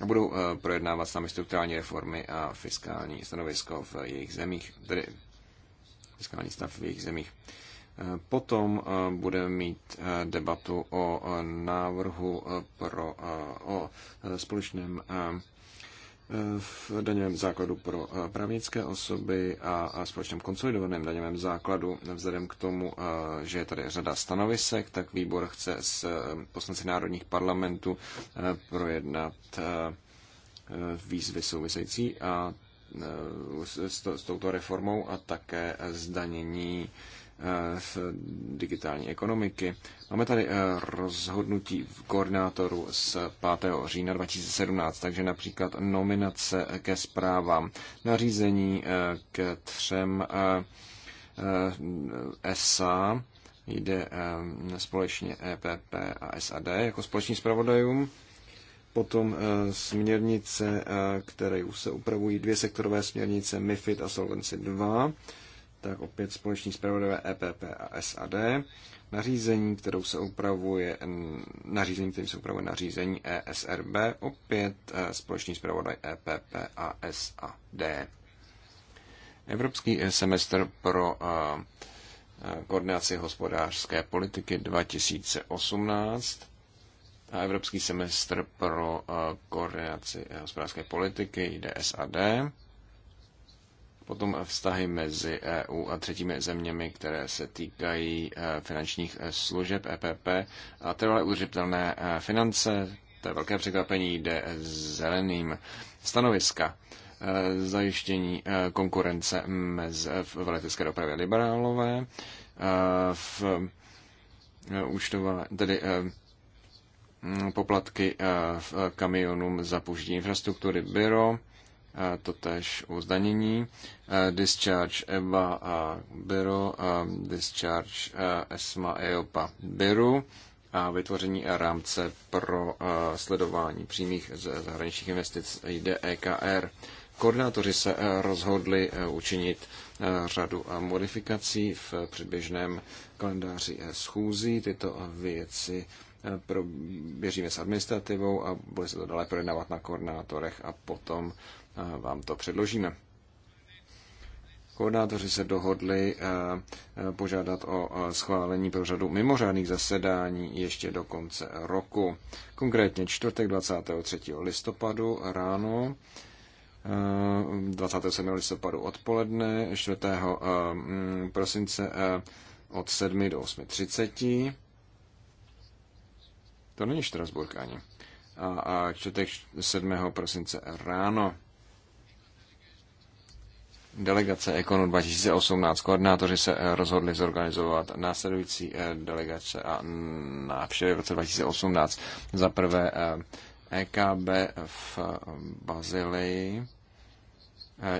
a budou e, projednávat sami strukturální reformy a fiskální stanovisko v jejich zemích, tedy fiskální stav v jejich zemích. Potom eh, budeme mít eh, debatu o eh, návrhu pro, o společném v daňovém základu pro právnické osoby a společném konsolidovaném daňovém základu. Vzhledem k tomu, že je tady řada stanovisek, tak výbor chce s poslanci národních parlamentů projednat výzvy související a s, touto reformou a také zdanění Eh, z digitální ekonomiky. Máme tady eh, rozhodnutí v koordinátoru z 5. října 2017, takže například nominace ke zprávám, nařízení eh, k třem ESA, jde společně EPP a SAD jako společný zpravodajům. Potom směrnice, které už se upravují dvě sektorové směrnice MIFID a Solvency 2 tak opět společní zpravodové EPP a SAD, nařízení, kterou se upravuje, nařízení, kterým se upravuje nařízení ESRB, opět eh, společný zpravodaj EPP a SAD. Evropský eh, semestr pro eh, koordinaci hospodářské politiky 2018 a Evropský semestr pro koordinaci hospodářské politiky, jde SAD. Potom vztahy mezi EU a třetími zeměmi, které se týkají eh, finančních eh, služeb EPP a trvalé udržitelné eh, finance. To je velké překvapení, jde zeleným stanoviska zajištění konkurence mezi v letecké dopravě liberálové, v účtová, tedy poplatky v kamionům za použití infrastruktury Byro, totež u zdanění, discharge EBA a BIRU, discharge ESMA EOPA BIRU a vytvoření rámce pro e, sledování přímých zahraničních investic jde EKR. Koordinátoři se e, rozhodli e, učinit řadu modifikací v předběžném kalendáři schůzí. Tyto věci běžíme s administrativou a bude se to dále projednávat na koordinátorech a potom vám to předložíme. Koordinátoři se dohodli eh, eh, požádat o eh, schválení pro řadu mimořádných zasedání ještě do konce roku. Konkrétně čtvrtek 23. listopadu ráno, 27. listopadu odpoledne, 4. prosince od 7 do 8.30. To není Štrasburg ani. A, a čtvrtek 7. prosince ráno. Delegace Ekonu 2018 koordinátoři se eh, rozhodli zorganizovat následující eh, delegace a návštěvy v roce 2018. Za prvé EKB eh, e v Bazileji,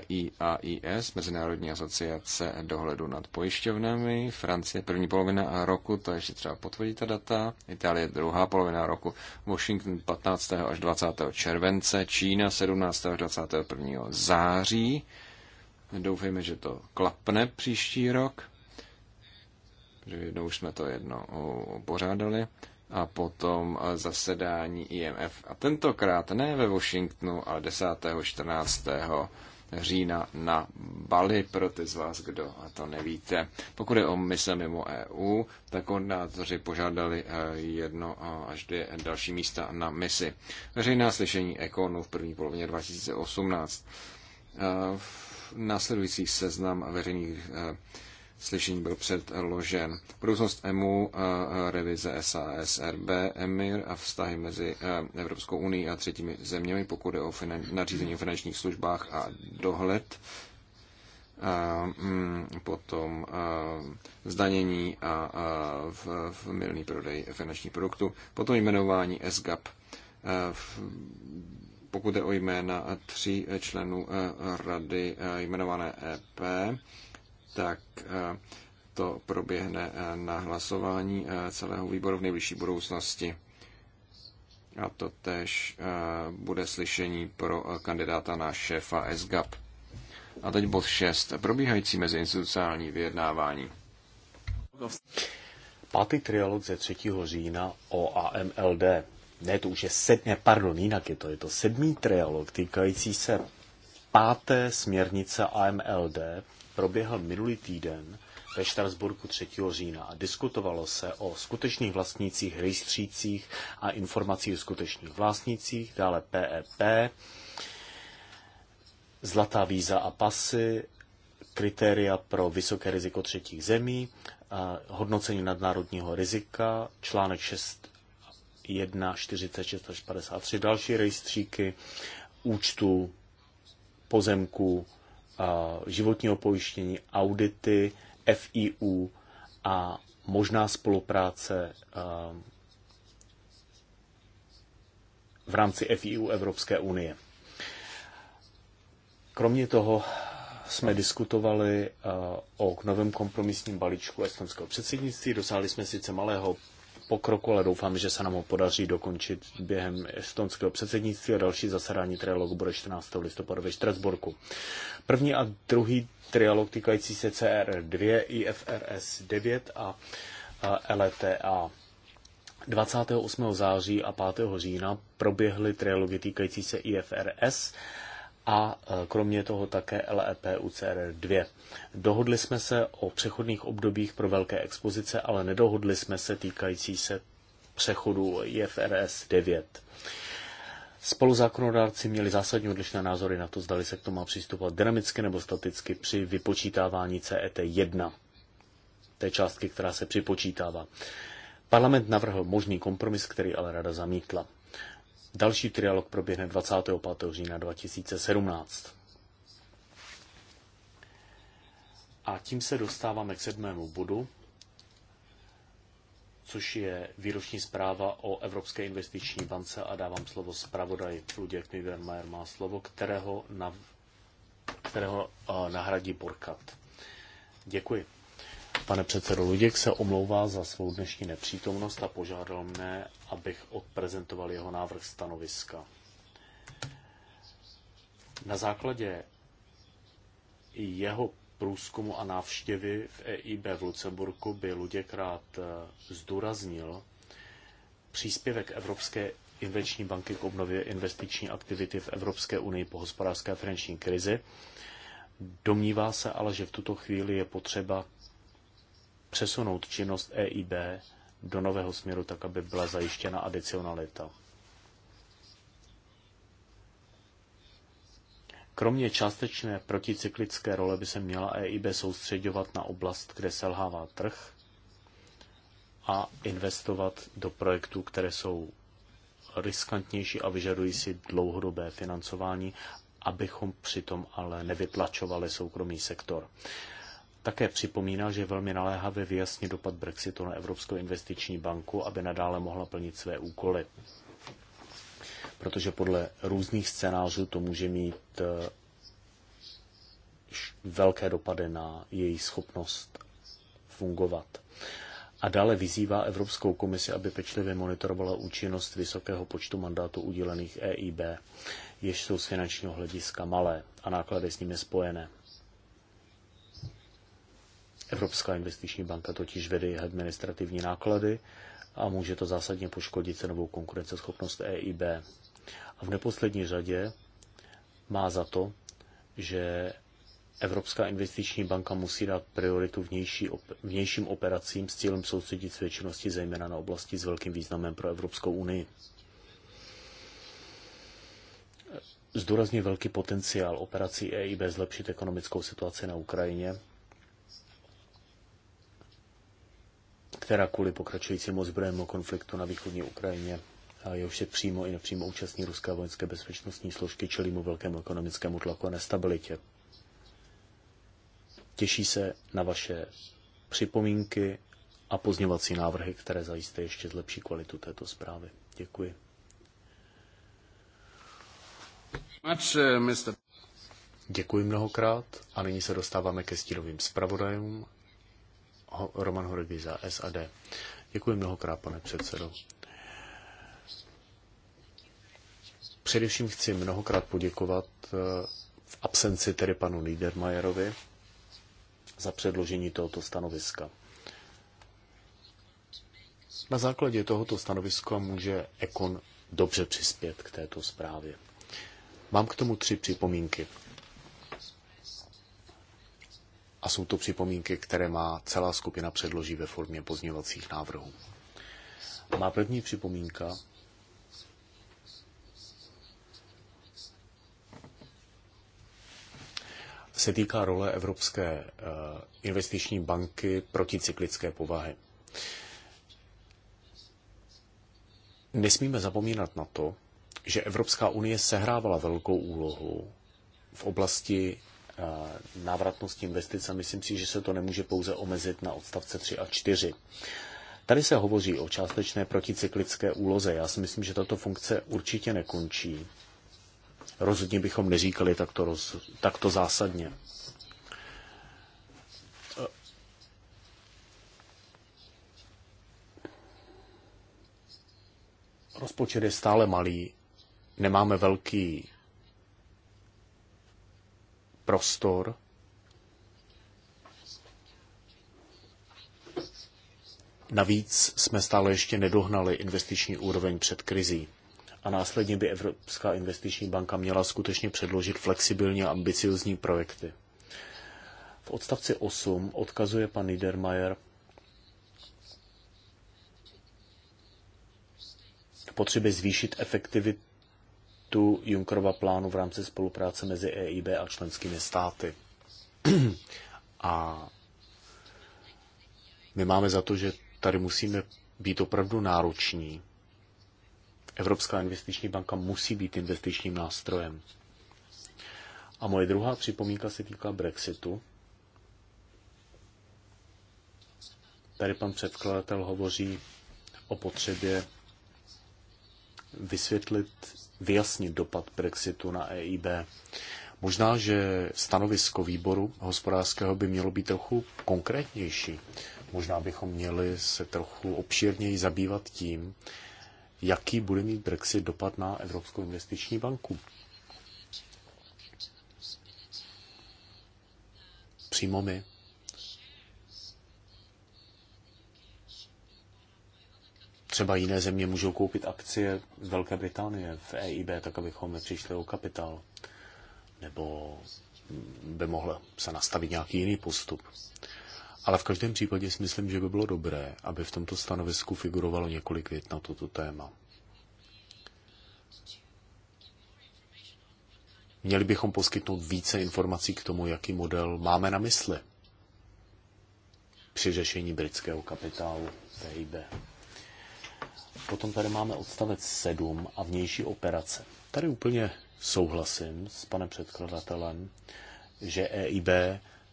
IAIS, Mezinárodní asociace dohledu nad pojišťovnami, Francie první polovina roku, to ještě třeba potvrdí ta data, Itálie druhá polovina roku, Washington 15. až 20. července, Čína 17. až 21. září, Doufejme, že to klapne příští rok, že jednou už jsme to jedno pořádali a potom eh, zasedání IMF. A tentokrát ne ve Washingtonu, ale 10. 14 října na Bali pro ty z vás, kdo a to nevíte. Pokud je o mise mimo EU, tak koordinátoři požádali eh, jedno eh, až dvě další místa na misi. Veřejná slyšení Ekonu v první polovině 2018 následující seznam veřejných eh, slyšení byl předložen. Budoucnost EMU, eh, revize SAS, RB, EMIR a vztahy mezi eh, Evropskou unii a třetími zeměmi, pokud je o finan- nařízení o finančních službách a dohled. A, mm, potom a, zdanění a, a v, v milný prodej finančních produktů, potom jmenování SGAP, pokud jde o jména tří členů eh, rady eh, jmenované EP, tak eh, to proběhne na hlasování celého výboru v nejbližší budoucnosti. A to tež bude slyšení pro kandidáta na šéfa SGAP. A teď bod 6. Probíhající meziinstitucionální vyjednávání. Pátý trialog ze 3. října o AMLD ne, to už je sedmé pardon, jinak je to, je to sedmý trialog týkající se páté směrnice AMLD, proběhl minulý týden ve Štrasburku 3. října a diskutovalo se o skutečných vlastnících rejstřících a informací o skutečných vlastnících, dále PEP, e zlatá víza a pasy, kritéria pro vysoké riziko třetích zemí, hodnocení nadnárodního rizika, článek 6 1, 46 až 53 další rejstříky účtů, pozemků, životního pojištění, audity, FIU a možná spolupráce v rámci FIU Evropské unie. Kromě toho jsme diskutovali o novém kompromisním balíčku estonského předsednictví. Dosáhli jsme sice malého pokroku, ale doufám, že se nám ho podaří dokončit během estonského předsednictví a další zasedání trialogu bude 14. listopadu ve Štrasburku. První a druhý trialog týkající se CR2, IFRS 9 a LTA. 28. září a 5. října proběhly trialogy týkající se IFRS a e, kromě toho také LEP UCR2. Dohodli jsme se o přechodných obdobích pro velké expozice, ale nedohodli jsme se týkající se přechodu IFRS 9. Spoluzákonodárci měli zásadně odlišné názory na to, zdali se k tomu má přistupovat dynamicky nebo staticky při vypočítávání CET 1, té částky, která se připočítává. Parlament navrhl možný kompromis, který ale rada zamítla. Další trialog proběhne 25. října 2017. A tím se dostáváme k sedmému bodu, což je výroční zpráva o Evropské investiční bance a dávám slovo zpravodaji Luděk Niedermayer má slovo, kterého, nav, kterého uh, nahradí Borkat. Děkuji. Pane předsedo Luděk se omlouvá za svou dnešní nepřítomnost a požádal mne, abych odprezentoval jeho návrh stanoviska. Na základě jeho průzkumu a návštěvy v EIB v Lucemburku by Luděk rád eh, zdůraznil příspěvek Evropské investiční banky k obnově investiční aktivity v Evropské unii po hospodářské a finanční krizi. Domnívá se ale, že v tuto chvíli je potřeba přesunout činnost EIB do nového směru, tak aby byla zajištěna adicionalita. Kromě částečné proticyklické role by se měla EIB soustředovat na oblast, kde selhává trh a investovat do projektů, které jsou riskantnější a vyžadují si dlouhodobé financování, abychom přitom ale nevytlačovali soukromý sektor. Také připomíná, že je velmi naléhavě vyjasnit dopad Brexitu na Evropskou investiční banku, aby nadále mohla plnit své úkoly. Protože podle různých scénářů to může mít eh, velké dopady na její schopnost fungovat. A dále vyzývá Evropskou komisi, aby pečlivě monitorovala účinnost vysokého počtu mandátů udělených EIB, jež jsou z finančního hlediska malé a náklady s nimi spojené. Evropská investiční banka totiž vede i administrativní náklady a může to zásadně poškodit cenovou konkurenceschopnost EIB. A v neposlední řadě má za to, že Evropská investiční banka musí dát prioritu vnější, vnějším operacím s cílem soustředit své činnosti zejména na oblasti s velkým významem pro Evropskou unii. Zdůrazně velký potenciál operací EIB zlepšit ekonomickou situaci na Ukrajině která kvůli pokračujícímu ozbrojenému konfliktu na východní Ukrajině je už se přímo i nepřímo účastní ruské vojenské bezpečnostní složky čelí mu velkému ekonomickému tlaku a nestabilitě. Těší se na vaše připomínky a pozněvací návrhy, které zajisté ještě zlepší kvalitu této zprávy. Děkuji. Děkuji mnohokrát a nyní se dostáváme ke stírovým zpravodajům. Roman Horgy za SAD. Děkuji mnohokrát, pane předsedo. Především chci mnohokrát poděkovat eh, v absenci tedy panu Niedermayerovi za předložení tohoto stanoviska. Na základě tohoto stanoviska může Ekon dobře přispět k této zprávě. Mám k tomu tři připomínky a jsou to připomínky, které má celá skupina předloží ve formě pozněvacích návrhů. Má první připomínka se týká role Evropské eh, investiční banky proti cyklické povahy. Nesmíme zapomínat na to, že Evropská unie sehrávala velkou úlohu v oblasti Eh, návratnost investic a myslím si, že se to nemůže pouze omezit na odstavce 3 a 4. Tady se hovoří o částečné proticyklické úloze. Já si myslím, že tato funkce určitě nekončí. Rozhodně bychom neříkali takto, roz, takto zásadně. Eh, rozpočet je stále malý, nemáme velký prostor Navíc jsme stále ještě nedohnali investiční úroveň před krizí. A následně by Evropská investiční banka měla skutečně předložit flexibilně ambiciozní projekty. V odstavci 8 odkazuje pan Niedermayer potřeby zvýšit efektivitu efektu Junkerova plánu v rámci spolupráce mezi EIB a členskými státy. A my máme za to, že tady musíme být opravdu nároční. Evropská investiční banka musí být investičním nástrojem. A moje druhá připomínka se týká Brexitu. Tady pan předkladatel hovoří o potřebě vysvětlit vyjasnit dopad Brexitu na EIB. Možná, že stanovisko výboru hospodářského by mělo být trochu konkrétnější. Možná bychom měli se trochu obšírněji zabývat tím, jaký bude mít Brexit dopad na Evropskou investiční banku. Přímo my třeba jiné země můžou koupit akcie z Velké Británie v EIB, tak abychom nepřišli o kapitál. Nebo by mohl se nastavit nějaký jiný postup. Ale v každém případě si myslím, že by bylo dobré, aby v tomto stanovisku figurovalo několik vět na toto téma. Měli bychom poskytnout více informací k tomu, jaký model máme na mysli při řešení britského kapitálu v EIB. Potom tady máme odstavec 7 a vnější operace. Tady úplně souhlasím s panem předkladatelem, že EIB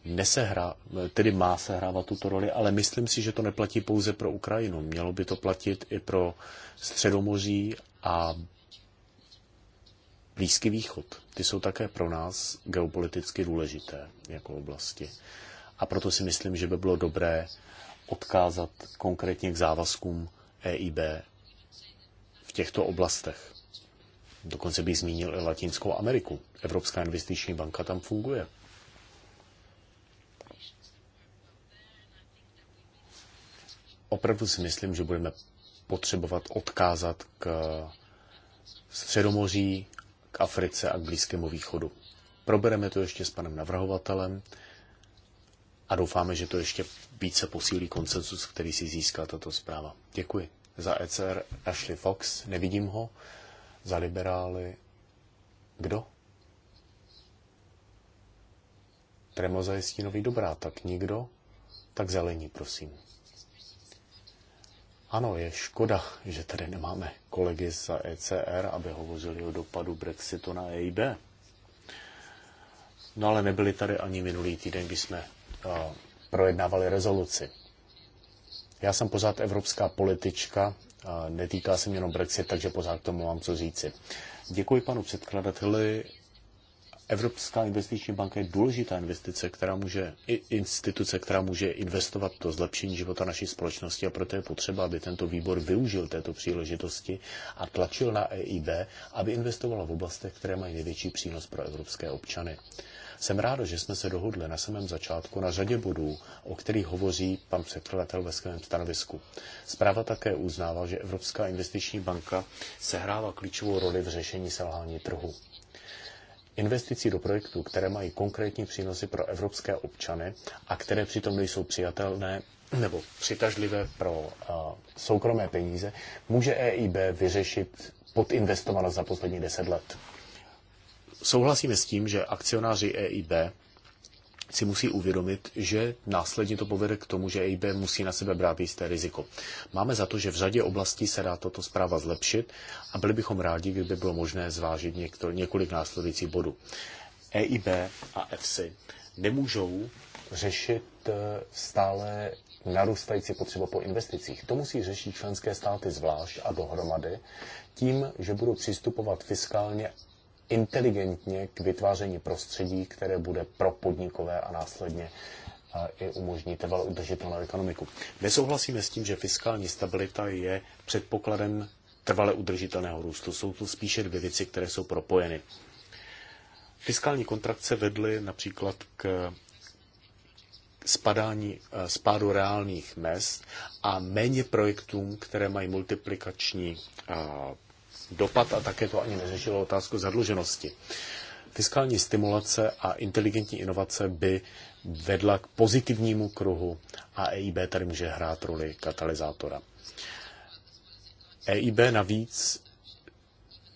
nesehra, tedy má sehrávat tuto roli, ale myslím si, že to neplatí pouze pro Ukrajinu. Mělo by to platit i pro Středomoří a Blízký východ. Ty jsou také pro nás geopoliticky důležité jako oblasti. A proto si myslím, že by bylo dobré odkázat konkrétně k závazkům EIB v těchto oblastech. Dokonce bych zmínil i Latinskou Ameriku. Evropská investiční banka tam funguje. Opravdu si myslím, že budeme potřebovat odkázat k Středomoří, k Africe a k Blízkému východu. Probereme to ještě s panem navrhovatelem a doufáme, že to ještě více posílí koncensus, který si získá tato zpráva. Děkuji. Za ECR Ashley Fox, nevidím ho. Za liberály kdo? Tremo zajistí nový dobrá, tak nikdo? Tak zelení, prosím. Ano, je škoda, že tady nemáme kolegy z ECR, aby hovořili o dopadu Brexitu na EIB. No ale nebyli tady ani minulý týden, kdy jsme uh, projednávali rezoluci. Já jsem pořád evropská politička, a netýká se mě jenom Brexit, takže pořád k tomu mám co říci. Děkuji panu předkladateli. Evropská investiční banka je důležitá investice, která může, instituce, která může investovat do zlepšení života naší společnosti a proto je potřeba, aby tento výbor využil této příležitosti a tlačil na EIB, aby investovala v oblastech, které mají největší přínos pro evropské občany. Jsem ráda, že jsme se dohodli na samém začátku na řadě bodů, o kterých hovoří pan předkladatel ve svém stanovisku. Zpráva také uznává, že Evropská investiční banka sehrává klíčovou roli v řešení selhání trhu. Investicí do projektů, které mají konkrétní přínosy pro evropské občany a které přitom nejsou přijatelné nebo přitažlivé pro a, uh, soukromé peníze, může EIB vyřešit podinvestovanost za poslední deset let souhlasíme s tím, že akcionáři EIB si musí uvědomit, že následně to povede k tomu, že EIB musí na sebe brát jisté riziko. Máme za to, že v řadě oblastí se dá toto zpráva zlepšit a byli bychom rádi, kdyby bylo možné zvážit některý, několik následujících bodů. EIB a EFSI nemůžou řešit eh, stále narůstající potřeba po investicích. To musí řešit členské státy zvlášť a dohromady tím, že budou přistupovat fiskálně inteligentně k vytváření prostředí, které bude pro podnikové a následně eh, i umožní trvalou udržitelnou ekonomiku. Nesouhlasíme s tím, že fiskální stabilita je předpokladem trvale udržitelného růstu. Jsou to spíše dvě věci, které jsou propojeny. Fiskální kontrakce vedly například k spadání, eh, spádu reálných mest a méně projektům, které mají multiplikační eh, dopad a také to ani neřešilo otázku zadluženosti. Fiskální stimulace a inteligentní inovace by vedla k pozitivnímu kruhu a EIB tady může hrát roli katalyzátora. EIB navíc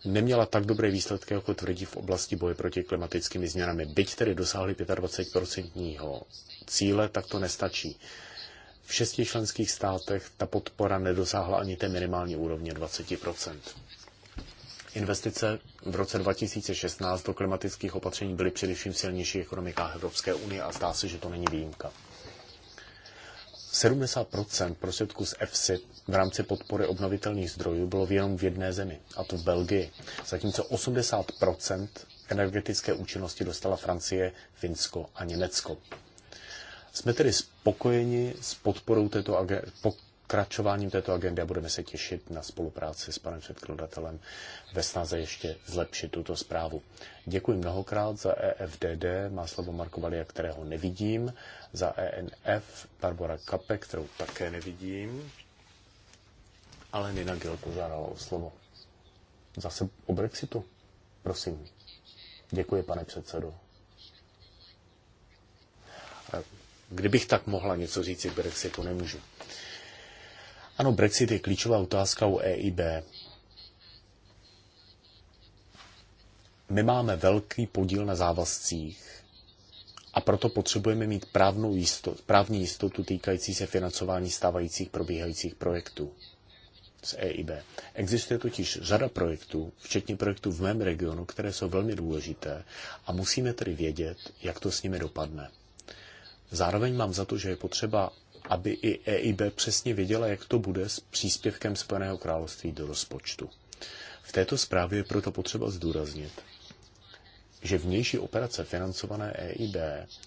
neměla tak dobré výsledky, jako tvrdí v oblasti boje proti klimatickými změnami. Byť tedy dosáhli 25% cíle, tak to nestačí. V šesti členských státech ta podpora nedosáhla ani té minimální úrovně 20%. Investice v roce 2016 do klimatických opatření byly především v silnějších ekonomikách Evropské unie a zdá se, že to není výjimka. 70 prostředků z EFSI v rámci podpory obnovitelných zdrojů bylo jenom v jedné zemi, a to v Belgii, zatímco 80 energetické účinnosti dostala Francie, Finsko a Německo. Jsme tedy spokojeni s podporou této, pokračováním této agendy a budeme se těšit na spolupráci s panem předkladatelem ve snaze ještě zlepšit tuto zprávu. Děkuji mnohokrát za EFDD, má slovo Marko Valia, kterého nevidím, za ENF Barbara Kape, kterou také nevidím, ale Nina Gil požádala o slovo. Zase o Brexitu? Prosím. Děkuji, pane předsedo. Kdybych tak mohla něco říct k Brexitu, nemůžu. Ano, Brexit je klíčová otázka u EIB. My máme velký podíl na závazcích a proto potřebujeme mít právnou jistot, právní jistotu týkající se financování stávajících probíhajících projektů z EIB. Existuje totiž řada projektů, včetně projektů v mém regionu, které jsou velmi důležité a musíme tedy vědět, jak to s nimi dopadne. Zároveň mám za to, že je potřeba aby i EIB přesně věděla, jak to bude s příspěvkem Spojeného království do rozpočtu. V této zprávě je proto potřeba zdůraznit, že vnější operace financované EIB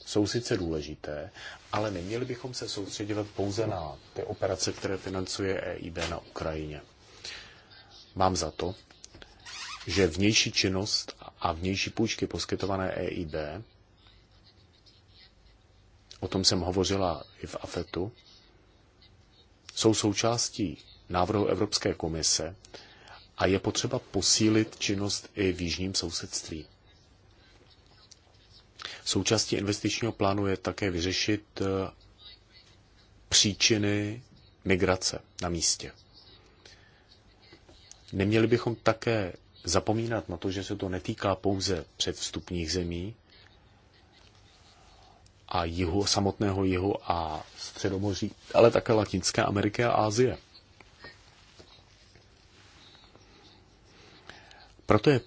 jsou sice důležité, ale neměli bychom se soustředovat pouze na ty operace, které financuje EIB na Ukrajině. Mám za to, že vnější činnost a vnější půjčky poskytované EIB o tom jsem hovořila i v AFETu, jsou součástí návrhu Evropské komise a je potřeba posílit činnost i v jižním sousedství. Součástí investičního plánu je také vyřešit eh, příčiny migrace na místě. Neměli bychom také zapomínat na to, že se to netýká pouze předvstupních zemí, a jihu, samotného jihu a středomoří, ale také Latinské Ameriky a Asie. Proto je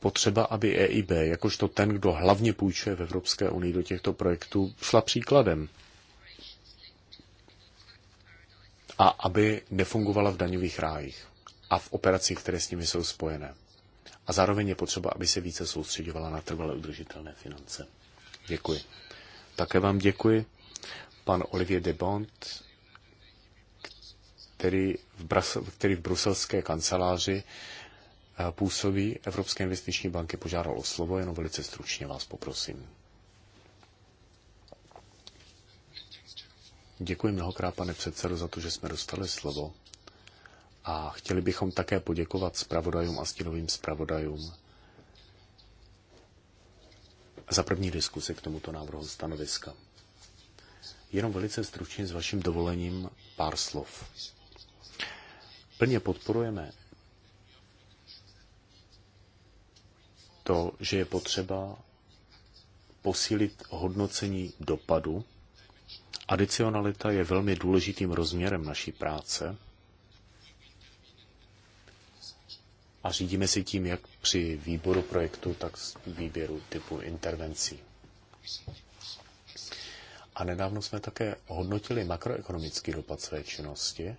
potřeba, aby EIB, jakožto ten, kdo hlavně půjčuje v Evropské unii do těchto projektů, šla příkladem. A aby nefungovala v daňových rájích a v operacích, které s nimi jsou spojené. A zároveň je potřeba, aby se více soustředovala na trvalé udržitelné finance. Děkuji. Také vám děkuji. Pan Olivier de Bont, který v, Bras- který v bruselské kanceláři eh, působí Evropské investiční banky, požádal o slovo, jenom velice stručně vás poprosím. Děkuji mnohokrát, pane předsedo, za to, že jsme dostali slovo. A chtěli bychom také poděkovat zpravodajům a stínovým zpravodajům za první diskuse k tomuto návrhu stanoviska. Jenom velice stručně s vaším dovolením pár slov. Plně podporujeme to, že je potřeba posílit hodnocení dopadu. Adicionalita je velmi důležitým rozměrem naší práce a řídíme si tím, jak při výboru projektu, tak výběru typu intervencí. A nedávno jsme také hodnotili makroekonomický dopad své činnosti,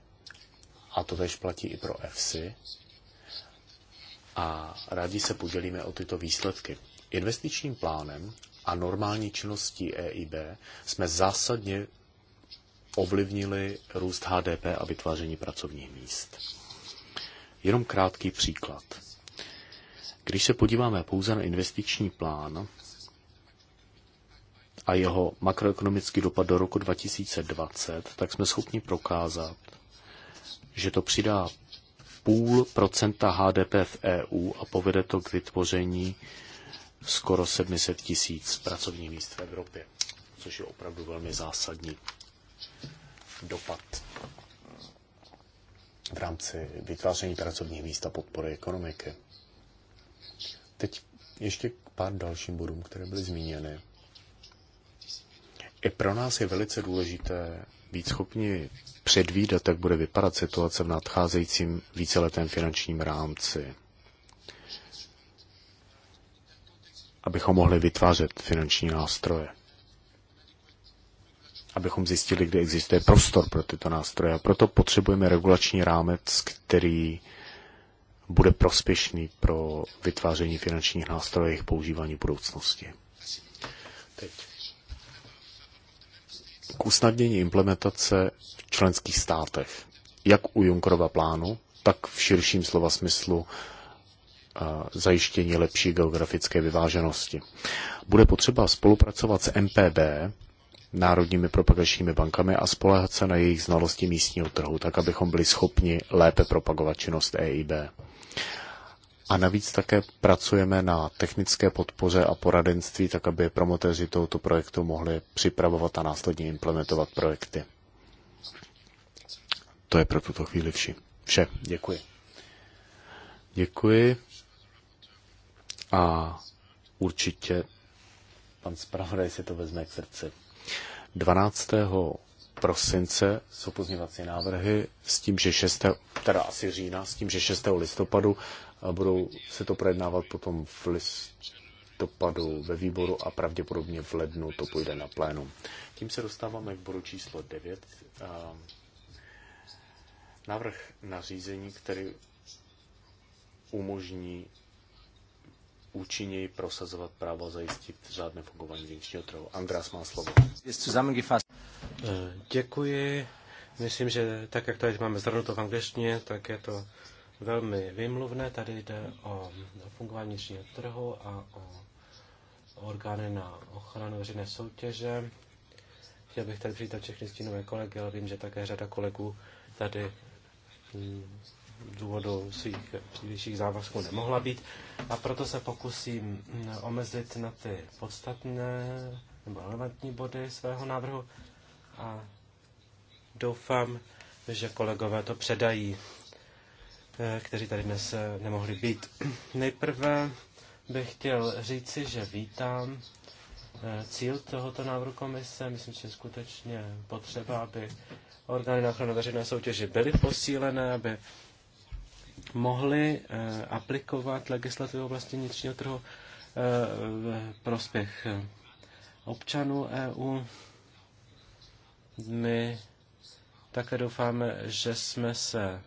a to tež platí i pro EFSI, a rádi se podělíme o tyto výsledky. Investičním plánem a normální činností EIB jsme zásadně ovlivnili růst HDP a vytváření pracovních míst. Jenom krátký příklad. Když se podíváme pouze na investiční plán a jeho makroekonomický dopad do roku 2020, tak jsme schopni prokázat, že to přidá půl procenta HDP v EU a povede to k vytvoření skoro 700 tisíc pracovních míst v Evropě, což je opravdu velmi zásadní dopad v rámci vytváření pracovních míst a podpory ekonomiky. Teď ještě k pár dalším bodům, které byly zmíněny. I pro nás je velice důležité být schopni předvídat, jak bude vypadat situace v nadcházejícím víceletém finančním rámci. Abychom mohli vytvářet finanční nástroje abychom zjistili, kde existuje prostor pro tyto nástroje. A proto potřebujeme regulační rámec, který bude prospěšný pro vytváření finančních nástrojů a jejich používání v budoucnosti. Teď. K usnadnění implementace v členských státech, jak u Junkerova plánu, tak v širším slova smyslu eh, zajištění lepší geografické vyváženosti. Bude potřeba spolupracovat s MPB, národními propagačními bankami a spolehat se na jejich znalosti místního trhu, tak abychom byli schopni lépe propagovat činnost EIB. A navíc také pracujeme na technické podpoře a poradenství, tak aby promotéři tohoto projektu mohli připravovat a následně implementovat projekty. To je pro tuto chvíli vše. vše. Děkuji. Děkuji. A určitě pan zpravodaj si to vezme k srdci. 12. prosince jsou pozměvací návrhy s tím, že 6. teda asi října, s tím, že 6. listopadu budou se to projednávat potom v listopadu ve výboru a pravděpodobně v lednu to půjde na plénum. Tím se dostáváme k bodu číslo 9. Návrh nařízení, který umožní účinněji prosazovat právo a zajistit řádné fungování vnitřního trhu. András má slovo. Eh, děkuji. Myslím, že tak, jak tady máme zhrnuto v angličtině, tak je to velmi vymluvné. Tady jde o fungování vnitřního trhu a o orgány na ochranu veřejné soutěže. Chtěl bych tady přijít všechny stínové kolegy, ale vím, že také řada kolegů tady mm, důvodu svých přílišších závazků nemohla být a proto se pokusím omezit na ty podstatné nebo relevantní body svého návrhu a doufám, že kolegové to předají, eh, kteří tady dnes eh, nemohli být. Nejprve bych chtěl říci, že vítám eh, cíl tohoto návrhu komise. Myslím, že je skutečně potřeba, aby orgány na ochranu veřejné soutěže byly posílené, aby mohli eh, aplikovat legislativu oblasti vnitřního trhu eh, v prospěch eh, občanů EU. My také doufáme, že jsme se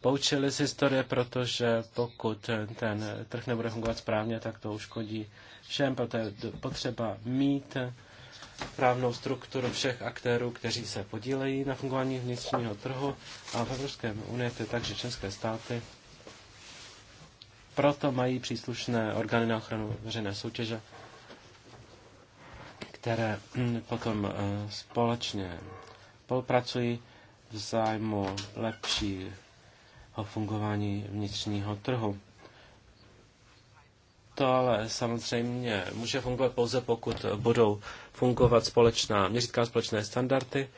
poučili z historie, protože pokud ten trh nebude fungovat správně, tak to uškodí všem, proto je potřeba mít právnou strukturu všech aktérů, kteří se podílejí na fungování vnitřního trhu a v Evropské unii to je tak, že české státy proto mají příslušné orgány na ochranu veřejné soutěže, které hm, potom eh, společně spolupracují v zájmu lepšího fungování vnitřního trhu. To ale samozřejmě může fungovat pouze, pokud budou fungovat společná měřitka, společné standardy,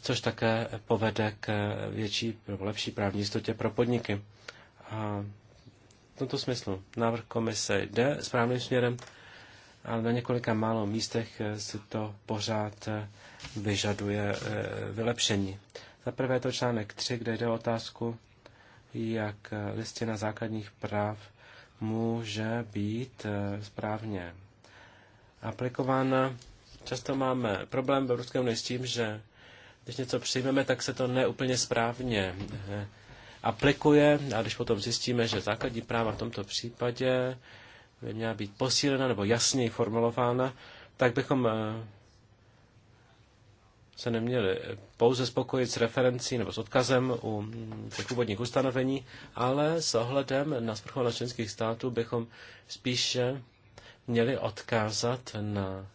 což také povede k větší, lepší právní jistotě pro podniky. A v tomto smyslu návrh komise jde správným směrem, ale na několika málo místech si to pořád vyžaduje eh, vylepšení. Za prvé je to článek 3, kde jde o otázku, jak listina základních práv může být eh, správně aplikována. Často máme problém v Evropské unii s tím, že když něco přijmeme, tak se to neúplně správně eh, aplikuje a když potom zjistíme, že základní práva v tomto případě by měla být posílena nebo jasněji formulována, tak bychom eh, se neměli pouze spokojit s referencí nebo s odkazem u mm, těch původních ustanovení, ale s ohledem na svrchovanost členských států bychom spíše měli odkázat na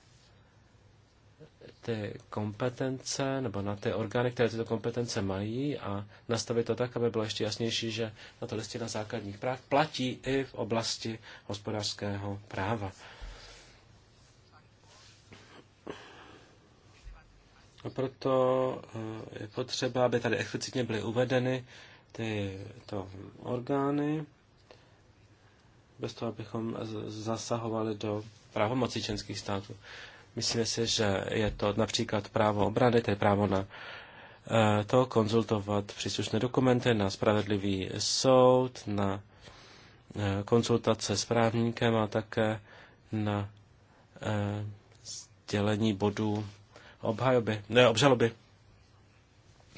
ty kompetence nebo na ty orgány, které tyto kompetence mají a nastavit to tak, aby bylo ještě jasnější, že na to listina základních práv platí i v oblasti hospodářského práva. A proto eh, je potřeba, aby tady explicitně byly uvedeny tyto orgány bez toho, abychom zasahovali do právomocí členských států. Myslíme si, že je to například právo obrany, tedy právo na eh, to konzultovat příslušné dokumenty na spravedlivý soud, na eh, konzultace s právníkem a také na eh, sdělení bodů obhajoby, ne, obžaloby.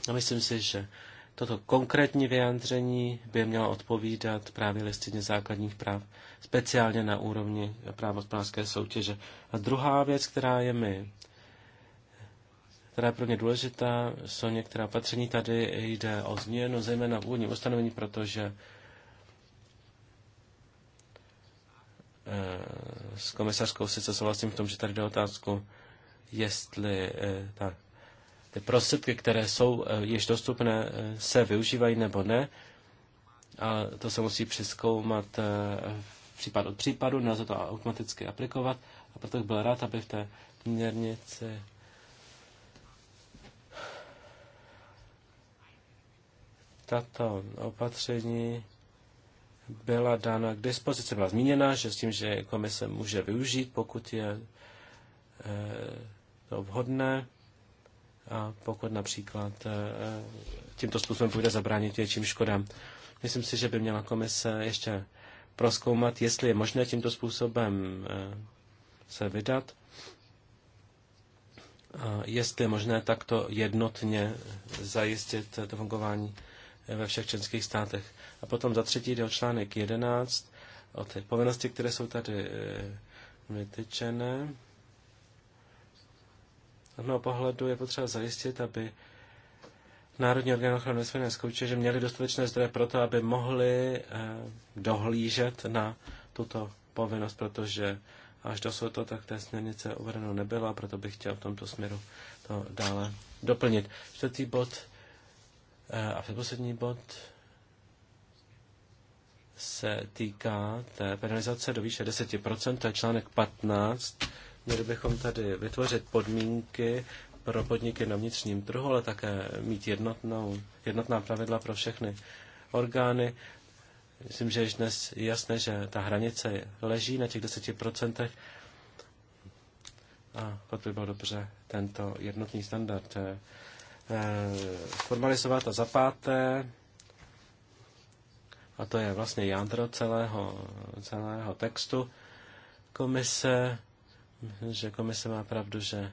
A myslím si, že Toto konkrétní vyjádření by mělo odpovídat právě listině základních práv, speciálně na úrovni práv hospodářské soutěže. A druhá věc, která je mi, která je pro mě důležitá, jsou některá opatření. Tady jde o změnu, zejména v úvodním ustanovení, protože eh, s komisařskou sice souhlasím v tom, že tady jde otázku, jestli eh, ta ty prostředky, které jsou eh, již dostupné, eh, se využívají nebo ne. A to se musí přeskoumat eh, případ od případu, nelze to automaticky aplikovat. A proto bych byl rád, aby v té měrnici tato opatření byla dána k dispozici, byla zmíněna, že s tím, že komise může využít, pokud je to vhodné a pokud například eh, tímto způsobem půjde zabránit větším škodám. Myslím si, že by měla komise ještě proskoumat, jestli je možné tímto způsobem eh, se vydat a jestli je možné takto jednotně zajistit to fungování eh, ve všech členských státech. A potom za třetí jde o článek 11, o ty povinnosti, které jsou tady vytyčené. E, z mého pohledu je potřeba zajistit, aby Národní orgány ochrany vesmírné zkouče, že měli dostatečné zdroje pro to, aby mohli eh, dohlížet na tuto povinnost, protože až dosud to tak té směrnice uvedeno nebylo a proto bych chtěl v tomto směru to dále doplnit. Čtvrtý bod eh, a předposlední bod se týká té penalizace do výše 10%, to je článek 15 Měli bychom tady vytvořit podmínky pro podniky na vnitřním trhu, ale také mít jednotnou, jednotná pravidla pro všechny orgány. Myslím, že již dnes je jasné, že ta hranice leží na těch 10%. A pokud by bylo dobře tento jednotný standard eh, formalizovat a zapáté. a to je vlastně jádro celého, celého textu, komise že komise má pravdu, že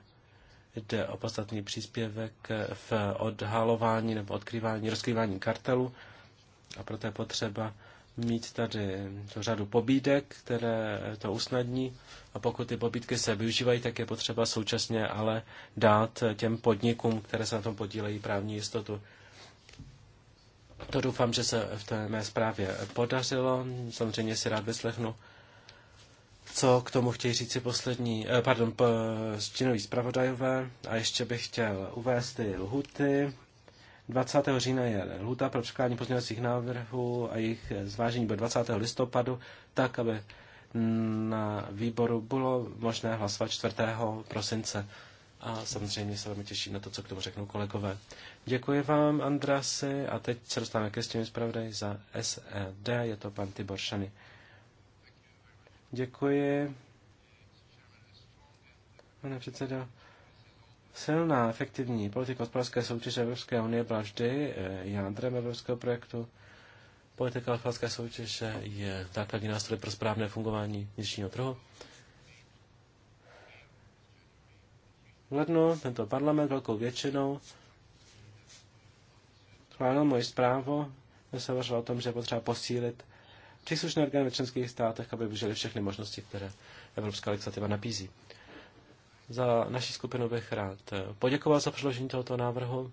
jde o podstatný příspěvek v odhalování nebo odkrývání, rozkrývání kartelu a proto je potřeba mít tady tu řadu pobídek, které to usnadní a pokud ty pobídky se využívají, tak je potřeba současně ale dát těm podnikům, které se na tom podílejí, právní jistotu. To doufám, že se v té mé zprávě podařilo. Samozřejmě si rád vyslechnu co k tomu chtějí říci poslední, eh, pardon, činový zpravodajové. A ještě bych chtěl uvést ty lhuty. 20. října je lhuta pro předkládání pozměňovacích návrhů a jejich zvážení bude 20. listopadu, tak, aby na výboru bylo možné hlasovat 4. prosince. A samozřejmě se velmi těším na to, co k tomu řeknou kolegové. Děkuji vám, Andrasy, a teď se dostáváme ke stěmi zpravodaj za SED, je to pan Tibor Šany. Děkuji. Pane předsedo, silná, efektivní politika hospodářské soutěže Evropské unie byla vždy eh, jádrem evropského projektu. Politika hospodářské soutěže je základní nástroj pro správné fungování vnitřního trhu. V lednu tento parlament velkou většinou schválil moji zprávu, kde se o tom, že potřeba posílit příslušné orgány ve členských státech, aby využili všechny možnosti, které evropská legislativa nabízí. Za naší skupinu bych rád eh, poděkoval za předložení tohoto návrhu.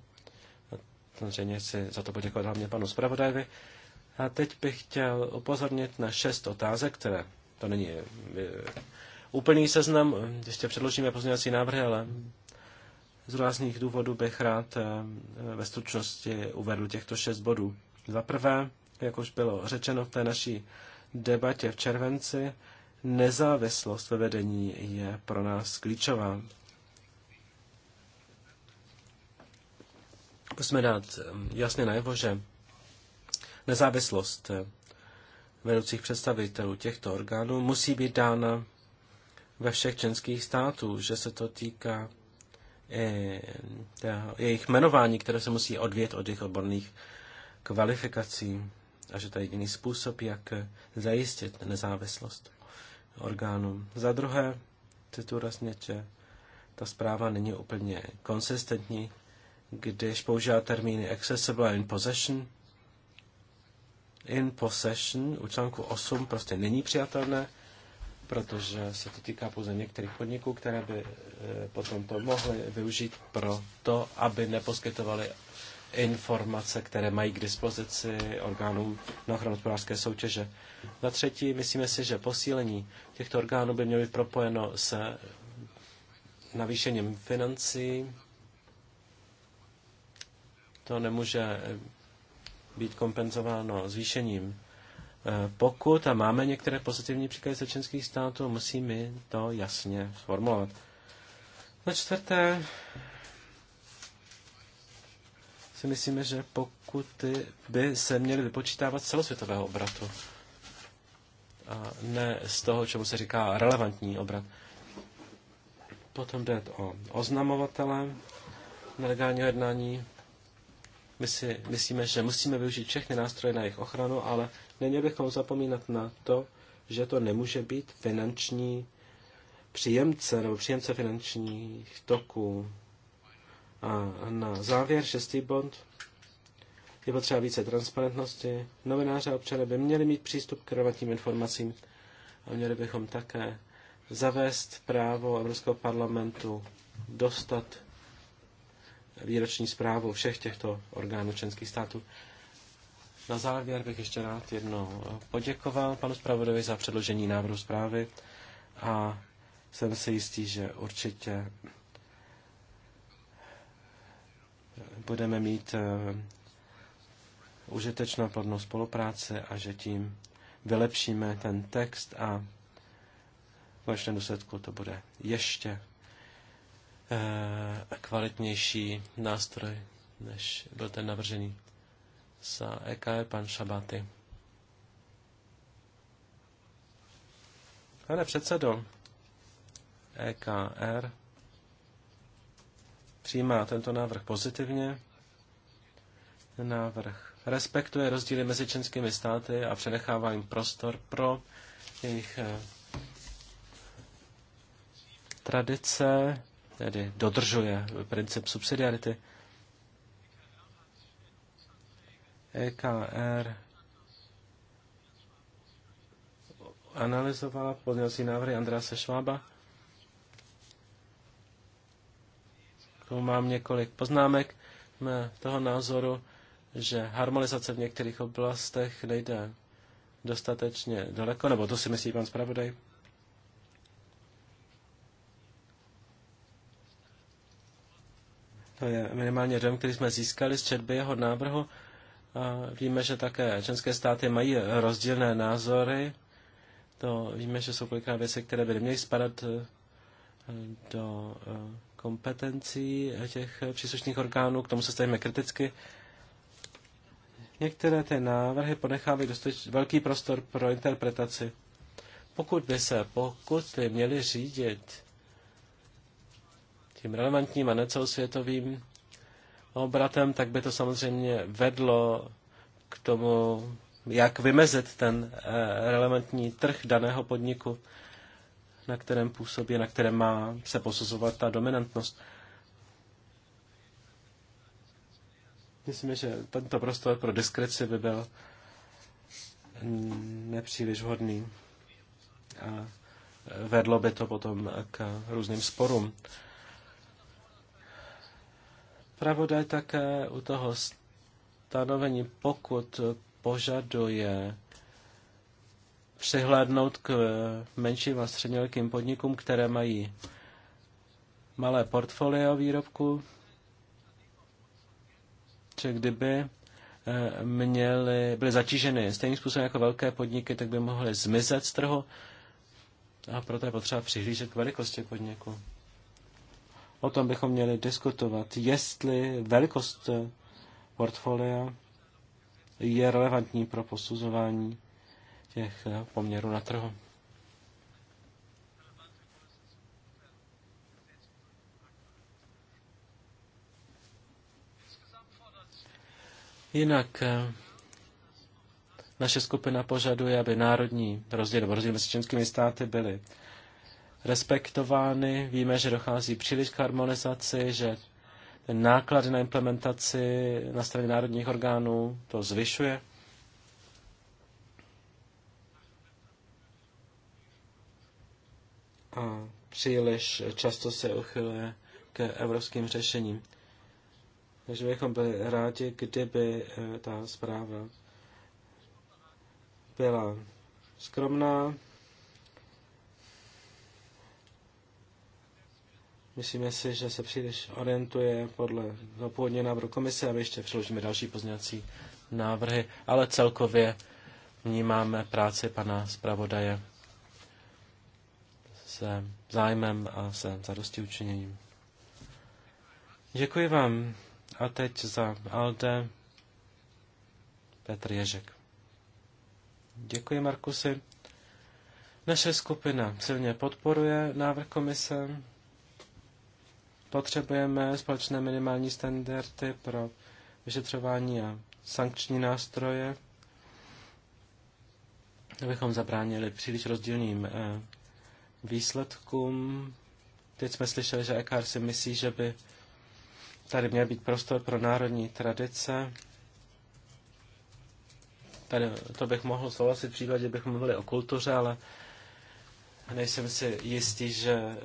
Samozřejmě si za to poděkovat hlavně panu zpravodajovi. A teď bych chtěl upozornit na šest otázek, které to není eh, úplný seznam, eh, ještě předložíme pozměňovací návrhy, ale z různých důvodů bych rád ve stručnosti uvedl těchto šest bodů. Za prvé, jak už bylo řečeno v té naší debatě v červenci, nezávislost ve vedení je pro nás klíčová. Musíme dát um, jasně najevo, že nezávislost eh, vedoucích představitelů těchto orgánů musí být dána ve všech členských států, že se to týká eh, jejich jmenování, které se musí odvět od jejich odborných kvalifikací a že to je jediný způsob, jak zajistit nezávislost orgánům. Za druhé, chci důraznit, že ta zpráva není úplně konsistentní, když používá termíny accessible a in possession. In possession u článku 8 prostě není přijatelné, protože se to týká pouze některých podniků, které by eh, potom to mohly využít pro to, aby neposkytovaly informace, které mají k dispozici orgánů na ochranu hospodářské soutěže. Za třetí, myslíme si, že posílení těchto orgánů by mělo být propojeno s navýšením financí. To nemůže eh, být kompenzováno zvýšením eh, pokud a máme některé pozitivní příklady ze členských států, musíme to jasně formulovat. Na čtvrté, si myslíme, že pokuty by se měly vypočítávat z celosvětového obratu a ne z toho, čemu se říká relevantní obrat. Potom jde o oznamovatele nelegálního jednání. My si myslíme, že musíme využít všechny nástroje na jejich ochranu, ale neměli bychom zapomínat na to, že to nemůže být finanční příjemce nebo příjemce finančních toků. A na závěr, šestý bod, je potřeba více transparentnosti. Novináři a občané by měli mít přístup k relevantním informacím a měli bychom také zavést právo Evropského parlamentu dostat výroční zprávu všech těchto orgánů členských států. Na závěr bych ještě rád jednou poděkoval panu zpravodovi za předložení návrhu zprávy a jsem si jistý, že určitě budeme mít eh, užitečnou plodnou spolupráci a že tím vylepšíme ten text a v konečném důsledku to bude ještě eh, kvalitnější nástroj, než byl ten navržený. Sa EKE pan Šabaty. Pane předsedo, EKR přijímá tento návrh pozitivně. Ten návrh respektuje rozdíly mezi členskými státy a přenechává jim prostor pro jejich eh, tradice, tedy dodržuje princip subsidiarity. EKR analyzovala pozměňovací návrhy Andrease Švába tomu mám několik poznámek. Jsme toho názoru, že harmonizace v některých oblastech nejde dostatečně daleko, nebo to si myslí pan zpravodaj. To je minimálně dojem, který jsme získali z četby jeho návrhu. A víme, že také členské státy mají rozdílné názory. To víme, že jsou kolikrát věci, které by neměly spadat eh, do eh, kompetencí těch příslušných orgánů, k tomu se stavíme kriticky. Některé ty návrhy ponechávají dostatečně velký prostor pro interpretaci. Pokud by se pokuty měly řídit tím relevantním a necelosvětovým obratem, tak by to samozřejmě vedlo k tomu, jak vymezit ten eh, relevantní trh daného podniku na kterém působí, na kterém má se posuzovat ta dominantnost. Myslím, že tento prostor pro diskreci by byl nepříliš hodný a vedlo by to potom k různým sporům. je také u toho stanovení, pokud požaduje přihlédnout k menším a středněvěkým podnikům, které mají malé portfolio výrobku, že kdyby eh, měli byly zatíženy stejným způsobem jako velké podniky, tak by mohly zmizet z trhu a proto je potřeba přihlížet k velikosti podniku. O tom bychom měli diskutovat, jestli velikost portfolia je relevantní pro posuzování těch eh, poměrů na trhu. Jinak eh, naše skupina požaduje, aby národní rozdíly nebo rozdíl mezi členskými státy byly respektovány. Víme, že dochází příliš k harmonizaci, že ten náklad na implementaci na straně národních orgánů to zvyšuje. a příliš často se uchyluje k evropským řešením. Takže bychom byli rádi, kdyby eh, ta zpráva byla skromná. Myslíme si, že se příliš orientuje podle původně návrhu komise a my ještě přiložíme další pozněcí návrhy, ale celkově vnímáme práci pana zpravodaje se zájmem a se zadosti učiněním. Děkuji vám. A teď za Alde Petr Ježek. Děkuji, Markusy. Naše skupina silně podporuje návrh komise. Potřebujeme společné minimální standardy pro vyšetřování a sankční nástroje, abychom zabránili příliš rozdílným eh, výsledkům. Teď jsme slyšeli, že Eckhart si myslí, že by tady měl být prostor pro národní tradice. Tady to bych mohl souhlasit v případě, bychom mluvili o kultuře, ale nejsem si jistý, že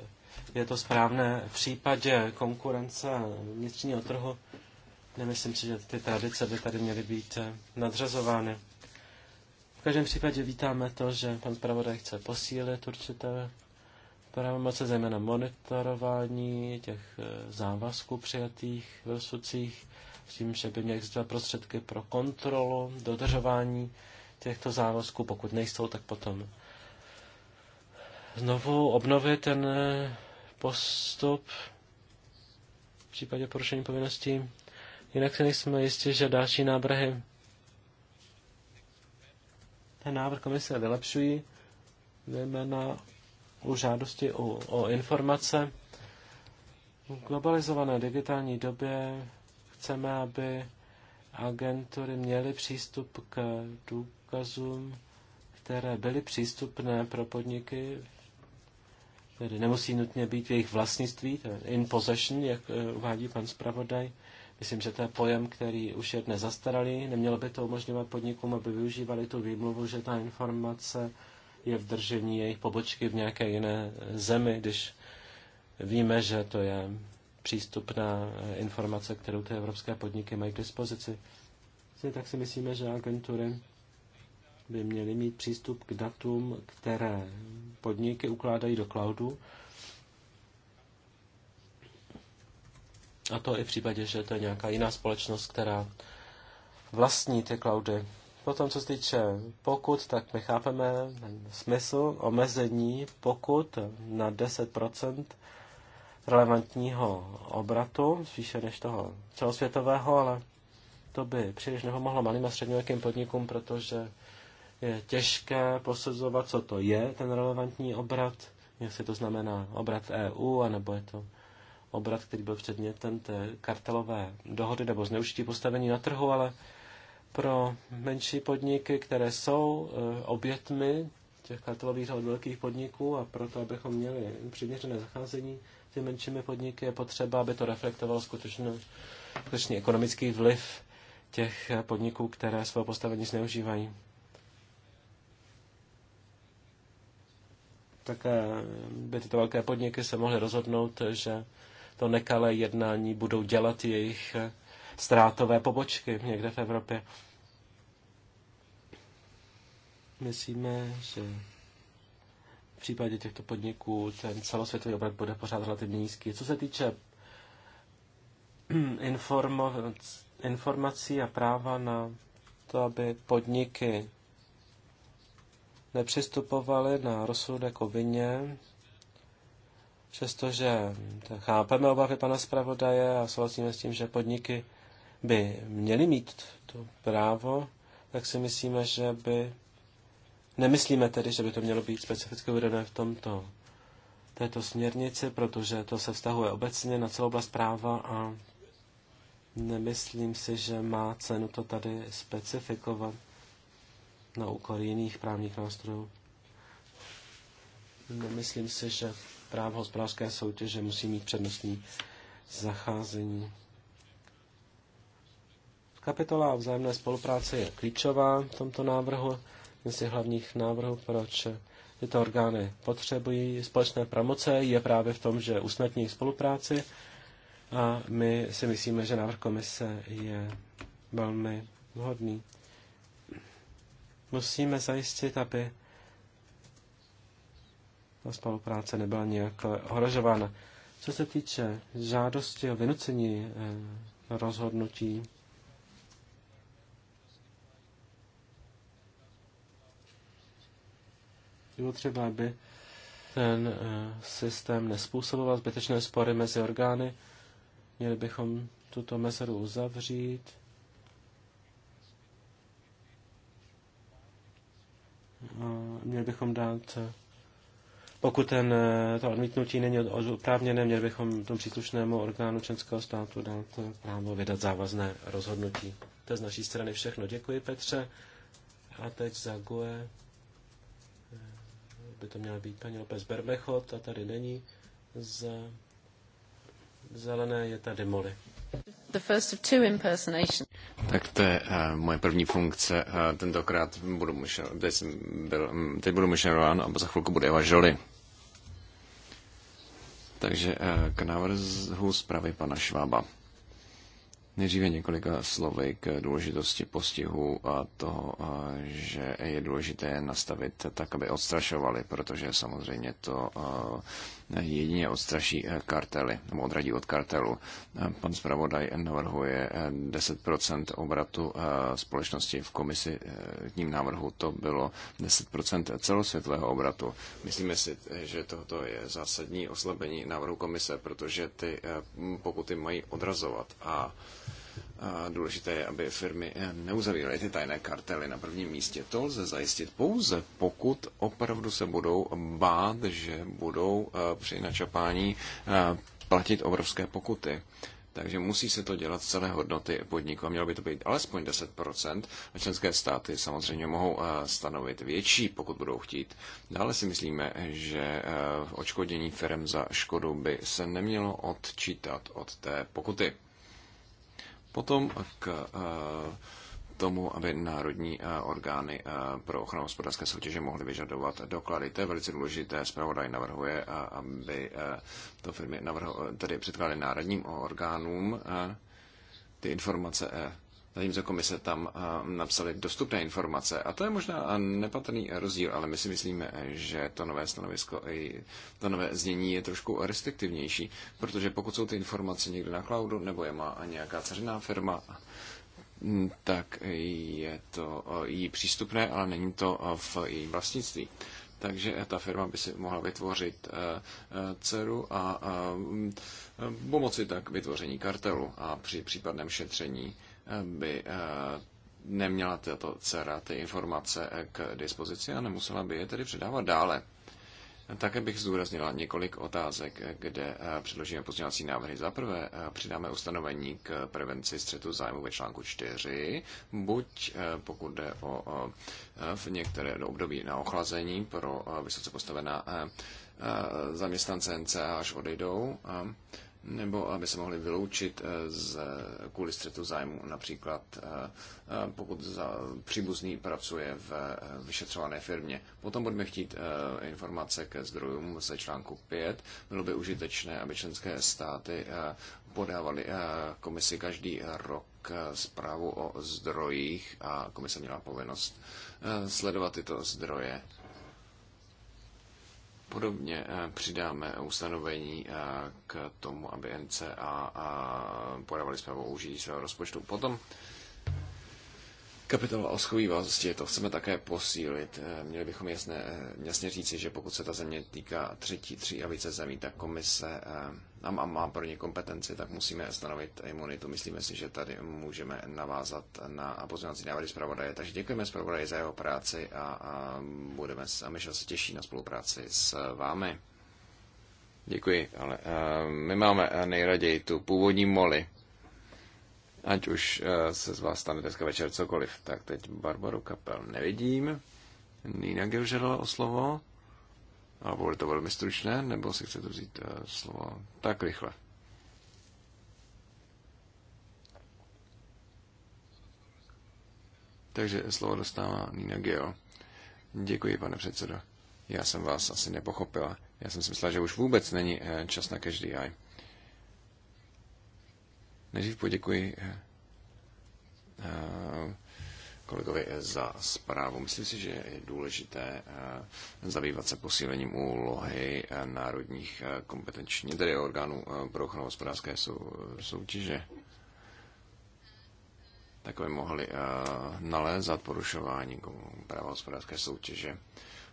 je to správné v případě konkurence vnitřního trhu. Nemyslím si, že ty tradice by tady měly být eh, nadřazovány. V každém případě vítáme to, že pan zpravodaj chce posílit určité pravomoce, zejména monitorování těch eh, závazků přijatých v rozsudcích, s tím, že by měly existovat prostředky pro kontrolu, dodržování těchto závazků, pokud nejsou, tak potom znovu obnovit ten eh, postup v případě porušení povinností. Jinak si nejsme jistí, že další návrhy ten návrh komise vylepšují, zejména u žádosti o, o informace. V globalizované digitální době chceme, aby agentury měly přístup k důkazům, které byly přístupné pro podniky, tedy nemusí nutně být v jejich vlastnictví, to je in possession, jak eh, uvádí pan zpravodaj. Myslím, že to je pojem, který už je dnes zastaralý. Nemělo by to umožňovat podnikům, aby využívali tu výmluvu, že ta informace je v držení jejich pobočky v nějaké jiné zemi, když víme, že to je přístupná eh, informace, kterou ty evropské podniky mají k dispozici. Tak si myslíme, že agentury by měly mít přístup k datům, které podniky ukládají do cloudu. A to i v případě, že to je nějaká jiná společnost, která vlastní ty cloudy. Potom, co se týče pokud, tak my chápeme smysl omezení pokud na 10 relevantního obratu, spíše než toho celosvětového, ale to by příliš nepomohlo malým a středním podnikům, protože je těžké posuzovat, co to je ten relevantní obrat, jestli to znamená obrat EU, anebo je to obrat, který byl předmětem té kartelové dohody nebo zneužití postavení na trhu, ale pro menší podniky, které jsou eh, obětmi těch kartelových od velkých podniků a proto, abychom měli přiměřené zacházení ty menšími podniky, je potřeba, aby to reflektovalo skutečně, skutečně ekonomický vliv těch podniků, které své postavení zneužívají. Také by tyto velké podniky se mohly rozhodnout, že to nekalé jednání budou dělat jejich ztrátové pobočky někde v Evropě. Myslíme, že v případě těchto podniků ten celosvětový obrat bude pořád relativně nízký. Co se týče informací a práva na to, aby podniky nepřistupovaly na rozsudek o vině, přestože chápeme obavy pana zpravodaje a souhlasíme s tím, že podniky by měli mít to právo, tak si myslíme, že by... Nemyslíme tedy, že by to mělo být specificky uvedené v tomto této směrnici, protože to se vztahuje obecně na celou oblast práva a nemyslím si, že má cenu to tady specifikovat na úkor jiných právních nástrojů. Nemyslím si, že právo hospodářské soutěže musí mít přednostní zacházení. Kapitola o vzájemné spolupráci je klíčová v tomto návrhu. Jeden z hlavních návrhů, proč tyto orgány potřebují společné pravomoce, je právě v tom, že usnadní spolupráci. A my si myslíme, že návrh komise je velmi vhodný. Musíme zajistit, aby ta spolupráce nebyla nějak ohrožována. Co se týče žádosti o vynucení eh, rozhodnutí, bylo potřeba, aby ten eh, systém nespůsoboval zbytečné spory mezi orgány. Měli bychom tuto mezeru uzavřít. Měli bychom dát, eh, pokud ten, eh, to odmítnutí není oprávněné, měli bychom tomu příslušnému orgánu členského státu dát právo vydat závazné rozhodnutí. To je z naší strany všechno. Děkuji, Petře. A teď za GUE by to měla být paní López Bermechot a tady není. Z zelené je tady Molly. The first of two impersonations. Tak to je uh, moje první funkce. Uh, tentokrát budu myšel, teď, jsem byl, mm, teď budu myšerován a za chvilku bude Eva Jolie. Takže uh, k návrhu zprávy pana Švába. Nejdříve několika slovy k důležitosti postihu a toho, že je důležité nastavit tak, aby odstrašovali, protože samozřejmě to jedině odstraší e, kartely, nebo odradí od kartelu. Pan zpravodaj navrhuje 10% e, obratu e, společnosti v komisi k ním návrhu to bylo 10% celosvětového obratu. Myslíme si, že tohoto je zásadní oslabení návrhu komise, protože ty pokuty mají odrazovat a důležité je, aby firmy neuzavíraly ty tajné kartely na prvním místě. To lze zajistit pouze, pokud opravdu se budou bát, že budou eh, při načapání eh, platit obrovské pokuty. Takže musí se to dělat z celé hodnoty podniku a mělo by to být alespoň 10%. A členské státy samozřejmě mohou eh, stanovit větší, pokud budou chtít. Dále si myslíme, že očkodění firm za škodu by se nemělo odčítat od té pokuty. Potom k eh, tomu, aby národní eh, orgány eh, pro ochranu hospodářské soutěže mohly vyžadovat doklady. To je velice důležité. Zpravodaj navrhuje, aby to firmy navrho, tedy předkládaly národním orgánům ty informace zatímco komise tam eh, napsali dostupné informace. A to je možná eh, nepatrný rozdíl, ale my si myslíme, že to nové stanovisko i to nové znění je trošku restriktivnější, protože pokud jsou ty informace někde na cloudu nebo je má nějaká ceřiná firma, hm, tak je to eh, jí přístupné, ale není to v její vlastnictví. Takže ta firma by si mohla vytvořit dceru a hm, pomoci tak vytvoření kartelu a při případném šetření by eh, neměla tato dcera ty informace eh, k dispozici a nemusela by je tedy předávat dále. Také bych zdůraznila několik otázek, eh, kde předložíme pozměňovací návrhy. Za prvé přidáme ustanovení k prevenci střetu zájmu ve článku 4, buď pokud jde o v některé období na ochlazení pro vysoce postavená zaměstnance NCA, až odejdou, nebo aby se mohli vyloučit eh, z, kvůli střetu zájmu. Například eh, eh, pokud za, příbuzný pracuje v vyšetřované firmě. Potom budeme chtít informace ke zdrojům ze článku 5. Bylo by užitečné, aby členské státy podávali komisi každý rok k zprávu o zdrojích a komise měla povinnost sledovat tyto zdroje Podobně eh, přidáme ustanovení eh, k tomu, aby NCA eh, podávali zprávu o užití svého rozpočtu. Potom Kapitola o schovývavosti, to chceme také posílit. Eh, měli bychom jasné, eh, jasně říci, že pokud se ta země týká třetí, tří a více zemí, tak komise eh, a má, má pro ně kompetenci, tak musíme stanovit imunitu. Myslíme si, že tady můžeme navázat na pozornosti návrhy zpravodaje. Takže děkujeme zpravodaji za jeho práci a, a budeme a Michel se těší na spolupráci s vámi. Děkuji, ale uh, my máme nejraději tu původní moli. Ať už eh, se z vás stane dneska večer cokoliv. Tak teď Barbaru Kapel nevidím. Nina Gil žádala o slovo. A bude to velmi stručné, nebo si chcete vzít uh, slovo tak rychle? Takže slovo dostává Nina Gil. Děkuji, pane předsedo. Já jsem vás asi nepochopila. Já jsem si myslela, že už vůbec není eh, čas na každý eye. Nejdřív poděkuji eh, eh, kolegovi za zprávu. Myslím si, že je důležité eh, zabývat se posílením úlohy národních kompetenčních, tedy orgánů pro ochranu hospodářské soutěže. Takové mohli nalézat porušování práva hospodářské soutěže.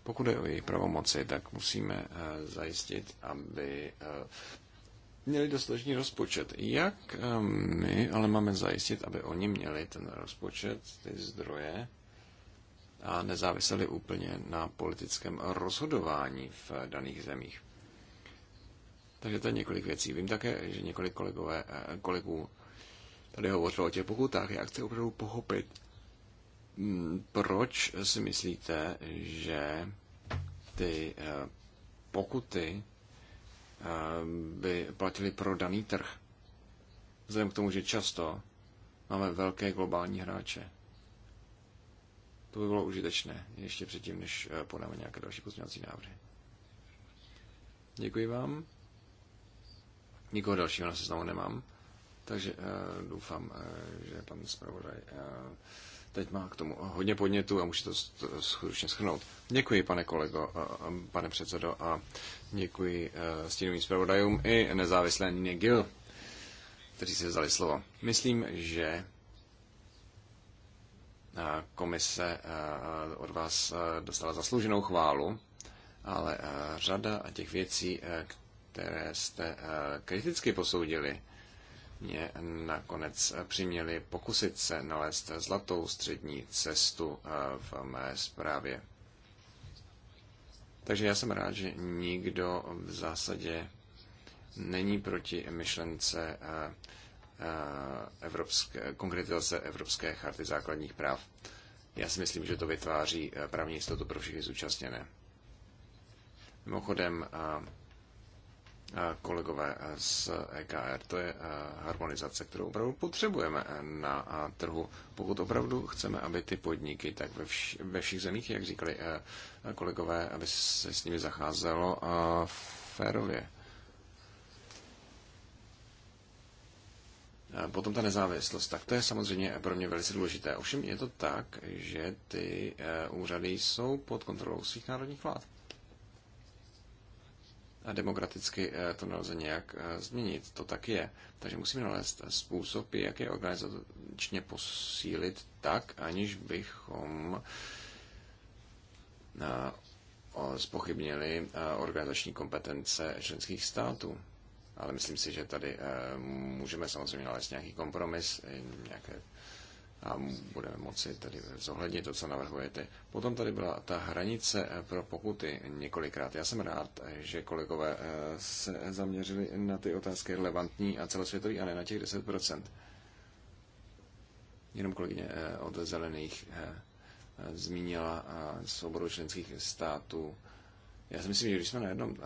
Pokud je o jejich pravomoci, tak musíme zajistit, aby měli dostatečný rozpočet. Jak ehm, my ale máme zajistit, aby oni měli ten rozpočet, ty zdroje a nezáviseli úplně na politickém rozhodování v daných zemích? Takže to je několik věcí. Vím také, že několik kolegové, eh, kolegů tady hovořilo o těch pokutách. Já chci opravdu pochopit, hm, proč si myslíte, že ty eh, pokuty Eh, by platili pro daný trh. Vzhledem k tomu, že často máme velké globální hráče. To by bylo užitečné ještě předtím, než eh, podáme nějaké další pozměňovací návrhy. Děkuji vám. Nikoho dalšího na seznamu nemám, takže uh, doufám, uh, že pan zpravodaj uh, teď má k tomu hodně podnětu a může to skutečně schrnout. Děkuji, pane kolego, pane předsedo, a děkuji e, stínovým zpravodajům i nezávislé Nigil, kteří si vzali slovo. Myslím, že e, komise e, od vás dostala zaslouženou chválu, ale řada těch věcí, které jste kriticky posoudili, mě nakonec přiměli pokusit se nalézt zlatou střední cestu eh, v mé zprávě. Takže já jsem rád, že nikdo v zásadě není proti myšlence eh, eh, evropské, konkretizace Evropské charty základních práv. Já si myslím, že to vytváří právní jistotu pro všechny zúčastněné. Mimochodem, kolegové z EKR. To je harmonizace, kterou opravdu potřebujeme na trhu. Pokud opravdu chceme, aby ty podniky, tak ve, vš- ve všech zemích, jak říkali kolegové, aby se s nimi zacházelo férově. Potom ta nezávislost, tak to je samozřejmě pro mě velice důležité. Ovšem je to tak, že ty e, úřady jsou pod kontrolou svých národních vlád demokraticky eh, to nelze nějak eh, změnit. To tak je. Takže musíme nalézt způsob, jak je organizačně posílit tak, aniž bychom eh, spochybnili organizační kompetence členských států. Ale myslím si, že tady můžeme samozřejmě nalézt nějaký kompromis, nějaké a budeme moci tady zohlednit to, co navrhujete. Potom tady byla ta hranice eh, pro pokuty několikrát. Já jsem rád, eh, že kolegové eh, se zaměřili na ty otázky relevantní a celosvětový a ne na těch 10%. Jenom kolegyně od zelených zmínila svobodu členských států. Já si myslím, že když jsme na jednom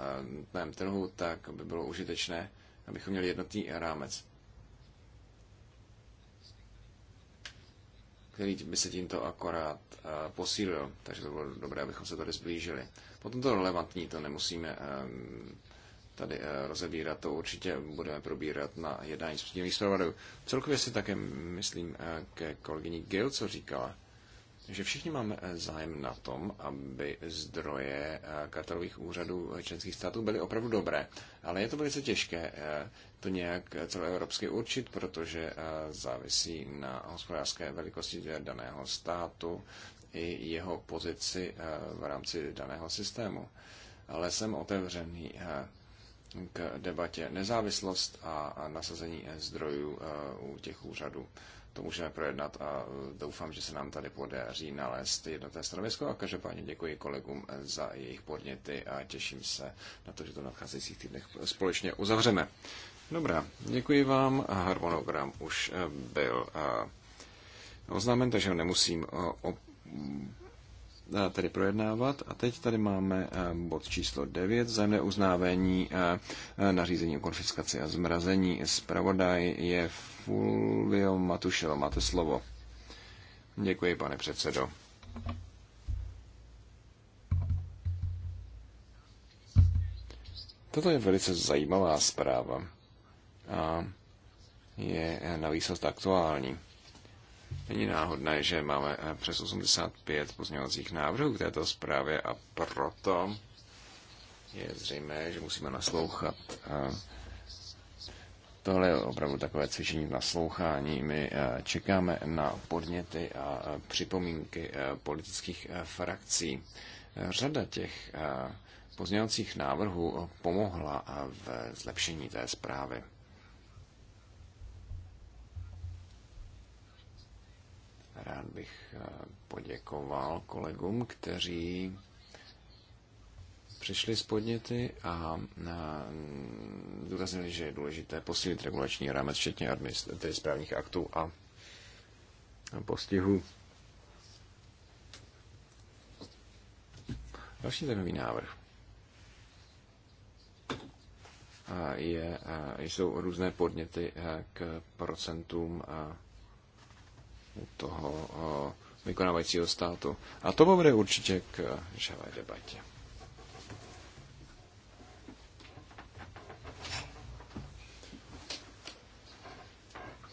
na trhu, tak by bylo užitečné, abychom měli jednotný rámec. který by se tímto akorát eh, posílil. Takže to bylo dobré, abychom se tady zblížili. Potom to relevantní, to nemusíme ehm, tady eh, rozebírat, to určitě budeme probírat na jednání s příjemných zpravodajů. Celkově si také myslím eh, ke kolegyni Gil, co říkala, že všichni máme eh, zájem na tom, aby zdroje eh, kartelových úřadů eh, členských států byly opravdu dobré. Ale je to velice těžké to nějak celoevropsky určit, protože závisí na hospodářské velikosti daného státu i jeho pozici v rámci daného systému. Ale jsem otevřený k debatě nezávislost a nasazení zdrojů e, u těch úřadů. To můžeme projednat a e, doufám, že se nám tady podaří nalézt jednotné stanovisko a každopádně děkuji kolegům e, za jejich podněty a těším se na to, že to v nadcházejících týdnech společně uzavřeme. Dobrá, děkuji vám. Harmonogram už byl oznámen, takže ho nemusím Tady projednávat. A teď tady máme bod číslo 9, vzájemné uznávání nařízení o konfiskaci a zmrazení. Zpravodaj je Fulvio Matušel. Máte slovo. Děkuji, pane předsedo. Toto je velice zajímavá zpráva a je na aktuální. Není náhodné, že máme eh, přes 85 pozměňovacích návrhů k této zprávě a proto je zřejmé, že musíme naslouchat. Eh, tohle je opravdu takové cvičení naslouchání. My eh, čekáme na podněty a připomínky politických frakcí. Řada těch pozměňovacích návrhů pomohla v zlepšení té zprávy. Rád bych eh, poděkoval kolegům, kteří přišli s podněty a eh, zdůraznili, že je důležité posílit regulační rámec, včetně administrativy správních aktů a postihu. Další zajímavý návrh eh, je, jsou různé podněty k procentům toho eh, vykonávajícího státu. A to povede určitě k eh, živé debatě.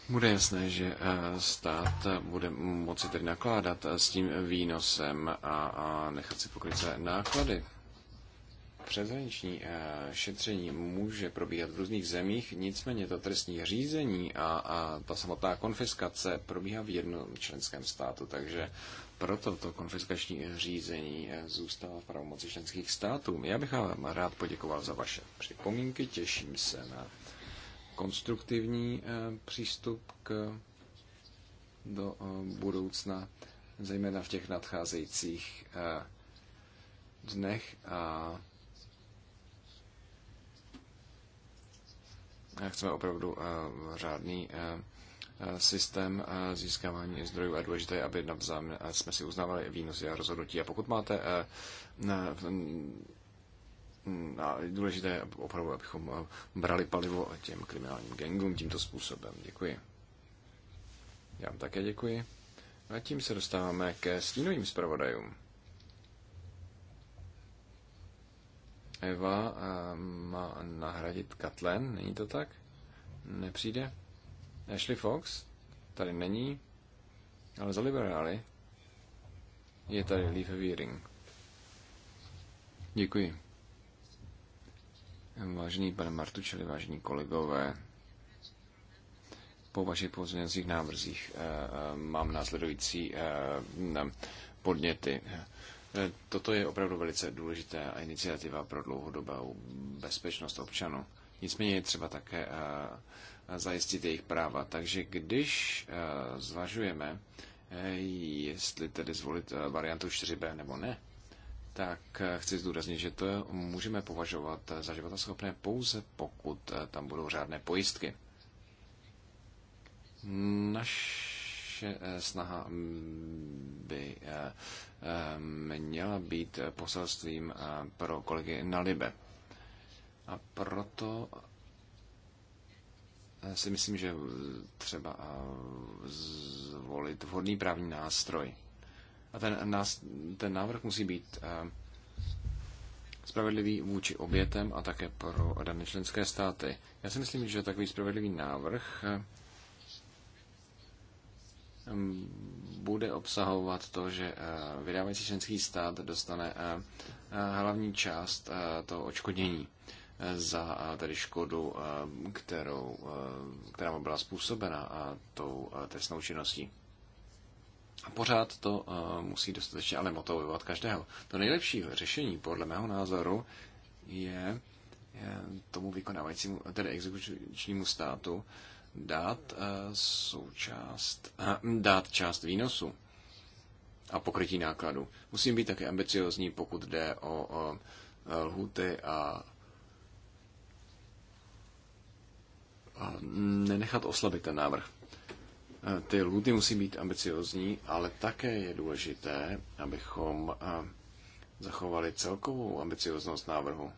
Bude jasné, že eh, stát bude moci tedy nakládat s tím výnosem a, a nechat si pokryt své náklady přeshraniční eh, šetření může probíhat v různých zemích, nicméně to trestní řízení a, a ta samotná konfiskace probíhá v jednom členském státu, takže proto to konfiskační řízení eh, zůstává v pravomoci členských států. Já bych vám rád poděkoval za vaše připomínky, těším se na konstruktivní eh, přístup k, do budoucna, zejména v těch nadcházejících dnech a Chceme opravdu eh, řádný eh, eh, systém získávání zdrojů a důležité aby navzájem jsme si uznávali výnosy a rozhodnutí. A pokud máte a důležité opravdu, abychom brali palivo těm kriminálním gangům tímto způsobem. Děkuji. Já vám také děkuji. A tím se dostáváme ke stínovým zpravodajům. Eva eh, má nahradit Katlen, není to tak? Nepřijde? Ashley Fox? Tady není, ale za liberály je tady Leaf Weering. Děkuji. Vážený pane Martučeli, vážení kolegové, po vašich pozměňovacích návrzích eh, eh, mám následující podněty. Eh, toto je opravdu velice důležitá iniciativa pro dlouhodobou bezpečnost občanů. Nicméně je třeba také eh, zajistit jejich práva. Takže když eh, zvažujeme, jestli tedy zvolit variantu 4b nebo ne, tak chci zdůraznit, že to můžeme považovat za životaschopné pouze pokud tam budou řádné pojistky. Naš naše eh, snaha mm, by eh, eh, měla být poselstvím pro kolegy na Libe. A proto si myslím, že třeba zvolit vhodný právní nástroj. A ten, nás, ten návrh musí být spravedlivý vůči obětem a také pro dané členské státy. Já si myslím, že takový spravedlivý návrh bude obsahovat to, že eh, vydávající členský stát dostane eh, eh, hlavní část toho očkodnění za tedy škodu, kterou, která byla způsobena tou trestnou činností. A pořád to musí dostatečně ale motivovat každého. To nejlepší řešení, podle mého názoru, je tomu vykonávajícímu, tedy exekučnímu státu, dát eh, součást, eh, dát část výnosu a pokrytí nákladu Musím být také ambiciozní, pokud jde o eh, lhuty a nenechat oslabit ten návrh. Ty lhuty musí být ambiciozní, ale také je důležité, abychom zachovali celkovou ambicioznost návrhu.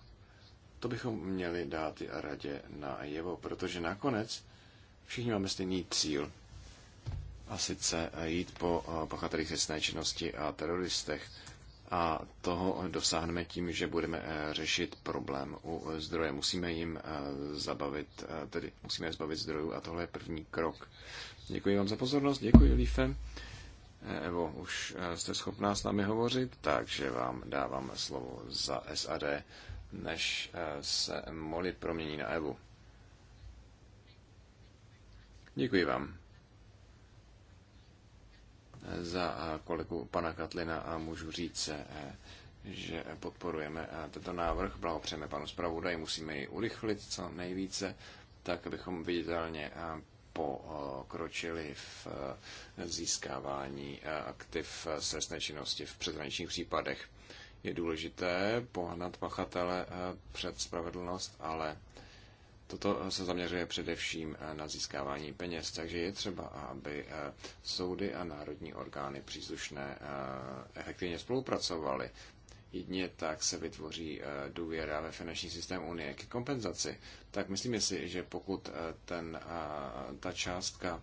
To bychom měli dát radě na jevo, protože nakonec Všichni máme stejný cíl. A sice jít po eh, pachatelích trestné činnosti a teroristech. A toho dosáhneme tím, že budeme eh, řešit problém u eh, zdroje. Musíme jim zabavit, tedy musíme je zbavit zdrojů a tohle je první krok. Děkuji vám za pozornost, děkuji Lífe. Evo, už jste schopná s námi hovořit, takže vám dávám slovo za SAD, než se Moli promění na Evu. Děkuji vám za eh, kolegu pana Katlina a můžu říct, eh, že podporujeme eh, tento návrh. Blahopřejeme panu zpravodaji, musíme ji urychlit co nejvíce, tak abychom viditelně pokročili v získávání aktiv z činnosti v přeshraničních případech. Je důležité pohnat pachatele před spravedlnost, ale Toto se zaměřuje především eh, na získávání peněz, takže je třeba, aby eh, soudy a národní orgány příslušné eh, efektivně spolupracovaly. Jedně tak se vytvoří důvěra ve finanční systém Unie k kompenzaci. Tak myslím, si, že pokud ten, ta částka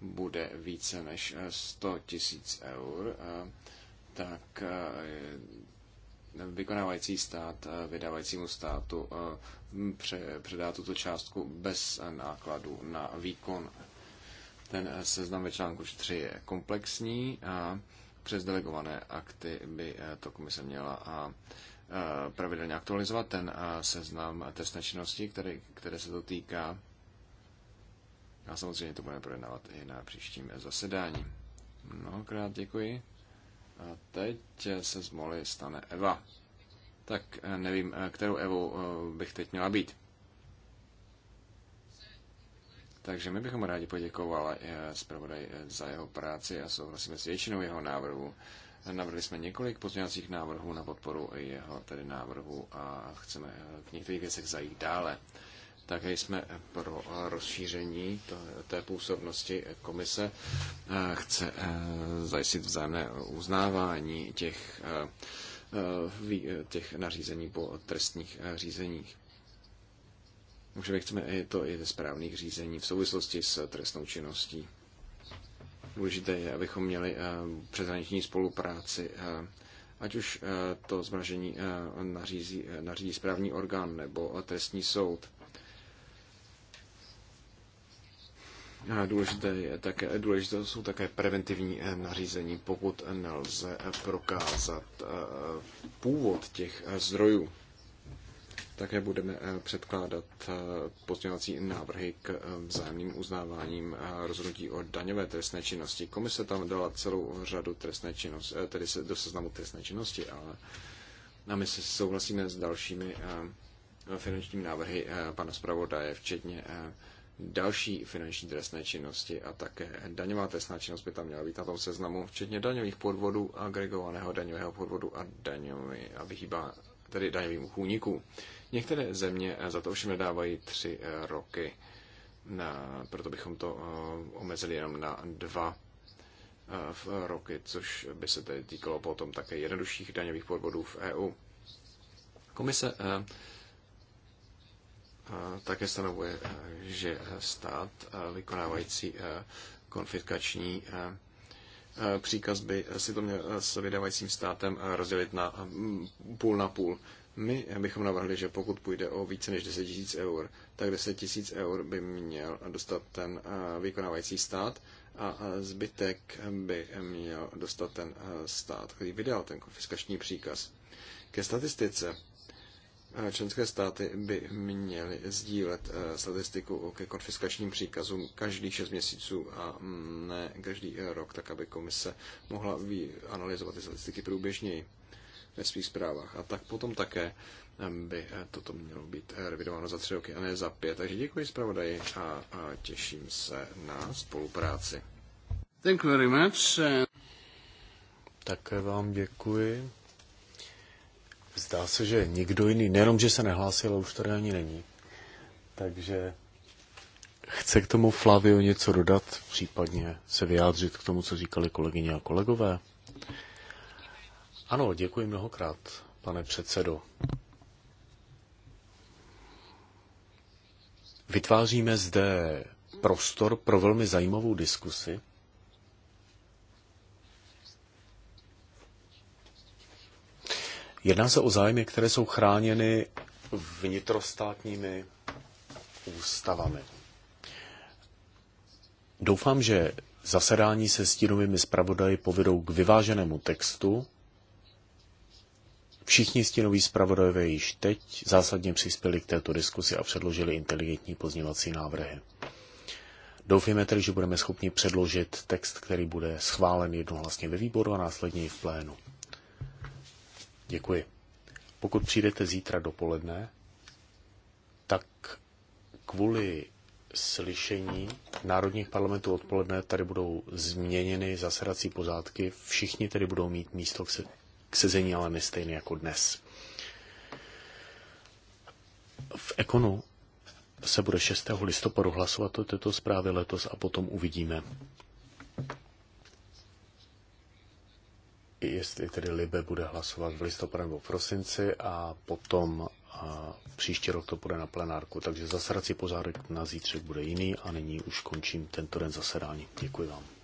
bude více než 100 tisíc eur, tak vykonávající stát eh, vydávajícímu státu eh, předá tuto částku bez nákladu na výkon. Ten eh, seznam ve článku 3 je komplexní a přes delegované akty by to komise měla a pravidelně aktualizovat ten seznam trestné činnosti, které, které se to týká. A samozřejmě to budeme projednávat i na příštím zasedání. Mnohokrát děkuji. A teď se z Molly stane Eva. Tak eh, nevím, eh, kterou Evu eh, bych teď měla být. Takže my bychom rádi poděkovali zpravodaj za jeho práci a souhlasíme s většinou jeho návrhů. Navrhli jsme několik pozměňovacích návrhů na podporu jeho tedy návrhu a chceme k některých věcech zajít dále. Také jsme pro rozšíření té působnosti komise. Eh, chce eh, zajistit vzájemné uznávání těch, eh, těch nařízení po trestních řízeních. Můžeme, chceme i to i ze správných řízení v souvislosti s trestnou činností. Důležité je, abychom měli přeshraniční spolupráci, ať už to zmražení nařízí, nařízí správní orgán nebo trestní soud. Důležité, je také, důležité jsou také preventivní eh, nařízení, pokud nelze eh, prokázat eh, původ těch zdrojů. Také budeme předkládat pozměňovací návrhy k vzájemným uznáváním rozhodnutí o daňové trestné činnosti. Komise tam dala celou řadu trestné činnosti, tedy do seznamu trestné činnosti, ale a my se souhlasíme s dalšími finančními návrhy pana zpravodaje, včetně další finanční trestné činnosti a také daňová trestná činnost by tam měla být na tom seznamu, včetně daňových podvodů, agregovaného daňového podvodu a daňový, a vyhýbá tedy daňovým úniků. Některé země za to ovšem nedávají tři eh, roky, na, proto bychom to eh, omezili jenom na dva eh, v roky, což by se tedy týkalo potom také jednodušších daňových podvodů v EU. Komise také stanovuje, eh, že stát eh, vykonávající eh, konfiskační příkaz by si to měl s vydávajícím státem rozdělit na půl na půl. My bychom navrhli, že pokud půjde o více než 10 000 eur, tak 10 000 eur by měl dostat ten vykonávající stát a zbytek by měl dostat ten stát, který vydal ten konfiskační příkaz. Ke statistice členské státy by měly sdílet eh, statistiku ke konfiskačním příkazům každý 6 měsíců a ne každý eh, rok, tak aby komise mohla analyzovat ty statistiky průběžněji ve svých zprávách. A tak potom také eh, by toto mělo být revidováno za tři roky a ne za pět. Takže děkuji zpravodaji a těším se na spolupráci. Thank you very much. Také vám děkuji. Zdá se, že nikdo jiný, nejenom, že se nehlásil, už tady ani není. Takže chce k tomu Flavio něco dodat, případně se vyjádřit k tomu, co říkali kolegyně a kolegové? Ano, děkuji mnohokrát, pane předsedo. Vytváříme zde prostor pro velmi zajímavou diskusi Jedná se o zájmy, které jsou chráněny vnitrostátními ústavami. Doufám, že zasedání se stínovými zpravodaji povedou k vyváženému textu. Všichni stínoví zpravodajové již teď zásadně přispěli k této diskusi a předložili inteligentní pozněvací návrhy. Doufejme tedy, že budeme schopni předložit text, který bude schválen jednohlasně ve výboru a následně i v plénu. Děkuji. Pokud přijdete zítra dopoledne, tak kvůli slyšení národních parlamentů odpoledne tady budou změněny zasedací pozádky. Všichni tedy budou mít místo k sezení, ale nestejné jako dnes. V Ekonu se bude 6. listopadu hlasovat o této zprávě letos a potom uvidíme, jestli tedy Libe bude hlasovat v listopadu nebo v prosinci a potom a příští rok to bude na plenárku. Takže zasedací pořádek na zítřek bude jiný a nyní už končím tento den zasedání. Děkuji vám.